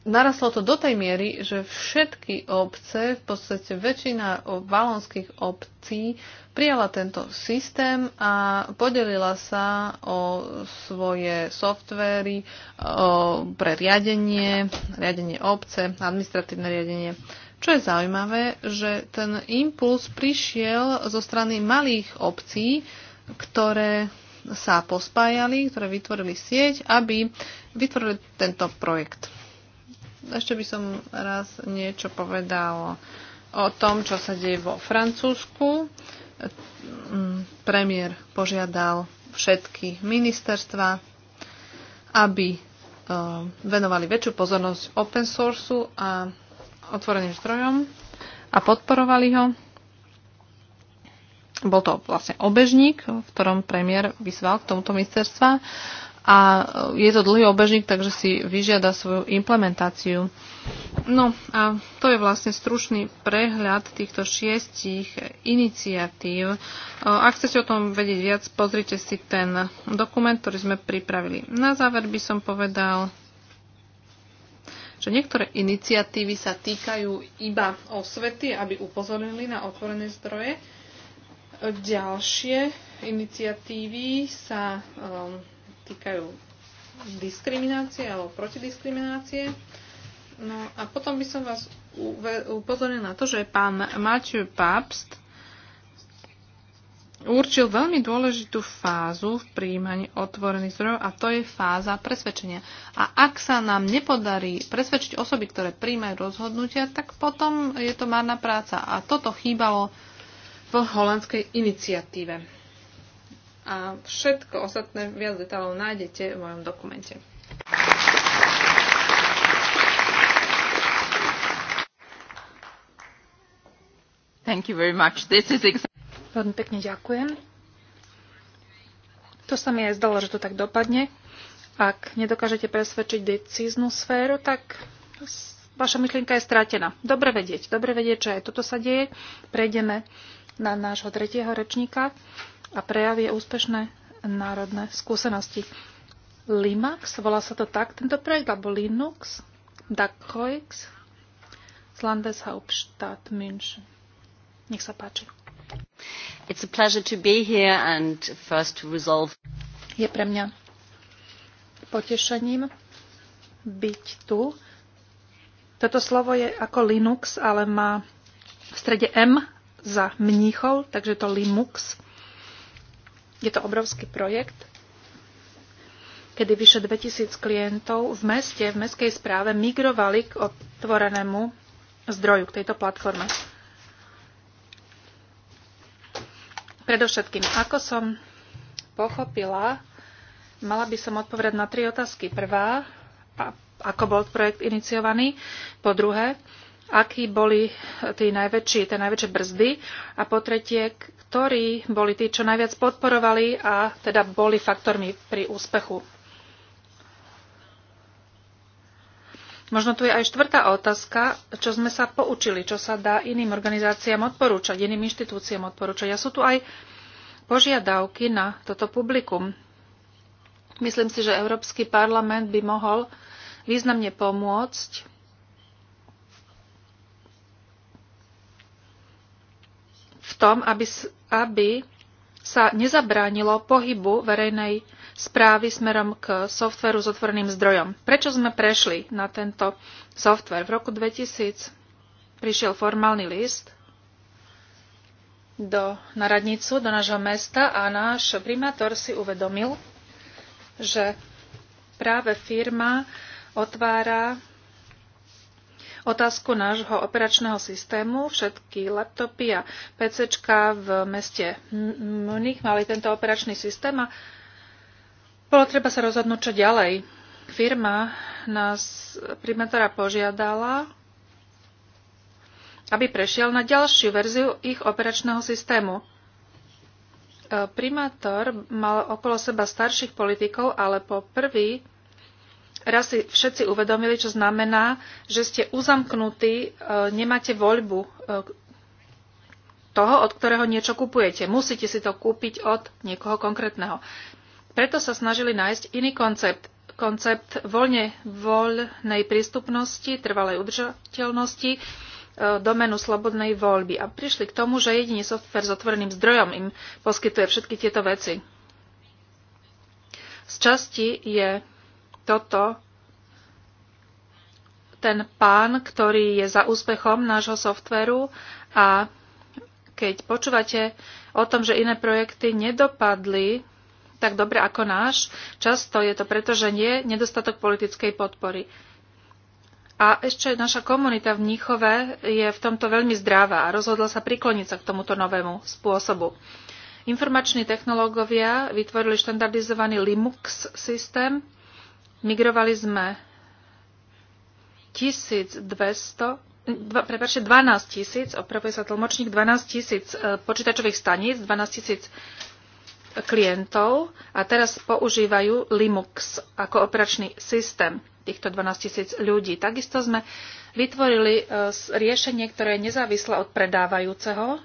narastlo to do tej miery, že všetky obce, v podstate väčšina valonských obcí prijala tento systém a podelila sa o svoje softvery o, pre riadenie, riadenie obce, administratívne riadenie. Čo je zaujímavé, že ten impuls prišiel zo strany malých obcí, ktoré sa pospájali, ktoré vytvorili sieť, aby vytvorili tento projekt. Ešte by som raz niečo povedal o tom, čo sa deje vo Francúzsku. Mm, premiér požiadal všetky ministerstva, aby e, venovali väčšiu pozornosť open source a otvoreným zdrojom a podporovali ho. Bol to vlastne obežník, v ktorom premiér vyzval k tomuto ministerstva a e, je to dlhý obežník, takže si vyžiada svoju implementáciu. No a to je vlastne stručný prehľad týchto šiestich iniciatív. E, ak chcete o tom vedieť viac, pozrite si ten dokument, ktorý sme pripravili. Na záver by som povedal, že niektoré iniciatívy sa týkajú iba osvety, aby upozornili na otvorené zdroje. Ďalšie iniciatívy sa um, týkajú diskriminácie alebo protidiskriminácie. No a potom by som vás upozornil na to, že pán Mathieu Pabst určil veľmi dôležitú fázu v príjmaní otvorených zdrojov a to je fáza presvedčenia. A ak sa nám nepodarí presvedčiť osoby, ktoré príjmajú rozhodnutia, tak potom je to marná práca. A toto chýbalo v holandskej iniciatíve a všetko ostatné viac detálov nájdete v mojom dokumente. Thank you very much. This is Veľmi pekne ďakujem. To sa mi aj zdalo, že to tak dopadne. Ak nedokážete presvedčiť decíznu sféru, tak vaša myšlienka je stratená. Dobre vedieť, dobre vedieť, čo aj toto sa deje. Prejdeme na nášho tretieho rečníka a prejavie úspešné národné skúsenosti. Limax, volá sa to tak, tento projekt, alebo Linux, Dacoix, z Landeshauptstadt München. Nech sa páči. It's a pleasure to be here and first to resolve. Je pre mňa potešením byť tu. Toto slovo je ako Linux, ale má v strede M za mníchov, takže to Linux. Je to obrovský projekt, kedy vyše 2000 klientov v meste, v mestskej správe migrovali k otvorenému zdroju, k tejto platforme. Predovšetkým, ako som pochopila, mala by som odpovedať na tri otázky. Prvá, ako bol projekt iniciovaný. Po druhé, aký boli tí najväčší, tie najväčšie brzdy a po tretie, ktorí boli tí, čo najviac podporovali a teda boli faktormi pri úspechu. Možno tu je aj štvrtá otázka, čo sme sa poučili, čo sa dá iným organizáciám odporúčať, iným inštitúciám odporúčať. A sú tu aj požiadavky na toto publikum. Myslím si, že Európsky parlament by mohol významne pomôcť tom, aby, aby sa nezabránilo pohybu verejnej správy smerom k softveru s otvoreným zdrojom. Prečo sme prešli na tento softver? V roku 2000 prišiel formálny list do, na radnicu, do nášho mesta a náš primátor si uvedomil, že práve firma otvára otázku nášho operačného systému. Všetky laptopy a PCčka v meste Munich mali tento operačný systém a bolo treba sa rozhodnúť, čo ďalej. Firma nás primátora požiadala, aby prešiel na ďalšiu verziu ich operačného systému e, primátor mal okolo seba starších politikov, ale po prvý raz si všetci uvedomili, čo znamená, že ste uzamknutí, e, nemáte voľbu e, toho, od ktorého niečo kupujete. Musíte si to kúpiť od niekoho konkrétneho. Preto sa snažili nájsť iný koncept. Koncept voľne, voľnej prístupnosti, trvalej udržateľnosti, e, domenu slobodnej voľby. A prišli k tomu, že jediný software s otvoreným zdrojom im poskytuje všetky tieto veci. Z časti je toto ten pán, ktorý je za úspechom nášho softveru a keď počúvate o tom, že iné projekty nedopadli tak dobre ako náš, často je to preto, že nie nedostatok politickej podpory. A ešte naša komunita v Níchove je v tomto veľmi zdravá a rozhodla sa prikloniť sa k tomuto novému spôsobu. Informační technológovia vytvorili štandardizovaný Linux systém, Migrovali sme 1200, prepáčte, 12 tisíc, opravuje sa tlmočník, 12 tisíc e, počítačových staníc, 12 tisíc klientov a teraz používajú Linux ako operačný systém týchto 12 tisíc ľudí. Takisto sme vytvorili e, riešenie, ktoré je nezávislé od predávajúceho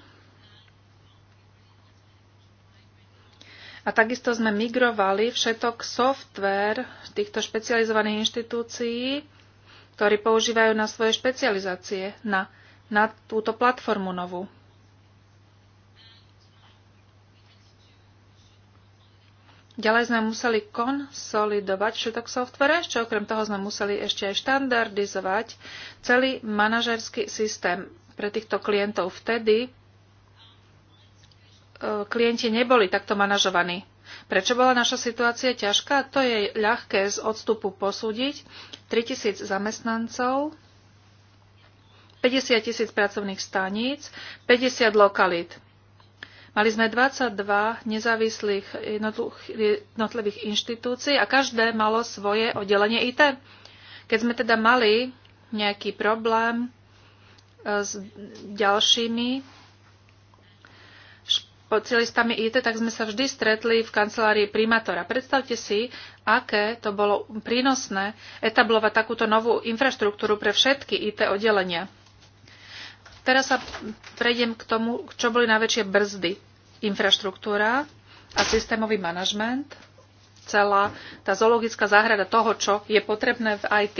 A takisto sme migrovali všetok software týchto špecializovaných inštitúcií, ktorí používajú na svoje špecializácie, na, na túto platformu novú. Ďalej sme museli konsolidovať všetok software, ešte okrem toho sme museli ešte aj štandardizovať celý manažerský systém pre týchto klientov vtedy, E, klienti neboli takto manažovaní. Prečo bola naša situácia ťažká? To je ľahké z odstupu posúdiť. 3000 zamestnancov, 50 tisíc pracovných staníc, 50 lokalít. Mali sme 22 nezávislých jednotlivých inštitúcií a každé malo svoje oddelenie IT. Keď sme teda mali nejaký problém e, s ďalšími pod IT, tak sme sa vždy stretli v kancelárii primátora. Predstavte si, aké to bolo prínosné etablovať takúto novú infraštruktúru pre všetky IT oddelenia. Teraz sa prejdem k tomu, čo boli najväčšie brzdy. Infraštruktúra a systémový manažment, celá tá zoologická záhrada toho, čo je potrebné v IT.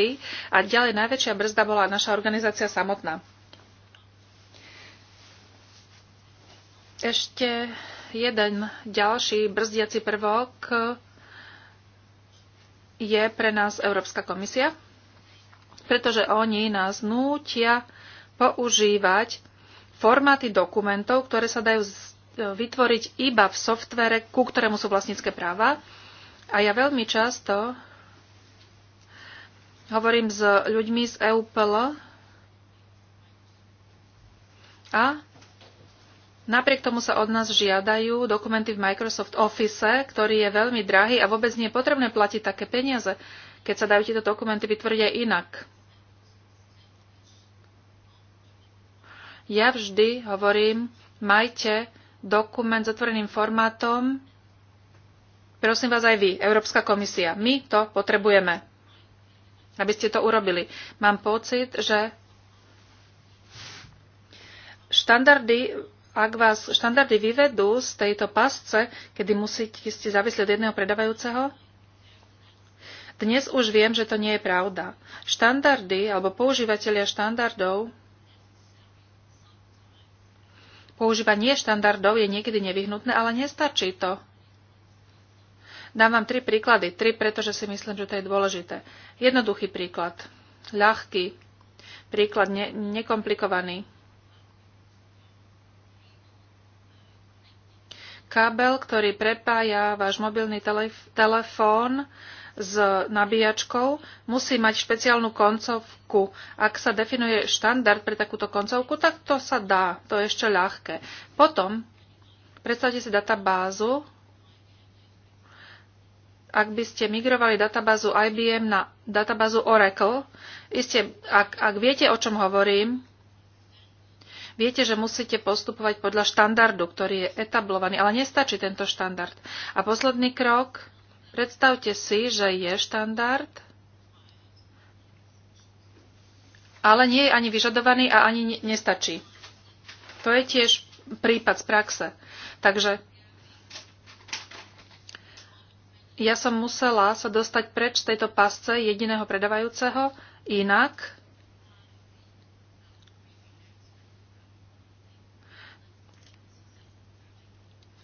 A ďalej najväčšia brzda bola naša organizácia samotná. Ešte jeden ďalší brzdiaci prvok je pre nás Európska komisia, pretože oni nás nútia používať formáty dokumentov, ktoré sa dajú vytvoriť iba v softvere, ku ktorému sú vlastnícke práva. A ja veľmi často hovorím s ľuďmi z EUPL a Napriek tomu sa od nás žiadajú dokumenty v Microsoft Office, ktorý je veľmi drahý a vôbec nie je potrebné platiť také peniaze, keď sa dajú tieto dokumenty vytvoriť aj inak. Ja vždy hovorím, majte dokument s otvoreným formátom. Prosím vás aj vy, Európska komisia. My to potrebujeme, aby ste to urobili. Mám pocit, že štandardy ak vás štandardy vyvedú z tejto pasce, kedy musíte ste závisli od jedného predávajúceho, dnes už viem, že to nie je pravda. Štandardy alebo používateľia štandardov Používanie štandardov je niekedy nevyhnutné, ale nestačí to. Dám vám tri príklady. Tri, pretože si myslím, že to je dôležité. Jednoduchý príklad. Ľahký. Príklad ne- nekomplikovaný. Kábel, ktorý prepája váš mobilný telef- telefón s nabíjačkou, musí mať špeciálnu koncovku. Ak sa definuje štandard pre takúto koncovku, tak to sa dá. To je ešte ľahké. Potom predstavte si databázu. Ak by ste migrovali databázu IBM na databázu Oracle, iste, ak, ak viete, o čom hovorím, Viete, že musíte postupovať podľa štandardu, ktorý je etablovaný, ale nestačí tento štandard. A posledný krok, predstavte si, že je štandard, ale nie je ani vyžadovaný a ani nestačí. To je tiež prípad z praxe. Takže ja som musela sa dostať preč z tejto pasce jediného predávajúceho, inak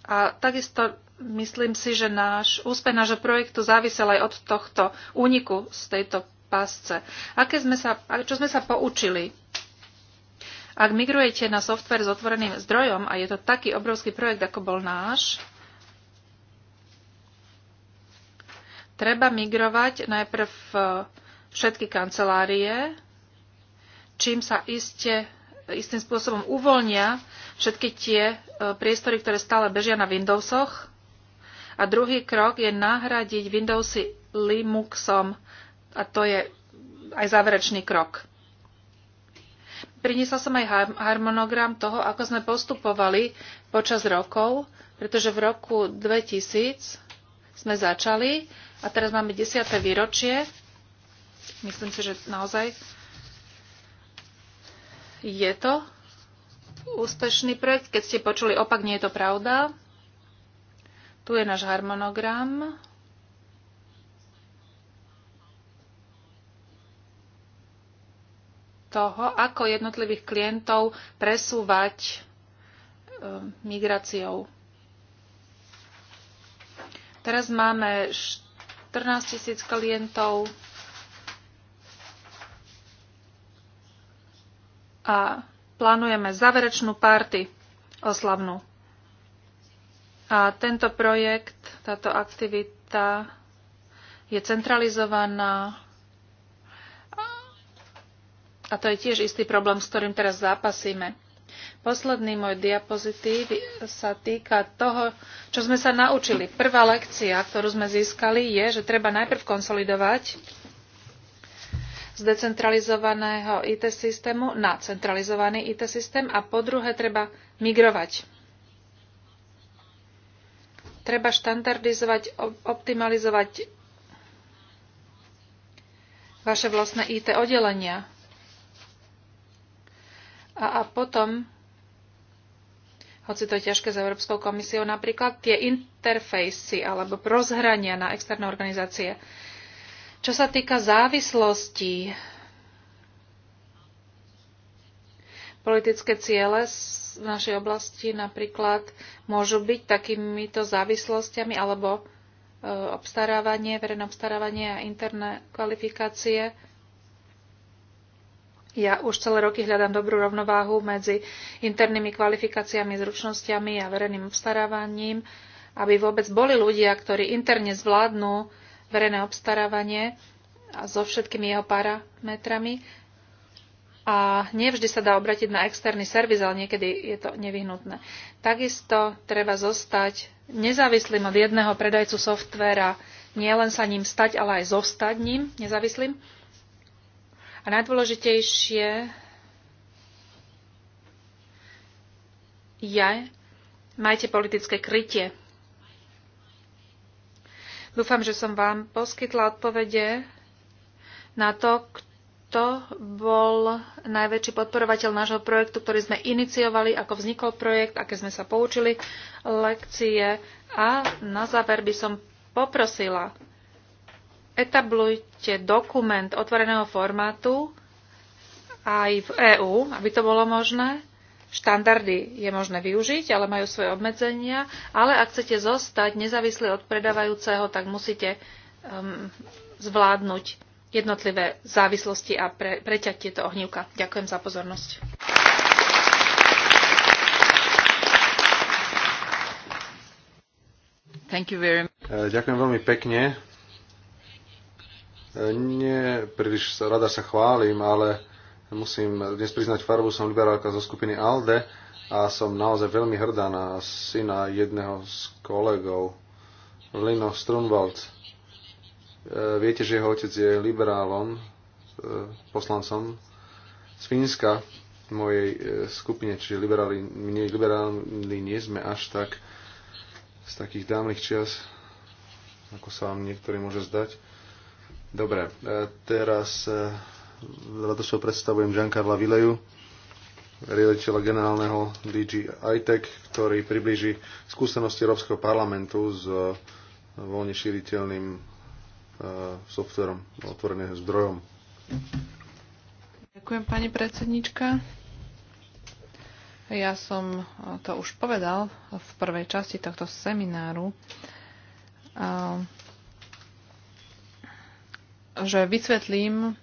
A takisto myslím si, že náš úspech nášho projektu závisel aj od tohto úniku z tejto pásce. Aké sme sa, čo sme sa poučili? Ak migrujete na software s otvoreným zdrojom a je to taký obrovský projekt, ako bol náš, treba migrovať najprv všetky kancelárie, čím sa iste istým spôsobom uvoľnia všetky tie e, priestory, ktoré stále bežia na Windowsoch. A druhý krok je nahradiť Windowsy Linuxom. A to je aj záverečný krok. Priniesla som aj harmonogram toho, ako sme postupovali počas rokov, pretože v roku 2000 sme začali a teraz máme 10. výročie. Myslím si, že naozaj je to úspešný projekt? Keď ste počuli opak, nie je to pravda. Tu je náš harmonogram. toho, ako jednotlivých klientov presúvať ehm, migráciou. Teraz máme 14 tisíc klientov, a plánujeme záverečnú párty oslavnú. A tento projekt, táto aktivita je centralizovaná a to je tiež istý problém, s ktorým teraz zápasíme. Posledný môj diapozitív sa týka toho, čo sme sa naučili. Prvá lekcia, ktorú sme získali, je, že treba najprv konsolidovať z decentralizovaného IT systému na centralizovaný IT systém a po druhé treba migrovať. Treba štandardizovať, optimalizovať vaše vlastné IT oddelenia. A, a potom hoci to je ťažké s Európskou komisiou napríklad, tie interfejsy alebo rozhrania na externé organizácie. Čo sa týka závislosti, politické ciele v našej oblasti napríklad môžu byť takýmito závislostiami alebo e, obstarávanie, verejné obstarávanie a interné kvalifikácie. Ja už celé roky hľadám dobrú rovnováhu medzi internými kvalifikáciami, zručnosťami a verejným obstarávaním, aby vôbec boli ľudia, ktorí interne zvládnu verejné obstarávanie a so všetkými jeho parametrami. A nevždy sa dá obratiť na externý servis, ale niekedy je to nevyhnutné. Takisto treba zostať nezávislým od jedného predajcu softvéra, nielen sa ním stať, ale aj zostať ním nezávislým. A najdôležitejšie je, majte politické krytie Dúfam, že som vám poskytla odpovede na to, kto bol najväčší podporovateľ nášho projektu, ktorý sme iniciovali, ako vznikol projekt, aké sme sa poučili, lekcie. A na záver by som poprosila, etablujte dokument otvoreného formátu aj v EÚ, aby to bolo možné, štandardy je možné využiť, ale majú svoje obmedzenia. Ale ak chcete zostať nezávislí od predávajúceho, tak musíte um, zvládnuť jednotlivé závislosti a pre, preťať tieto ohnívka. Ďakujem za pozornosť. Thank you very much. Eh, ďakujem veľmi pekne. Eh, nie príliš rada sa chválim, ale Musím dnes priznať farbu, som liberálka zo skupiny ALDE a som naozaj veľmi hrdá na syna jedného z kolegov, Lino Strunwald. E, viete, že jeho otec je liberálom, e, poslancom z Fínska, mojej e, skupine, čiže liberáli, my liberáli nie sme až tak z takých dávnych čias, ako sa vám niektorí môže zdať. Dobre, teraz radosťou predstavujem Jean-Carla Vileju, riaditeľa generálneho DG ITEC, ktorý priblíži skúsenosti Európskeho parlamentu s e, voľne šíriteľným e, softverom, otvoreným zdrojom. Ďakujem, pani predsednička. Ja som e, to už povedal v prvej časti tohto semináru, že vysvetlím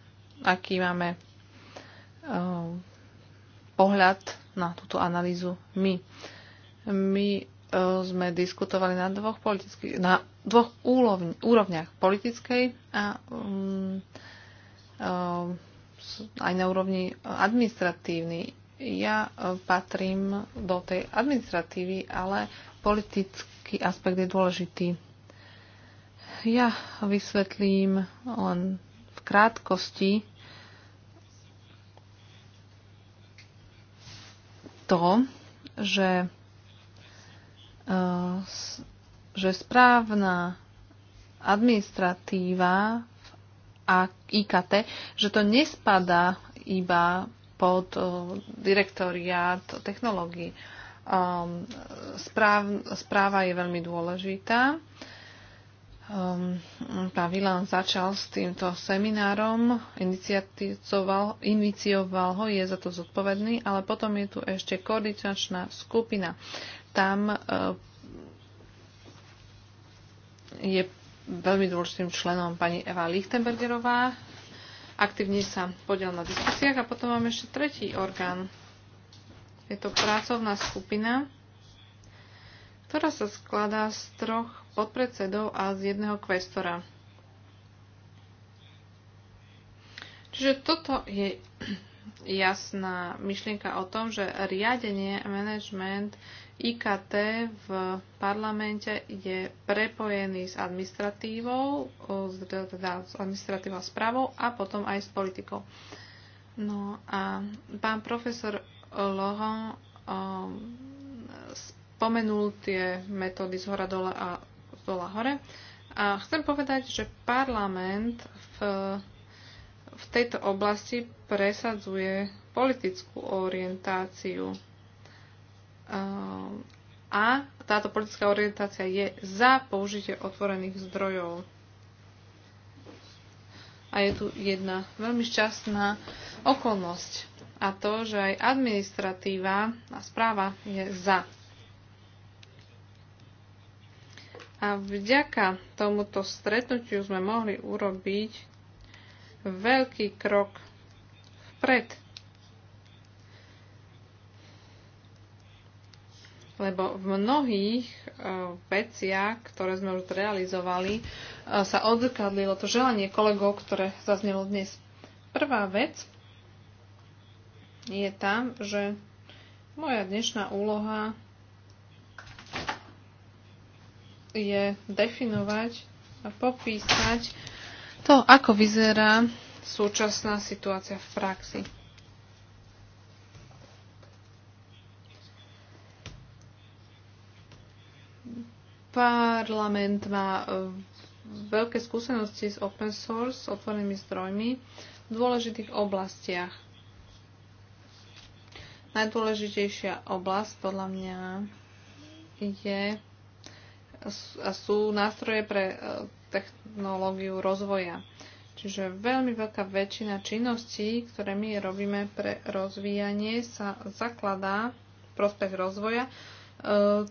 aký máme eh, pohľad na túto analýzu my. My eh, sme diskutovali na dvoch, na dvoch úrovni, úrovniach politickej a um, um, aj na úrovni administratívnej. Ja patrím do tej administratívy, ale politický aspekt je dôležitý. Ja vysvetlím len v krátkosti to, že, e, že správna administratíva v IKT, že to nespadá iba pod e, direktoriát technológií. Ehm, správ, správa je veľmi dôležitá Um, pán začal s týmto seminárom, inicioval ho, je za to zodpovedný, ale potom je tu ešte koordinačná skupina. Tam uh, je veľmi dôležitým členom pani Eva Lichtenbergerová. Aktívne sa podiel na diskusiách a potom máme ešte tretí orgán. Je to pracovná skupina, ktorá sa skladá z troch podpredsedov a z jedného kvestora. Čiže toto je jasná myšlienka o tom, že riadenie, management IKT v parlamente je prepojený s administratívou, teda s administratívou a správou a potom aj s politikou. No a pán profesor Lohan um, spomenul tie metódy z hora dole a bola hore. A chcem povedať, že parlament v, v tejto oblasti presadzuje politickú orientáciu. Ehm, a táto politická orientácia je za použitie otvorených zdrojov. A je tu jedna veľmi šťastná okolnosť a to, že aj administratíva a správa je za A vďaka tomuto stretnutiu sme mohli urobiť veľký krok vpred. lebo v mnohých e, veciach, ktoré sme už realizovali, e, sa odzrkadlilo to želanie kolegov, ktoré zaznelo dnes. Prvá vec je tam, že moja dnešná úloha je definovať a popísať to, ako vyzerá súčasná situácia v praxi. Parlament má e, veľké skúsenosti s open source, s otvorenými zdrojmi v dôležitých oblastiach. Najdôležitejšia oblasť podľa mňa je a sú nástroje pre e, technológiu rozvoja. Čiže veľmi veľká väčšina činností, ktoré my robíme pre rozvíjanie, sa zakladá prospech rozvoja. E,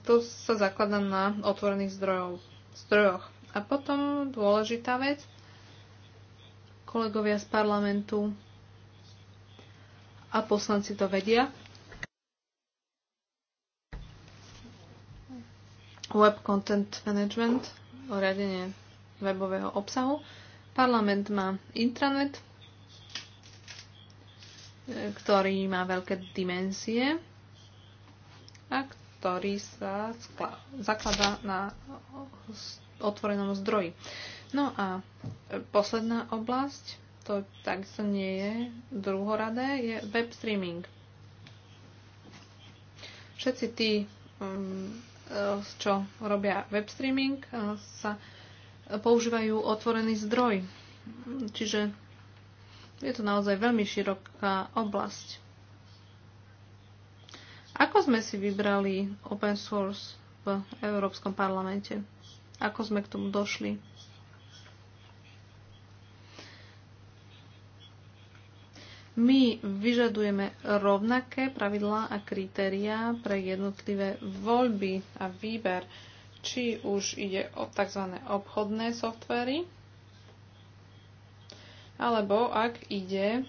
to sa zakladá na otvorených zdrojov, zdrojoch. A potom dôležitá vec, kolegovia z parlamentu a poslanci to vedia, Web Content Management, o riadenie webového obsahu. Parlament má intranet, ktorý má veľké dimenzie a ktorý sa zakladá na otvorenom zdroji. No a posledná oblasť, to takisto nie je druhoradé, je web streaming. Všetci tí um, E, čo robia web streaming, e, sa používajú otvorený zdroj. Čiže je to naozaj veľmi široká oblasť. Ako sme si vybrali open source v Európskom parlamente? Ako sme k tomu došli? My vyžadujeme rovnaké pravidlá a kritériá pre jednotlivé voľby a výber, či už ide o tzv. obchodné softvery, alebo ak ide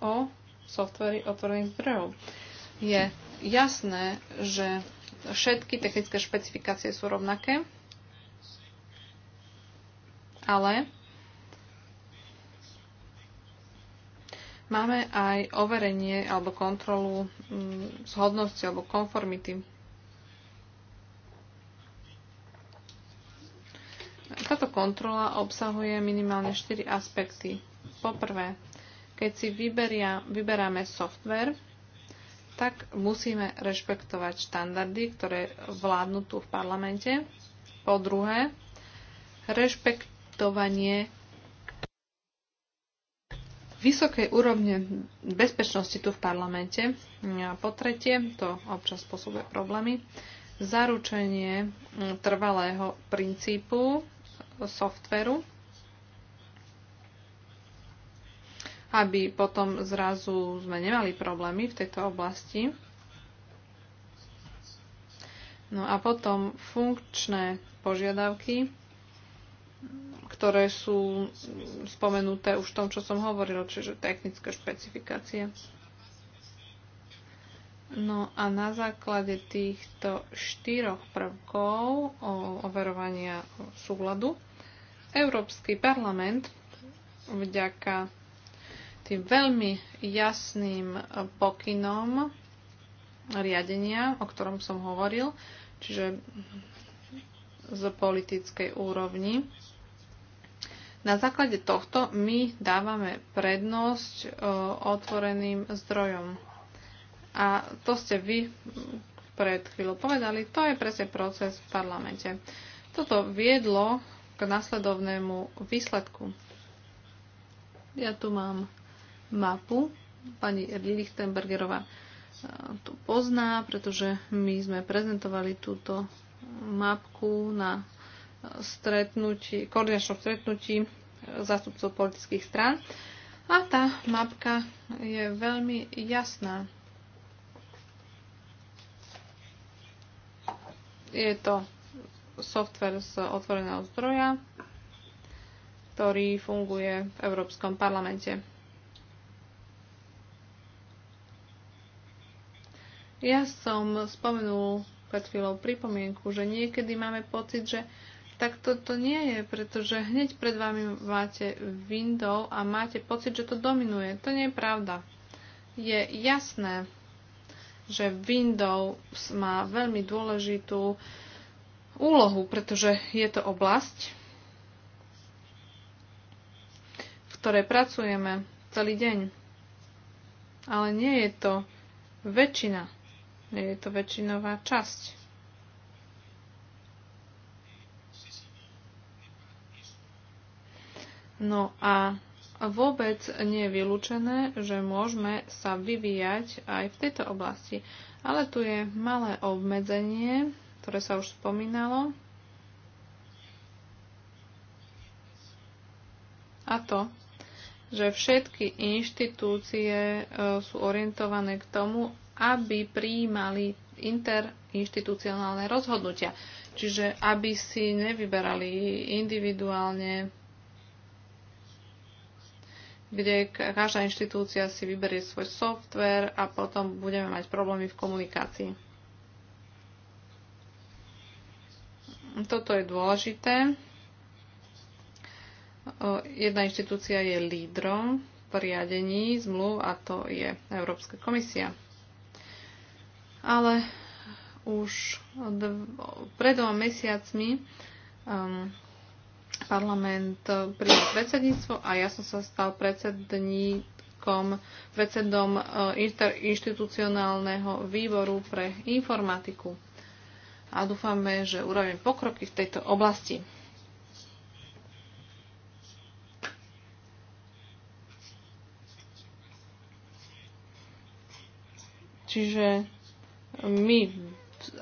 o softvery otvorených zdrojov. Je jasné, že všetky technické špecifikácie sú rovnaké, ale Máme aj overenie alebo kontrolu mm, zhodnosti alebo konformity. Táto kontrola obsahuje minimálne 4 aspekty. Poprvé, keď si vyberia, vyberáme software, tak musíme rešpektovať štandardy, ktoré vládnu tu v parlamente. Po druhé, rešpektovanie vysokej úrovne bezpečnosti tu v parlamente. A po tretie, to občas spôsobuje problémy, zaručenie mm, trvalého princípu softveru, aby potom zrazu sme nemali problémy v tejto oblasti. No a potom funkčné požiadavky ktoré sú spomenuté už v tom, čo som hovoril, čiže technické špecifikácie. No a na základe týchto štyroch prvkov o overovania súladu Európsky parlament vďaka tým veľmi jasným pokynom riadenia, o ktorom som hovoril, čiže z politickej úrovni, na základe tohto my dávame prednosť e, otvoreným zdrojom. A to ste vy pred chvíľou povedali, to je presne proces v parlamente. Toto viedlo k nasledovnému výsledku. Ja tu mám mapu. Pani Lichtenbergerová e, tu pozná, pretože my sme prezentovali túto mapku na stretnutí, koordinačnom stretnutí zástupcov politických strán. A tá mapka je veľmi jasná. Je to software z otvoreného zdroja, ktorý funguje v Európskom parlamente. Ja som spomenul pred chvíľou pripomienku, že niekedy máme pocit, že tak to, to nie je, pretože hneď pred vami máte window a máte pocit, že to dominuje. To nie je pravda. Je jasné, že Windows má veľmi dôležitú úlohu, pretože je to oblasť, v ktorej pracujeme celý deň. Ale nie je to väčšina. Nie je to väčšinová časť. No a vôbec nie je vylúčené, že môžeme sa vyvíjať aj v tejto oblasti. Ale tu je malé obmedzenie, ktoré sa už spomínalo. A to, že všetky inštitúcie e, sú orientované k tomu, aby prijímali interinštitucionálne rozhodnutia. Čiže aby si nevyberali individuálne kde každá inštitúcia si vyberie svoj software a potom budeme mať problémy v komunikácii. Toto je dôležité. Jedna inštitúcia je lídrom v riadení zmluv a to je Európska komisia. Ale už pred dvoma mesiacmi um, parlament eh, prijal predsedníctvo a ja som sa stal predsedníkom, predsedom eh, interinstitucionálneho výboru pre informatiku. A dúfame, že urobím pokroky v tejto oblasti. Čiže my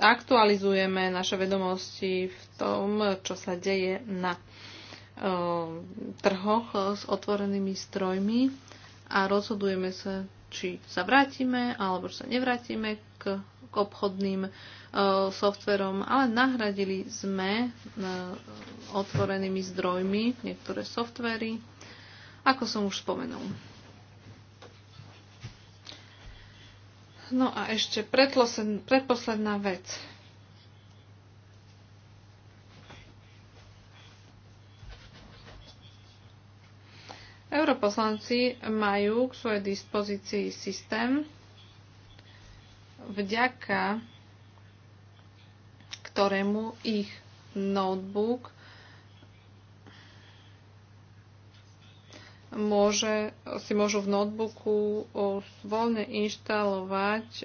aktualizujeme naše vedomosti v tom, čo sa deje na Eh, trhoch eh, s otvorenými strojmi a rozhodujeme sa, či sa vrátime alebo sa nevrátime k, k obchodným eh, softverom, ale nahradili sme otvorenými zdrojmi niektoré softvery, ako som už spomenul. No a ešte predposledná vec. Europoslanci majú k svojej dispozícii systém, vďaka ktorému ich notebook môže, si môžu v notebooku voľne inštalovať e, e,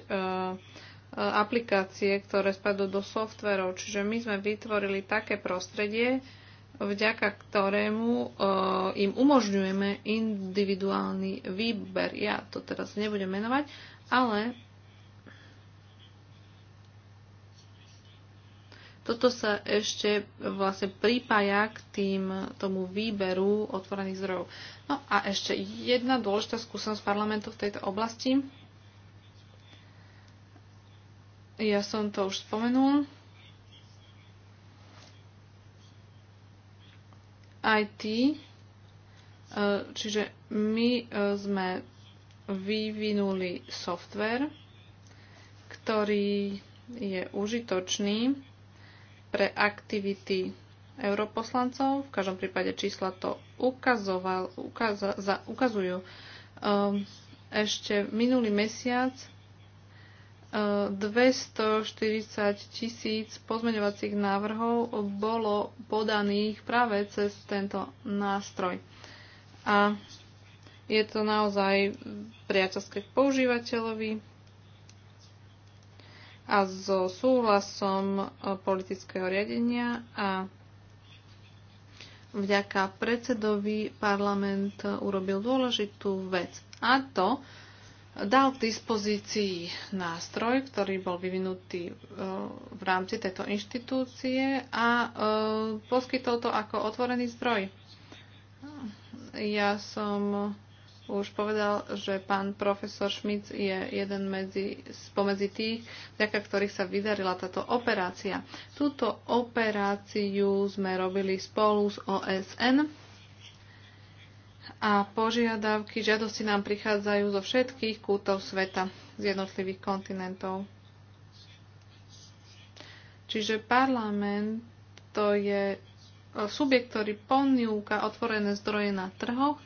aplikácie, ktoré spadú do softverov. Čiže my sme vytvorili také prostredie, vďaka ktorému e, im umožňujeme individuálny výber. Ja to teraz nebudem menovať, ale Toto sa ešte vlastne prípaja k tým, tomu výberu otvorených zdrojov. No a ešte jedna dôležitá skúsenosť parlamentu v tejto oblasti. Ja som to už spomenul. aj e, čiže my e, sme vyvinuli software, ktorý je užitočný pre aktivity europoslancov. V každom prípade čísla to ukazoval, ukazujú. Ehm, ešte minulý mesiac 240 tisíc pozmeňovacích návrhov bolo podaných práve cez tento nástroj. A je to naozaj priateľské k používateľovi a so súhlasom e, politického riadenia a vďaka predsedovi parlament urobil dôležitú vec. A to, dal k dispozícii nástroj, ktorý bol vyvinutý e, v rámci tejto inštitúcie a e, poskytol to ako otvorený zdroj. Ja som už povedal, že pán profesor Šmic je jeden medzi, spomedzi tých, vďaka ktorých sa vydarila táto operácia. Túto operáciu sme robili spolu s OSN a požiadavky, žiadosti nám prichádzajú zo všetkých kútov sveta, z jednotlivých kontinentov. Čiže parlament to je e, subjekt, ktorý ponúka otvorené zdroje na trhoch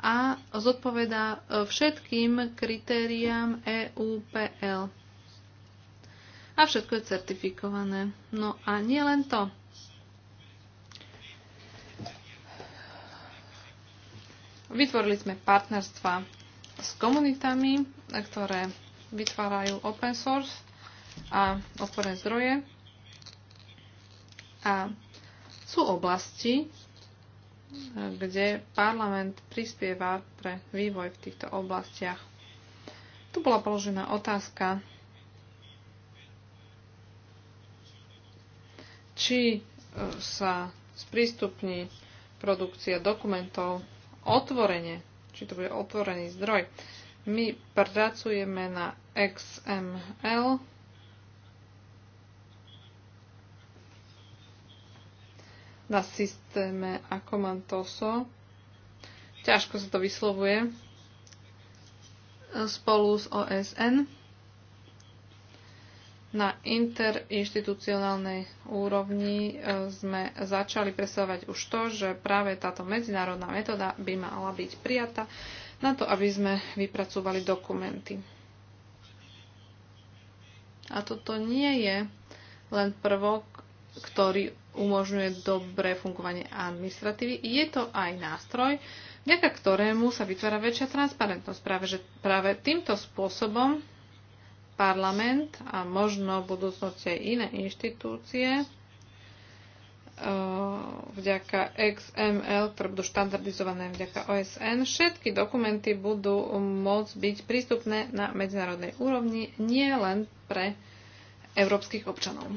a zodpovedá e, všetkým kritériám EUPL. A všetko je certifikované. No a nie len to. Vytvorili sme partnerstva s komunitami, ktoré vytvárajú open source a otvorené zdroje. A sú oblasti, kde parlament prispieva pre vývoj v týchto oblastiach. Tu bola položená otázka, či e, sa sprístupní produkcia dokumentov otvorene, či to bude otvorený zdroj. My pracujeme na XML. na systéme Akomantoso. Ťažko sa to vyslovuje. Spolu s OSN. Na interinštitucionálnej úrovni e, sme začali presovať už to, že práve táto medzinárodná metóda by mala byť prijatá na to, aby sme vypracovali dokumenty. A toto nie je len prvok, ktorý umožňuje dobré fungovanie administratívy. Je to aj nástroj, vďaka ktorému sa vytvára väčšia transparentnosť. Práve, že, práve týmto spôsobom parlament a možno v budúcnosti aj iné inštitúcie e, vďaka XML, ktoré budú štandardizované vďaka OSN. Všetky dokumenty budú môcť byť prístupné na medzinárodnej úrovni, nie len pre európskych občanov.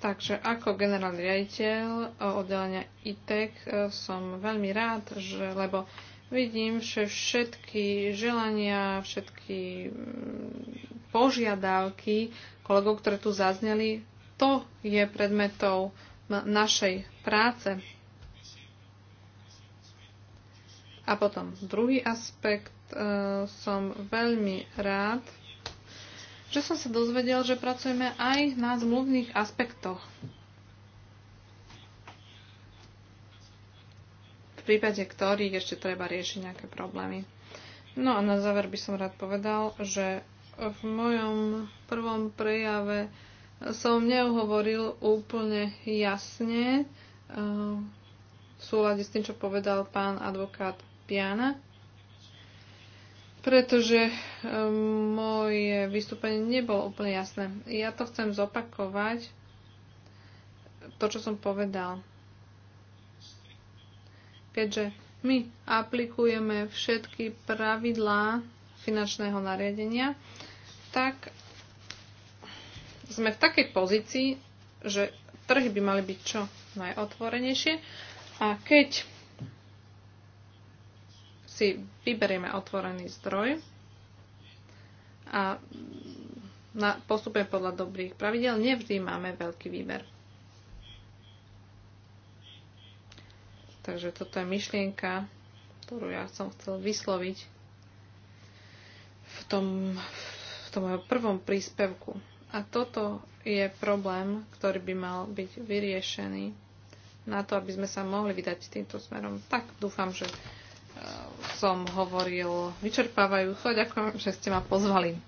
Takže ako generálny riaditeľ oddelenia ITEC e, som veľmi rád, že, lebo vidím, že všetky želania, všetky mm, požiadavky kolegov, ktoré tu zazneli, to je predmetou našej práce. A potom druhý aspekt, e, som veľmi rád, že som sa dozvedel, že pracujeme aj na zmluvných aspektoch v prípade ktorých ešte treba riešiť nejaké problémy. No a na záver by som rád povedal, že v mojom prvom prejave som neuhovoril úplne jasne eh, v súlade s tým, čo povedal pán advokát Piana, pretože eh, moje vystúpenie nebolo úplne jasné. Ja to chcem zopakovať, to, čo som povedal keďže my aplikujeme všetky pravidlá finančného nariadenia, tak sme v takej pozícii, že trhy by mali byť čo najotvorenejšie a keď si vyberieme otvorený zdroj a postupujeme podľa dobrých pravidel, nevždy máme veľký výber. Takže toto je myšlienka, ktorú ja som chcel vysloviť v tom, v tom mojom prvom príspevku. A toto je problém, ktorý by mal byť vyriešený na to, aby sme sa mohli vydať týmto smerom. Tak dúfam, že e, som hovoril vyčerpávajúco. Ďakujem, že ste ma pozvali.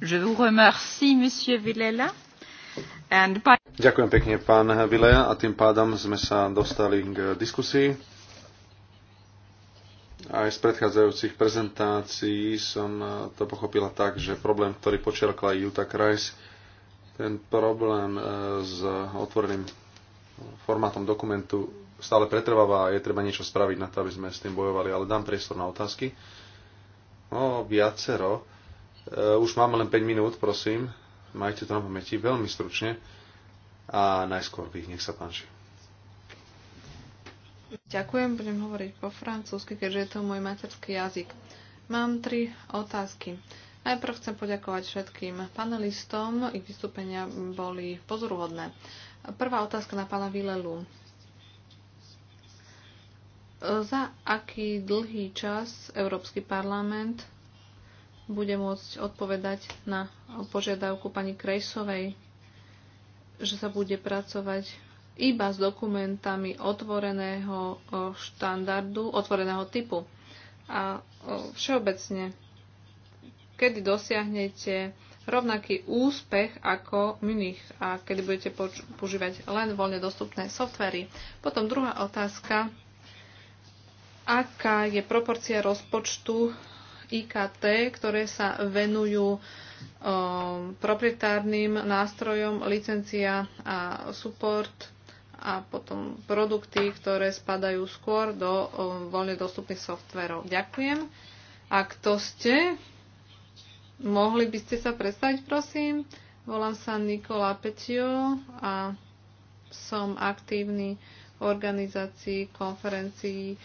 Je vous remercie, monsieur Villela. And by... Ďakujem pekne, pán Vilea, a tým pádom sme sa dostali k diskusii. Aj z predchádzajúcich prezentácií som eh, to pochopila tak, že problém, ktorý počerkla Juta Krajs, ten problém eh, s otvoreným formátom dokumentu stále pretrváva a je treba niečo spraviť na to, aby sme s tým bojovali, ale dám priestor na otázky. No, viacero. Eh, už máme len 5 minút, prosím. Majte to na pamäti veľmi stručne a najskôr by ich nech sa páči. Ďakujem, budem hovoriť po francúzsky, keďže je to môj materský jazyk. Mám tri otázky. Najprv chcem poďakovať všetkým panelistom, ich vystúpenia boli pozoruhodné. Prvá otázka na pána Vilelu. Za aký dlhý čas Európsky parlament bude môcť odpovedať na požiadavku pani Krejsovej že sa bude pracovať iba s dokumentami otvoreného štandardu, otvoreného typu. A všeobecne, kedy dosiahnete rovnaký úspech ako Munich a kedy budete používať len voľne dostupné softvery. Potom druhá otázka, aká je proporcia rozpočtu IKT, ktoré sa venujú uh, Um, proprietárnym nástrojom licencia a support a potom produkty, ktoré spadajú skôr do um, voľne dostupných softverov. Ďakujem. A kto ste? Mohli by ste sa predstaviť, prosím? Volám sa Nikola Petio a som aktívny v organizácii konferencií e,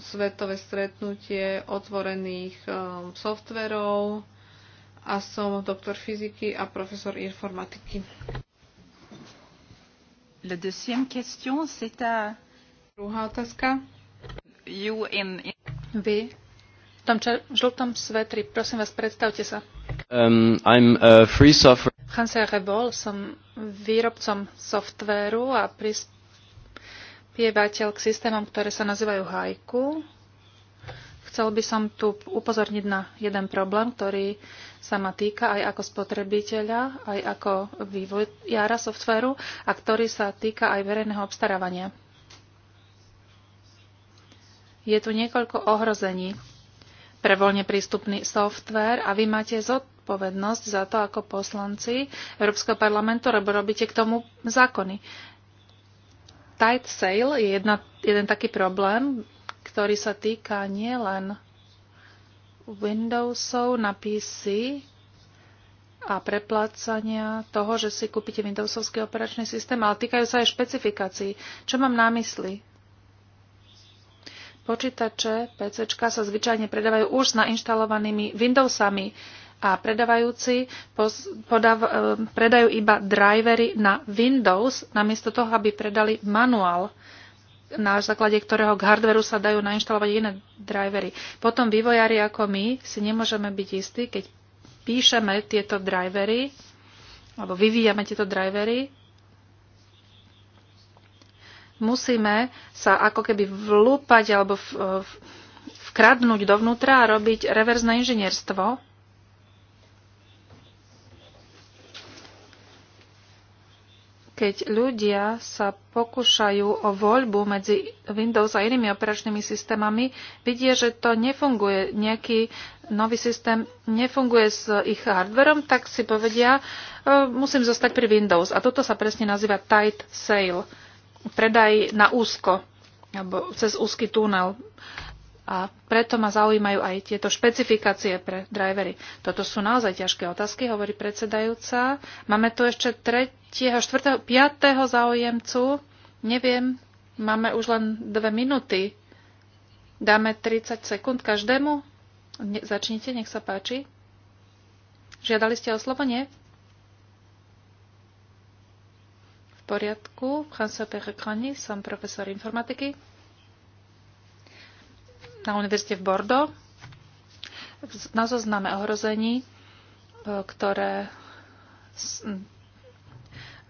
Svetové stretnutie otvorených e, softverov a som doktor fyziky a profesor informatiky. La deuxième question, c'est à... Druhá otázka. You in... Vy v tom žltom svetri, prosím vás, predstavte sa. Um, I'm a free software... Hansa Rebol, som výrobcom softvéru a prispievateľ k systémom, ktoré sa nazývajú haiku. Chcel by som tu upozorniť na jeden problém, ktorý sa ma týka aj ako spotrebiteľa, aj ako vývojára softveru a ktorý sa týka aj verejného obstarávania. Je tu niekoľko ohrození pre voľne prístupný softvér a vy máte zodpovednosť za to ako poslanci Európskeho parlamentu, lebo robíte k tomu zákony. Tight sale je jedna, jeden taký problém, ktorý sa týka nielen Windowsov na PC a preplácania toho, že si kúpite Windowsovský operačný systém, ale týkajú sa aj špecifikácií. Čo mám na mysli? Počítače PC sa zvyčajne predávajú už s nainštalovanými Windowsami a predávajúci podav, e, predajú iba drivery na Windows, namiesto toho, aby predali manuál na základe ktorého k hardveru sa dajú nainštalovať iné drivery. Potom vývojári ako my si nemôžeme byť istí, keď píšeme tieto drivery, alebo vyvíjame tieto drivery, musíme sa ako keby vlúpať alebo v, v, vkradnúť dovnútra a robiť reverzné inžinierstvo, keď ľudia sa pokúšajú o voľbu medzi Windows a inými operačnými systémami, vidie, že to nefunguje. Nejaký nový systém nefunguje s ich hardverom, tak si povedia, e, musím zostať pri Windows. A toto sa presne nazýva tight sale, predaj na úzko, alebo cez úzky tunel a preto ma zaujímajú aj tieto špecifikácie pre drivery. Toto sú naozaj ťažké otázky, hovorí predsedajúca. Máme tu ešte 3., 4., 5. záujemcu. Neviem, máme už len 2 minúty. Dáme 30 sekúnd každému. Ne, začnite, nech sa páči. Žiadali ste o slovo, nie? V poriadku. François Perrekrani, som profesor informatiky na univerzite v Bordo na zozname ohrození, e, ktoré,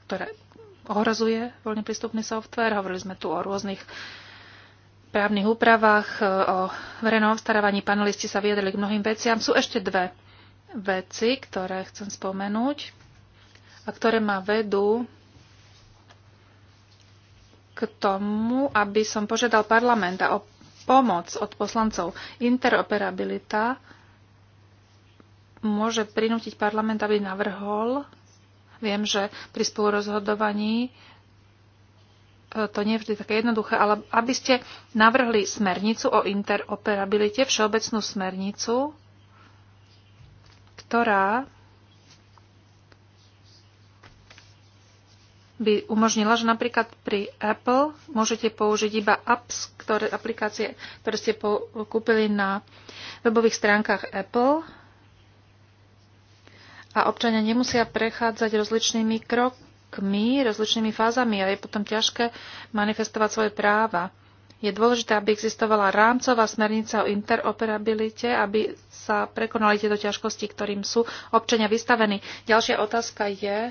ktoré ohrozuje voľne prístupný software. Hovorili sme tu o rôznych právnych úpravách, e, o verejnom obstarávaní. Panelisti sa vyjadrili k mnohým veciam. Sú ešte dve veci, ktoré chcem spomenúť a ktoré ma vedú k tomu, aby som požiadal a o pomoc od poslancov. Interoperabilita môže prinútiť parlament, aby navrhol. Viem, že pri spolurozhodovaní e, to nie je vždy také jednoduché, ale aby ste navrhli smernicu o interoperabilite, všeobecnú smernicu, ktorá by umožnila, že napríklad pri Apple môžete použiť iba apps, ktoré, aplikácie, ktoré ste po, kúpili na webových stránkach Apple a občania nemusia prechádzať rozličnými krokmi, rozličnými fázami a je potom ťažké manifestovať svoje práva. Je dôležité, aby existovala rámcová smernica o interoperabilite, aby sa prekonali tieto ťažkosti, ktorým sú občania vystavení. Ďalšia otázka je,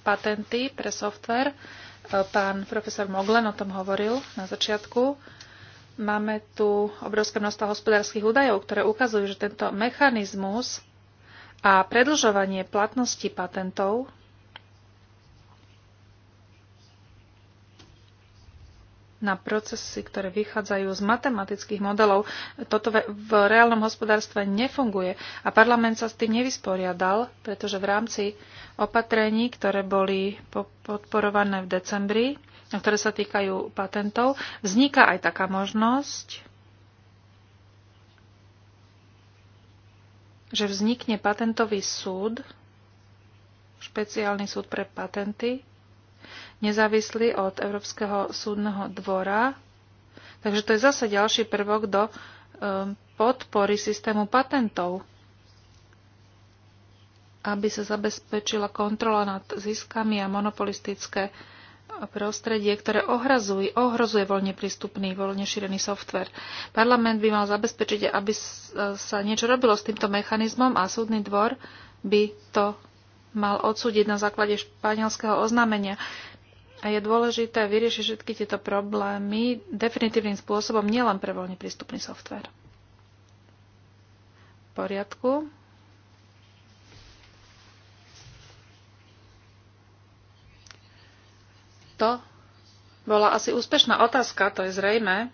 patenty pre software. E, pán profesor Moglen o tom hovoril na začiatku. Máme tu obrovské množstvo hospodárskych údajov, ktoré ukazujú, že tento mechanizmus a predlžovanie platnosti patentov na procesy, ktoré vychádzajú z matematických modelov. Toto v reálnom hospodárstve nefunguje a parlament sa s tým nevysporiadal, pretože v rámci opatrení, ktoré boli podporované v decembri, a ktoré sa týkajú patentov, vzniká aj taká možnosť, že vznikne patentový súd, špeciálny súd pre patenty, nezávislý od Európskeho súdneho dvora. Takže to je zase ďalší prvok do um, podpory systému patentov, aby sa zabezpečila kontrola nad ziskami a monopolistické prostredie, ktoré ohrazuje, ohrozuje voľne prístupný, voľne šírený software. Parlament by mal zabezpečiť, aby sa niečo robilo s týmto mechanizmom a súdny dvor by to mal odsúdiť na základe španielského oznámenia. A je dôležité vyriešiť všetky tieto problémy definitívnym spôsobom, nielen pre voľne prístupný software. V poriadku. To bola asi úspešná otázka, to je zrejme.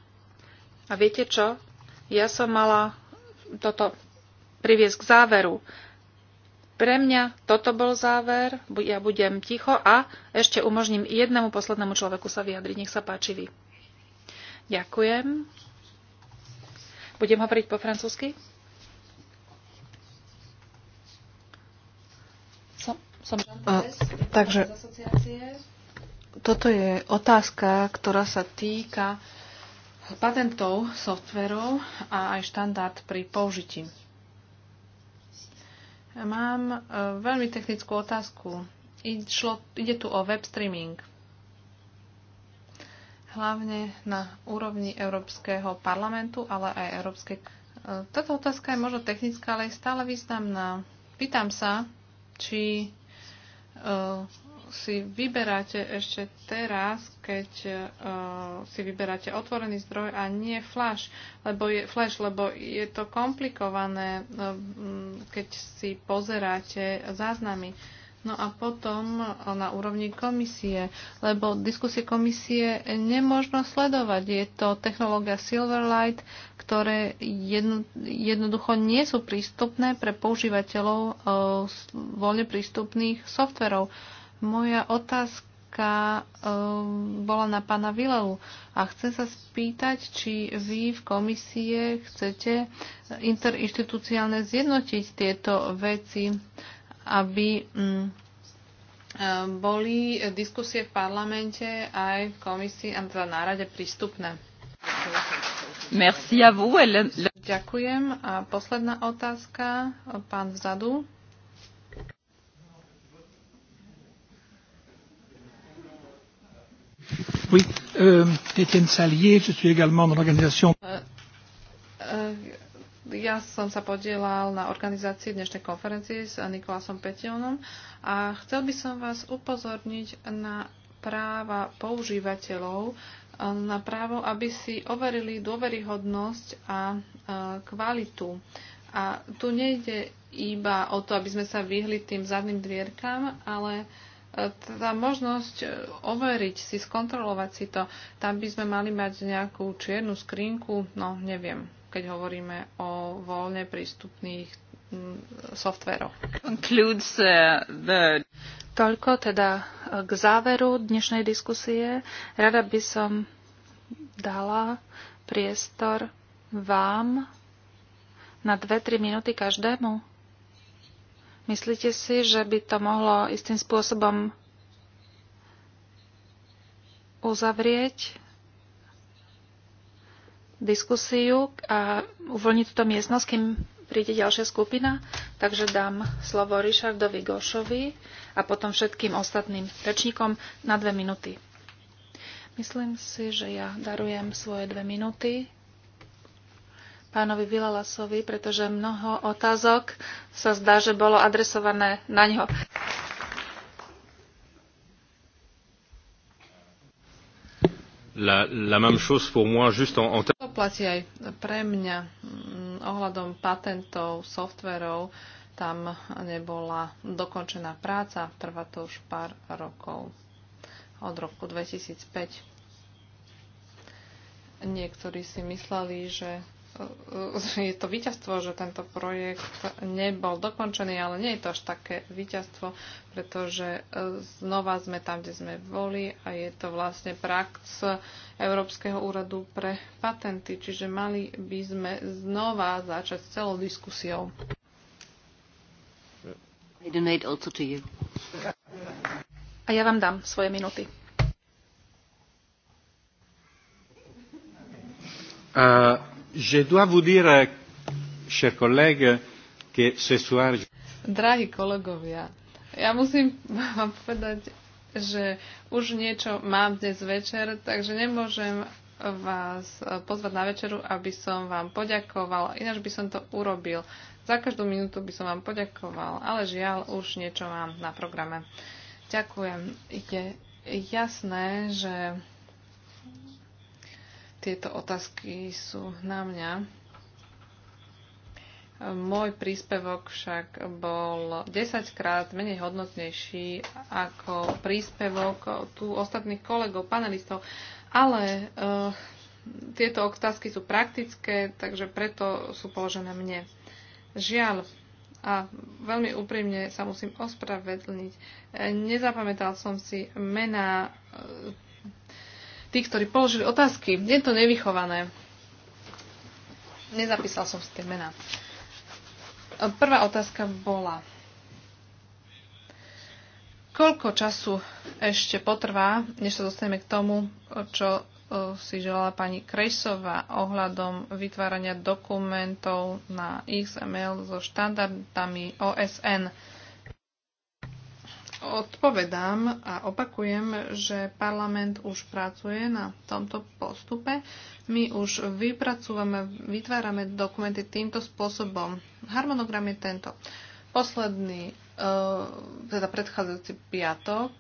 A viete čo? Ja som mala toto priviesť k záveru. Pre mňa toto bol záver, ja budem ticho a ešte umožním jednému poslednému človeku sa vyjadriť. Nech sa páči vy. Ďakujem. Budem hovoriť po francúzsky? Som, som a, takže toto je otázka, ktorá sa týka patentov, softverov a aj štandard pri použití Mám e, veľmi technickú otázku. Išlo, ide tu o web streaming. Hlavne na úrovni Európskeho parlamentu, ale aj Európskej. E, táto otázka je možno technická, ale je stále významná. Pýtam sa, či e, si vyberáte ešte teraz, keď uh, si vyberáte otvorený zdroj a nie flash, lebo je, flash, lebo je to komplikované, uh, keď si pozeráte záznamy. No a potom uh, na úrovni komisie, lebo diskusie komisie nemôžno sledovať. Je to technológia Silverlight, ktoré jedno, jednoducho nie sú prístupné pre používateľov uh, voľne prístupných softverov. Uh, moja otázka eh, bola na pána Vilelu a chcem sa spýtať, či vy v komisie chcete interinstitucionálne zjednotiť tieto veci, aby mm, eh, boli diskusie v parlamente aj v komisii a teda na rade prístupné. Merci vous. Ďakujem. A posledná otázka, eh, pán vzadu. Oui, euh, Étienne Salier, je suis également dans l'organisation. Euh, euh, ja som sa podielal na organizácii dnešnej konferencie s Nikolasom Petionom a chcel by som vás upozorniť na práva používateľov, eh, na právo, aby si overili dôveryhodnosť a eh, kvalitu. A tu nejde iba o to, aby sme sa vyhli tým zadným dvierkam, ale tá možnosť e, overiť si, skontrolovať si to, tam by sme mali mať nejakú čiernu skrinku, no neviem, keď hovoríme o voľne prístupných softveroch. Uh, Toľko teda e, k záveru dnešnej diskusie. Rada by som dala priestor vám na 2-3 minúty každému Myslíte si, že by to mohlo istým spôsobom uzavrieť diskusiu a uvoľniť túto miestnosť, kým príde ďalšia skupina. Takže dám slovo Richardovi Gošovi a potom všetkým ostatným rečníkom na dve minúty. Myslím si, že ja darujem svoje dve minúty pánovi Vilalasovi, pretože mnoho otázok sa zdá, že bolo adresované na ňo. La, la même chose pour moi, juste en, en... To platí aj pre mňa mm, ohľadom patentov, softverov. Tam nebola dokončená práca, trvá to už pár rokov. Od roku 2005. Niektorí si mysleli, že je to víťazstvo, že tento projekt nebol dokončený, ale nie je to až také víťazstvo, pretože e, znova sme tam, kde sme boli a je to vlastne prax Európskeho úradu pre patenty, čiže mali by sme znova začať s celou diskusiou. A ja vám dám svoje minuty. Uh, je dois vous dire, cher collègue, que ce soir... Drahí kolegovia, ja musím vám povedať, že už niečo mám dnes večer, takže nemôžem vás pozvať na večeru, aby som vám poďakoval. Ináč by som to urobil. Za každú minútu by som vám poďakoval, ale žiaľ, už niečo mám na programe. Ďakujem. Je jasné, že tieto otázky sú na mňa. Môj príspevok však bol 10 krát menej hodnotnejší ako príspevok tu ostatných kolegov, panelistov, ale uh, tieto otázky sú praktické, takže preto sú položené mne. Žiaľ, a veľmi úprimne sa musím ospravedlniť, nezapamätal som si mená uh, tí, ktorí položili otázky. Je to nevychované. Nezapísal som si tie mená. Prvá otázka bola, koľko času ešte potrvá, než sa dostaneme k tomu, čo e, si želala pani Krejsová ohľadom vytvárania dokumentov na XML so štandardami OSN. Odpovedám a opakujem, že parlament už pracuje na tomto postupe. My už vypracúvame, vytvárame dokumenty týmto spôsobom. Harmonogram je tento. Posledný, e, teda predchádzajúci piatok,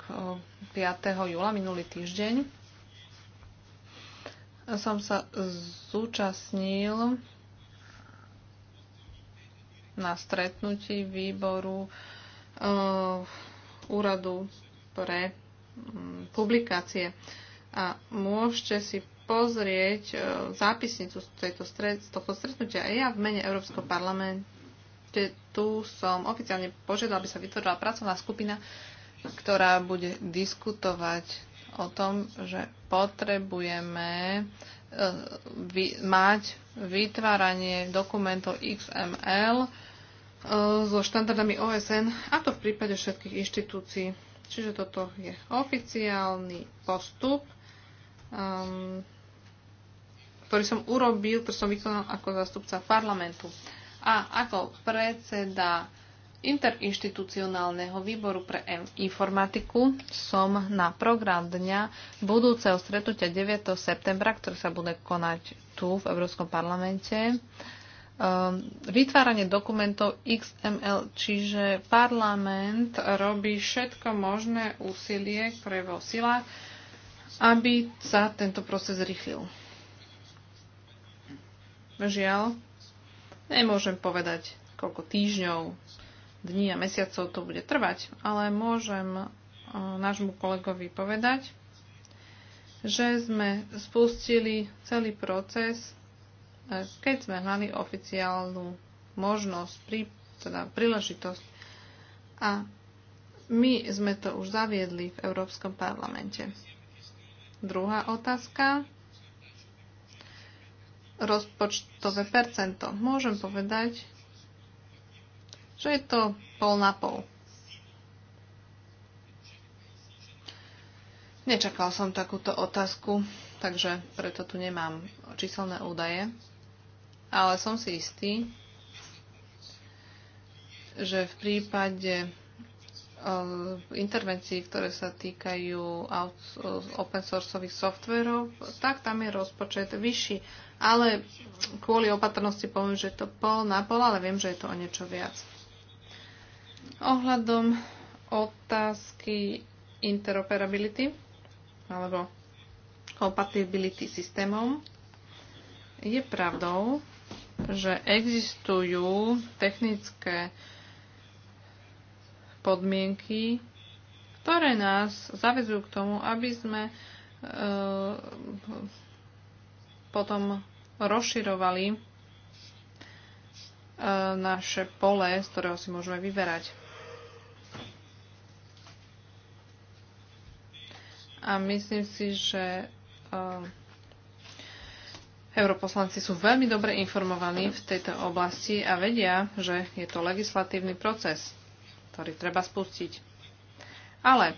5. E, júla, minulý týždeň, som sa zúčastnil na stretnutí výboru uh, úradu pre mm, publikácie. A môžete si pozrieť e, zápisnicu z, tejto stred, z tohto stretnutia. Ja v mene Európskeho parlamente tu som oficiálne požiadala, aby sa vytvorila pracovná skupina, ktorá bude diskutovať o tom, že potrebujeme e, mať vytváranie dokumentov XML, E, so štandardami OSN, a to v prípade všetkých inštitúcií. Čiže toto je oficiálny postup, um, ktorý som urobil, ktorý som vykonal ako zástupca parlamentu a ako predseda interinstitucionálneho výboru pre informatiku som na program dňa budúceho stretnutia 9. septembra, ktoré sa bude konať tu v Európskom parlamente, uh, Ehm, vytváranie dokumentov XML, čiže parlament robí všetko možné úsilie, ktoré je vo aby sa tento proces rýchlil. Žiaľ, nemôžem povedať, koľko týždňov, dní a mesiacov to bude trvať, ale môžem eh, nášmu kolegovi povedať, že sme spustili celý proces keď sme mali oficiálnu možnosť, pri, teda príležitosť a my sme to už zaviedli v Európskom parlamente. Druhá otázka. Rozpočtové percento. Môžem povedať, že je to pol na pol. Nečakal som takúto otázku, takže preto tu nemám číselné údaje ale som si istý, že v prípade eh, intervencií, ktoré sa týkajú open sourceových softverov, tak tam je rozpočet vyšší. Ale kvôli opatrnosti poviem, že je to pol na pol, ale viem, že je to o niečo viac. Ohľadom otázky interoperability alebo kompatibility systémom je pravdou, že existujú technické podmienky, ktoré nás zavezujú k tomu, aby sme e, potom rozširovali e, naše pole, z ktorého si môžeme vyberať. A myslím si, že e, Europoslanci sú veľmi dobre informovaní v tejto oblasti a vedia, že je to legislatívny proces, ktorý treba spustiť. Ale e,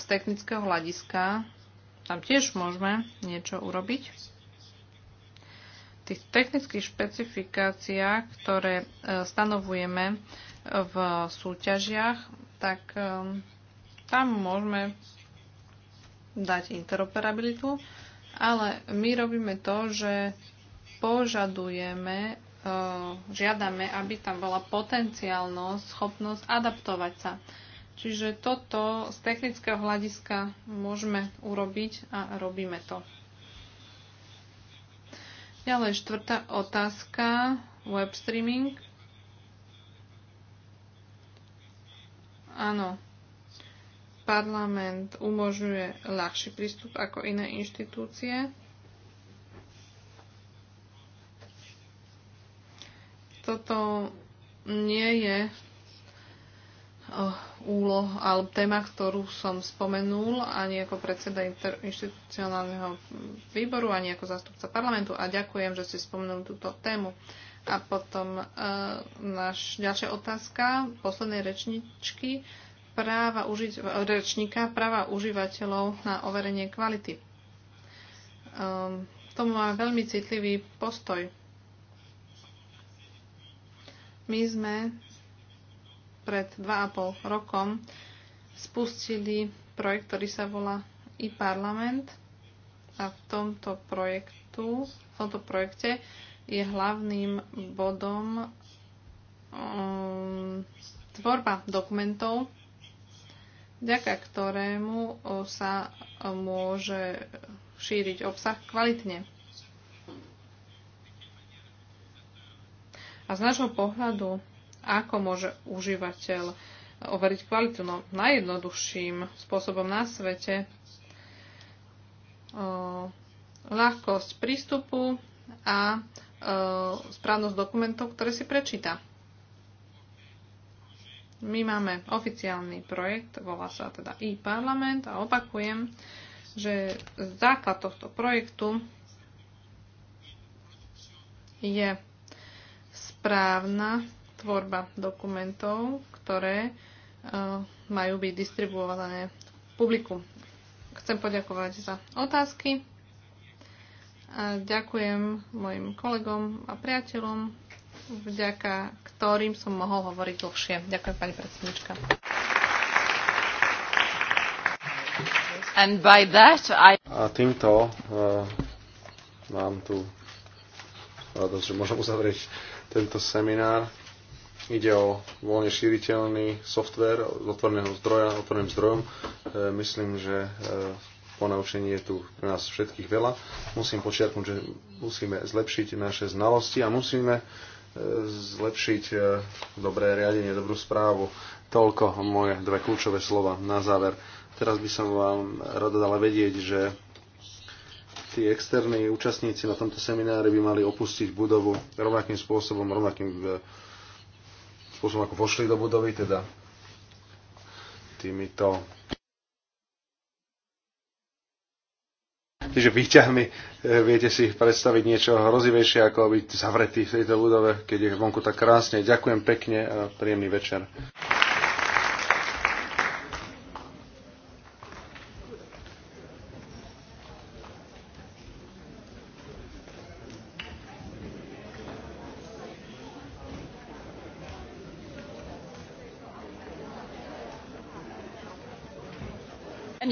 z technického hľadiska tam tiež môžeme niečo urobiť. V tých technických špecifikáciách, ktoré e, stanovujeme e, v súťažiach, tak tam môžeme dať interoperabilitu ale my robíme to, že požadujeme, eh, žiadame, aby tam bola potenciálnosť, schopnosť adaptovať sa. Čiže toto z technického hľadiska môžeme urobiť a robíme to. Ďalej štvrtá otázka, web streaming. Áno, parlament umožňuje ľahší prístup ako iné inštitúcie. Toto nie je úloh alebo téma, ktorú som spomenul ani ako predseda inštitucionálneho výboru, ani ako zástupca parlamentu a ďakujem, že ste spomenuli túto tému. A potom e, náš ďalšia otázka poslednej rečničky. E, práva užiť, rečníka práva užívateľov na overenie kvality. Um, ehm, tomu máme veľmi citlivý postoj. My sme pred 2,5 rokom spustili projekt, ktorý sa volá e-parlament a v tomto projektu, v tomto projekte je hlavným bodom um, tvorba dokumentov, vďaka ktorému sa môže šíriť obsah kvalitne. A z nášho pohľadu, ako môže užívateľ overiť kvalitu? No, najjednoduchším spôsobom na svete o, ľahkosť prístupu a o, správnosť dokumentov, ktoré si prečíta. My máme oficiálny projekt, volá sa teda e-parlament a opakujem, že základ tohto projektu je správna tvorba dokumentov, ktoré uh, majú byť distribuované publiku. Chcem poďakovať za otázky a ďakujem mojim kolegom a priateľom vďaka ktorým som mohol hovoriť dlhšie. Ďakujem, pani predsednička. And by that I... A týmto uh, mám tu radosť, že môžem uzavrieť tento seminár. Ide o voľne šíriteľný software z otvoreného zdroja, otvoreným zdrojom. E, myslím, že e, ponaučenie je tu pre nás všetkých veľa. Musím počiarknúť, že musíme zlepšiť naše znalosti a musíme zlepšiť e, dobré riadenie, dobrú správu. Toľko moje dve kľúčové slova na záver. Teraz by som vám rada dala vedieť, že tí externí účastníci na tomto seminári by mali opustiť budovu rovnakým spôsobom, rovnakým e, spôsobom, ako vošli do budovy, teda týmito Čiže výťahmi e, viete si predstaviť niečo hrozivejšie, ako byť zavretý v tejto budove, keď je vonku tak krásne. Ďakujem pekne a príjemný večer.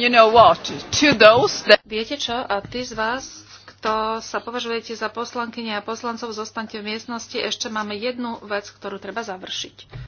you know what, to those that... Viete čo? A tí z vás, kto sa považujete za poslankyne a poslancov, zostaňte v miestnosti. Ešte máme jednu vec, ktorú treba završiť.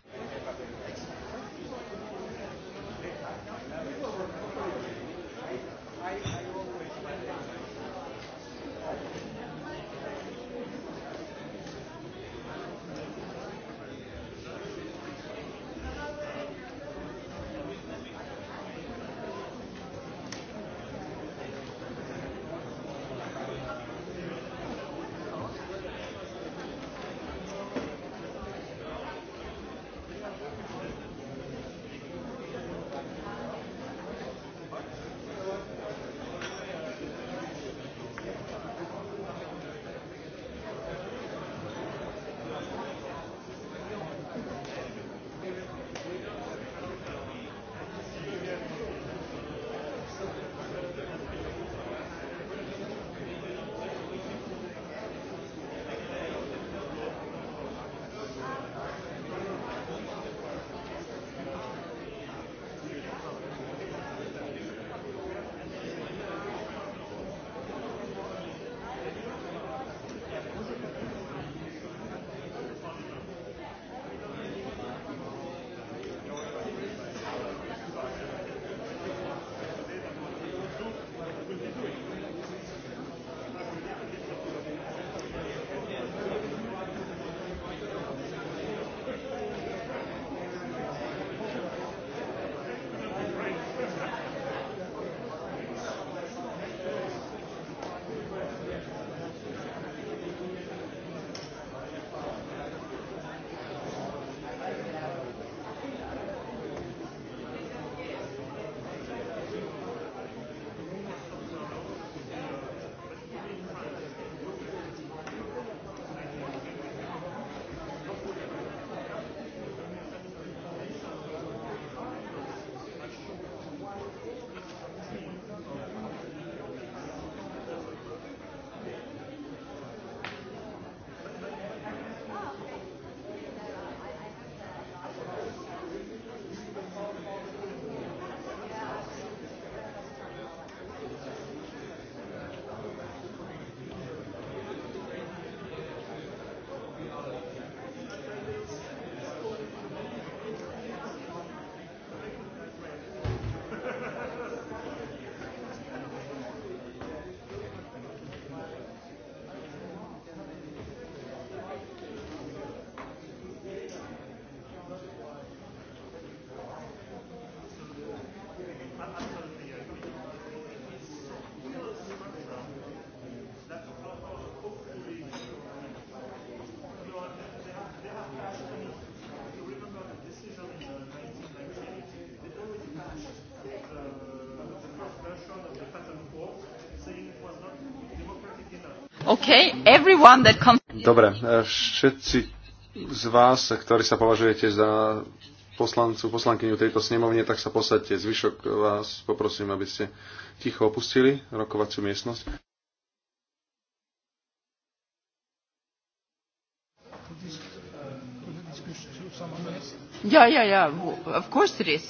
Okay, everyone that comes... Dobre, e, všetci z vás, ktorí sa považujete za poslancu, poslankyňu tejto snemovne, tak sa posadte. Zvyšok vás poprosím, aby ste ticho opustili rokovaciu miestnosť. Ja, ja, ja, of course it is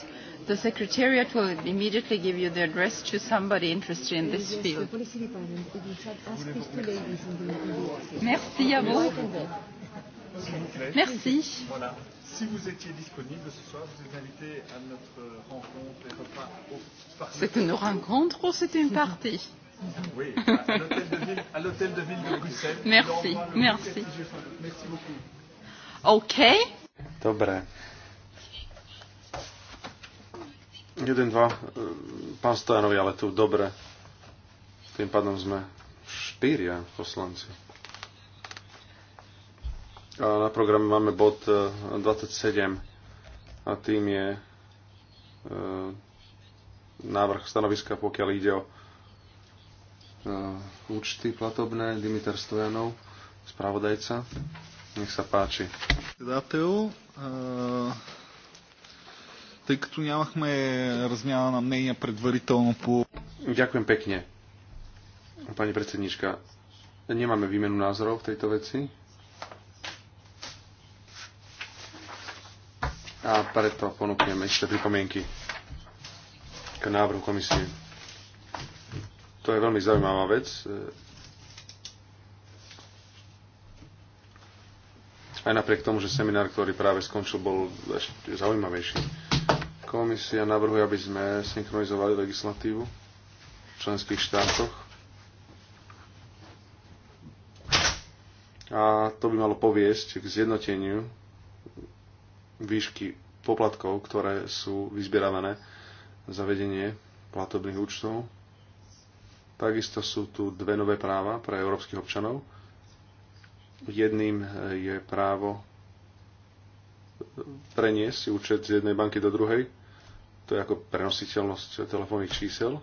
the Secretariat will immediately give you the address to somebody interested in this field. Merci à vous. Merci. Si vous étiez disponible ce soir, je vous invité à notre rencontre et repas au parc. C'est une rencontre ou c'est une partie Oui, à l'hôtel de, de ville de Bruxelles. Merci, merci. Merci beaucoup. OK. Dobre. Jeden dva, e, pán Stojanovi, ale tu dobre. Tým pádom sme štyria poslanci. A na programe máme bod 27 e, a tým je e, návrh stanoviska, pokiaľ ide o účty platobné Dimitar Stojanov, spravodajca. Nech sa páči. Dátev, тъй като нямахме размяна на мнения предварително по... Ďakujem pekne, pani predsednička. Nemáme výmenu názorov v tejto veci. A preto ponúknem ešte pripomienky k návrhu komisie. To je veľmi zaujímavá vec. Aj napriek tomu, že seminár, ktorý práve skončil, bol ešte zaujímavejší. Komisia navrhuje, aby sme synchronizovali legislatívu v členských štátoch. A to by malo poviesť k zjednoteniu výšky poplatkov, ktoré sú vyzbieravané za vedenie platobných účtov. Takisto sú tu dve nové práva pre európskych občanov. Jedným je právo preniesť účet z jednej banky do druhej, to je ako prenositeľnosť telefónnych čísel.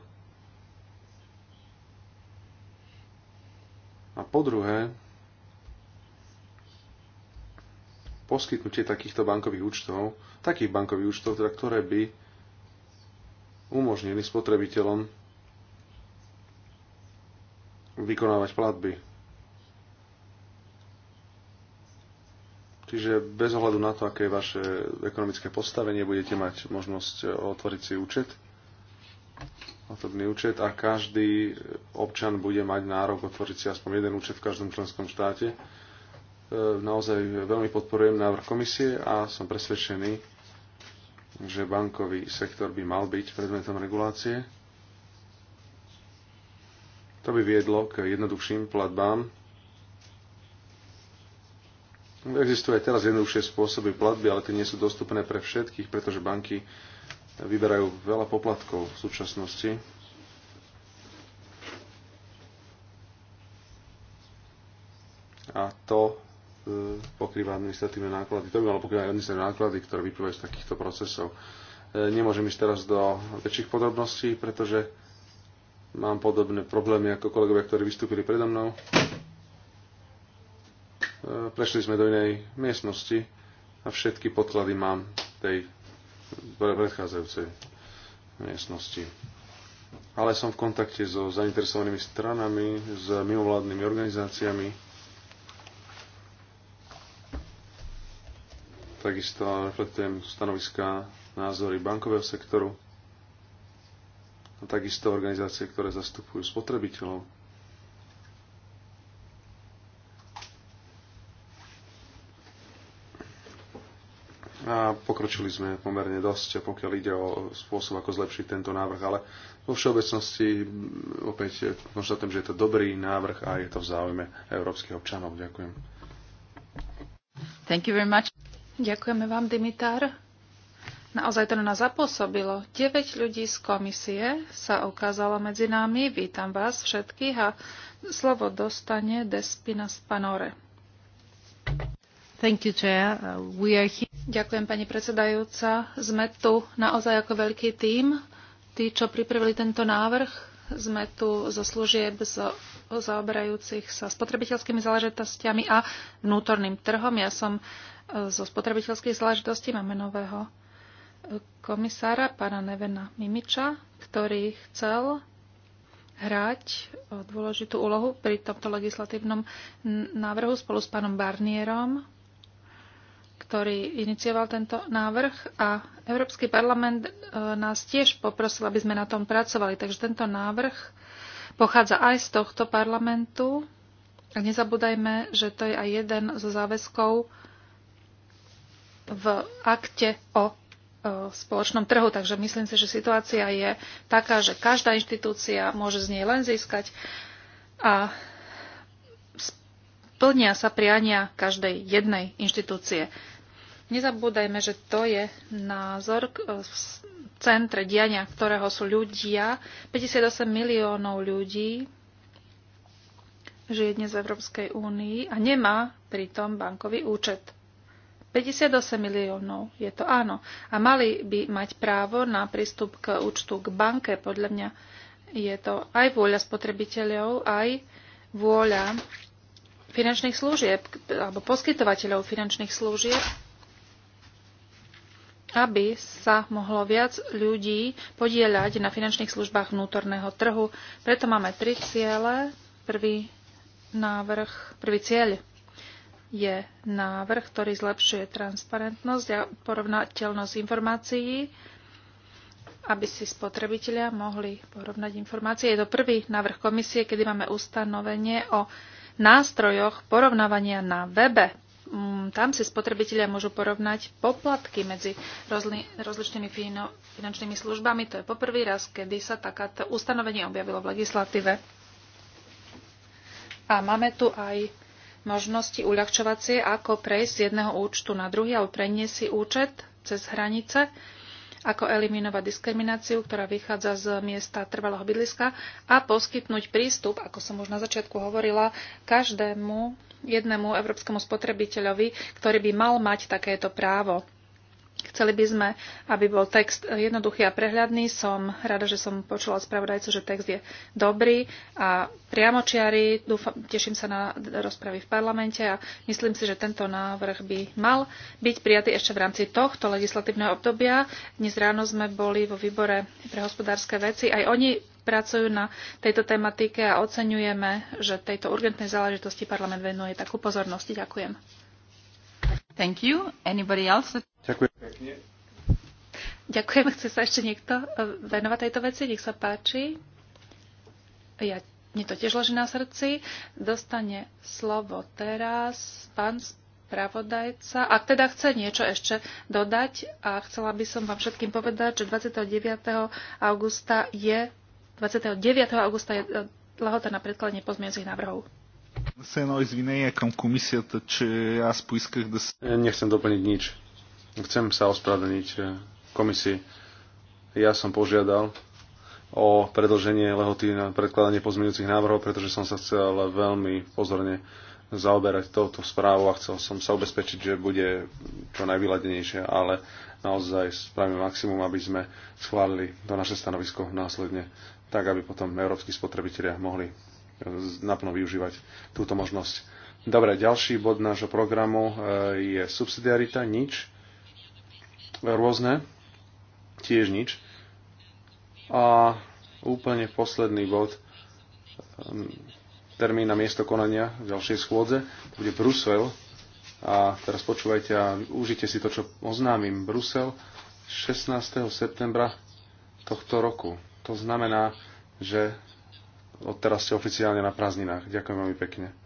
A po druhé, poskytnutie takýchto bankových účtov, takých bankových účtov, teda, ktoré by umožnili spotrebiteľom vykonávať platby Čiže bez ohľadu na to, aké je vaše ekonomické postavenie, budete mať možnosť e, otvoriť si účet, osobný účet a každý občan bude mať nárok otvoriť si aspoň jeden účet v každom členskom štáte. E, naozaj veľmi podporujem návrh komisie a som presvedčený, že bankový sektor by mal byť predmetom regulácie. To by viedlo k jednoduchším platbám Existujú aj teraz jednoduchšie spôsoby platby, ale tie nie sú dostupné pre všetkých, pretože banky vyberajú veľa poplatkov v súčasnosti. A to e, pokrýva administratívne náklady. To by malo pokrývať administratívne náklady, ktoré vyplývajú z takýchto procesov. E, nemôžem ísť teraz do väčších podrobností, pretože mám podobné problémy ako kolegovia, ktorí vystúpili predo mnou. Prešli sme do inej miestnosti a všetky podklady mám tej predchádzajúcej miestnosti. Ale som v kontakte so zainteresovanými stranami, s mimovládnymi organizáciami, takisto reflektujem stanoviska názory bankového sektoru a takisto organizácie, ktoré zastupujú spotrebiteľov. pokročili sme pomerne dosť, pokiaľ ide o spôsob, ako zlepšiť tento návrh, ale vo všeobecnosti mm, opäť konštatujem, že je to dobrý návrh a je to v záujme európskych občanov. Ďakujem. Thank you very much. Ďakujeme vám, Dimitar. Naozaj to na nás zapôsobilo. 9 ľudí z komisie sa ukázalo medzi nami. Vítam vás všetkých a slovo dostane Despina Spanore. Thank you, Chair. Uh, We are here. Ďakujem, pani predsedajúca. Sme tu naozaj ako veľký tím. Tí, čo pripravili tento návrh, sme tu zo služieb zaoberajúcich sa spotrebiteľskými záležitostiami a vnútorným trhom. Ja som e, zo spotrebiteľských záležitostí máme nového e, komisára, pána Nevena Mimiča, ktorý chcel hrať e, dôležitú úlohu pri tomto legislatívnom návrhu spolu s pánom Barnierom, ktorý inicioval tento návrh a Európsky parlament e, nás tiež poprosil, aby sme na tom pracovali. Takže tento návrh pochádza aj z tohto parlamentu. A nezabúdajme, že to je aj jeden zo záväzkov v akte o e, spoločnom trhu. Takže myslím si, že situácia je taká, že každá inštitúcia môže z nej len získať a plnia sa priania každej jednej inštitúcie. Nezabúdajme, že to je názor e, v centre diania, ktorého sú ľudia, 58 miliónov ľudí, žije dnes v Európskej únii a nemá pritom bankový účet. 58 miliónov, je to áno. A mali by mať právo na prístup k účtu k banke. Podľa mňa je to aj vôľa spotrebiteľov, aj vôľa finančných služieb alebo poskytovateľov finančných služieb, aby sa mohlo viac ľudí podieľať na finančných službách vnútorného trhu. Preto máme tri ciele. Prvý návrh, prvý cieľ je návrh, ktorý zlepšuje transparentnosť a porovnateľnosť informácií, aby si spotrebitelia mohli porovnať informácie. Je to prvý návrh komisie, kedy máme ustanovenie o nástrojoch porovnávania na webe. Mm, tam si spotrebitelia môžu porovnať poplatky medzi rozli- rozličnými fino- finančnými službami. To je poprvý raz, kedy sa takáto ustanovenie objavilo v legislatíve. A máme tu aj možnosti uľahčovacie, ako prejsť z jedného účtu na druhý alebo preniesť si účet cez hranice ako eliminovať diskrimináciu, ktorá vychádza z miesta trvalého bydliska a poskytnúť prístup, ako som už na začiatku hovorila, každému jednému európskemu spotrebiteľovi, ktorý by mal mať takéto právo. Chceli by sme, aby bol text jednoduchý a prehľadný. Som rada, že som počula od spravodajcu, že text je dobrý a priamočiary. Dúfam, teším sa na rozpravy v parlamente a myslím si, že tento návrh by mal byť prijatý ešte v rámci tohto legislatívneho obdobia. Dnes ráno sme boli vo výbore pre hospodárske veci. Aj oni pracujú na tejto tematike a oceňujeme, že tejto urgentnej záležitosti parlament venuje takú pozornosť. Ďakujem. Thank you. Anybody else? Ďakujem pekne. Ďakujem. Chce sa ešte niekto e, venovať tejto veci? Nech sa páči. Ja, mne to tiež leží na srdci. Dostane slovo teraz pán spravodajca. Ak teda chce niečo ešte dodať a chcela by som vám všetkým povedať, že 29. augusta je 29. augusta je e, lahota na predkladanie pozmienzých návrhov. E, nechcem doplniť nič. Chcem sa ospravedlniť eh, komisii. Ja som požiadal o predlženie lehoty na predkladanie pozmeňujúcich návrhov, pretože som sa chcel veľmi pozorne zaoberať touto správou a chcel som sa ubezpečiť, že bude čo najvyladenejšie, ale naozaj spravím maximum, aby sme schválili to naše stanovisko následne, tak aby potom európsky spotrebitelia mohli eh, naplno využívať túto možnosť. Dobre, ďalší bod nášho programu eh, je subsidiarita, nič. Rôzne. Tiež nič. A úplne posledný bod. Ehm, termín na miesto konania v ďalšej schôdze bude Brusel. A teraz počúvajte a užite si to, čo oznámim. Brusel 16. septembra tohto roku. To znamená, že odteraz ste oficiálne na prázdninách. Ďakujem veľmi pekne.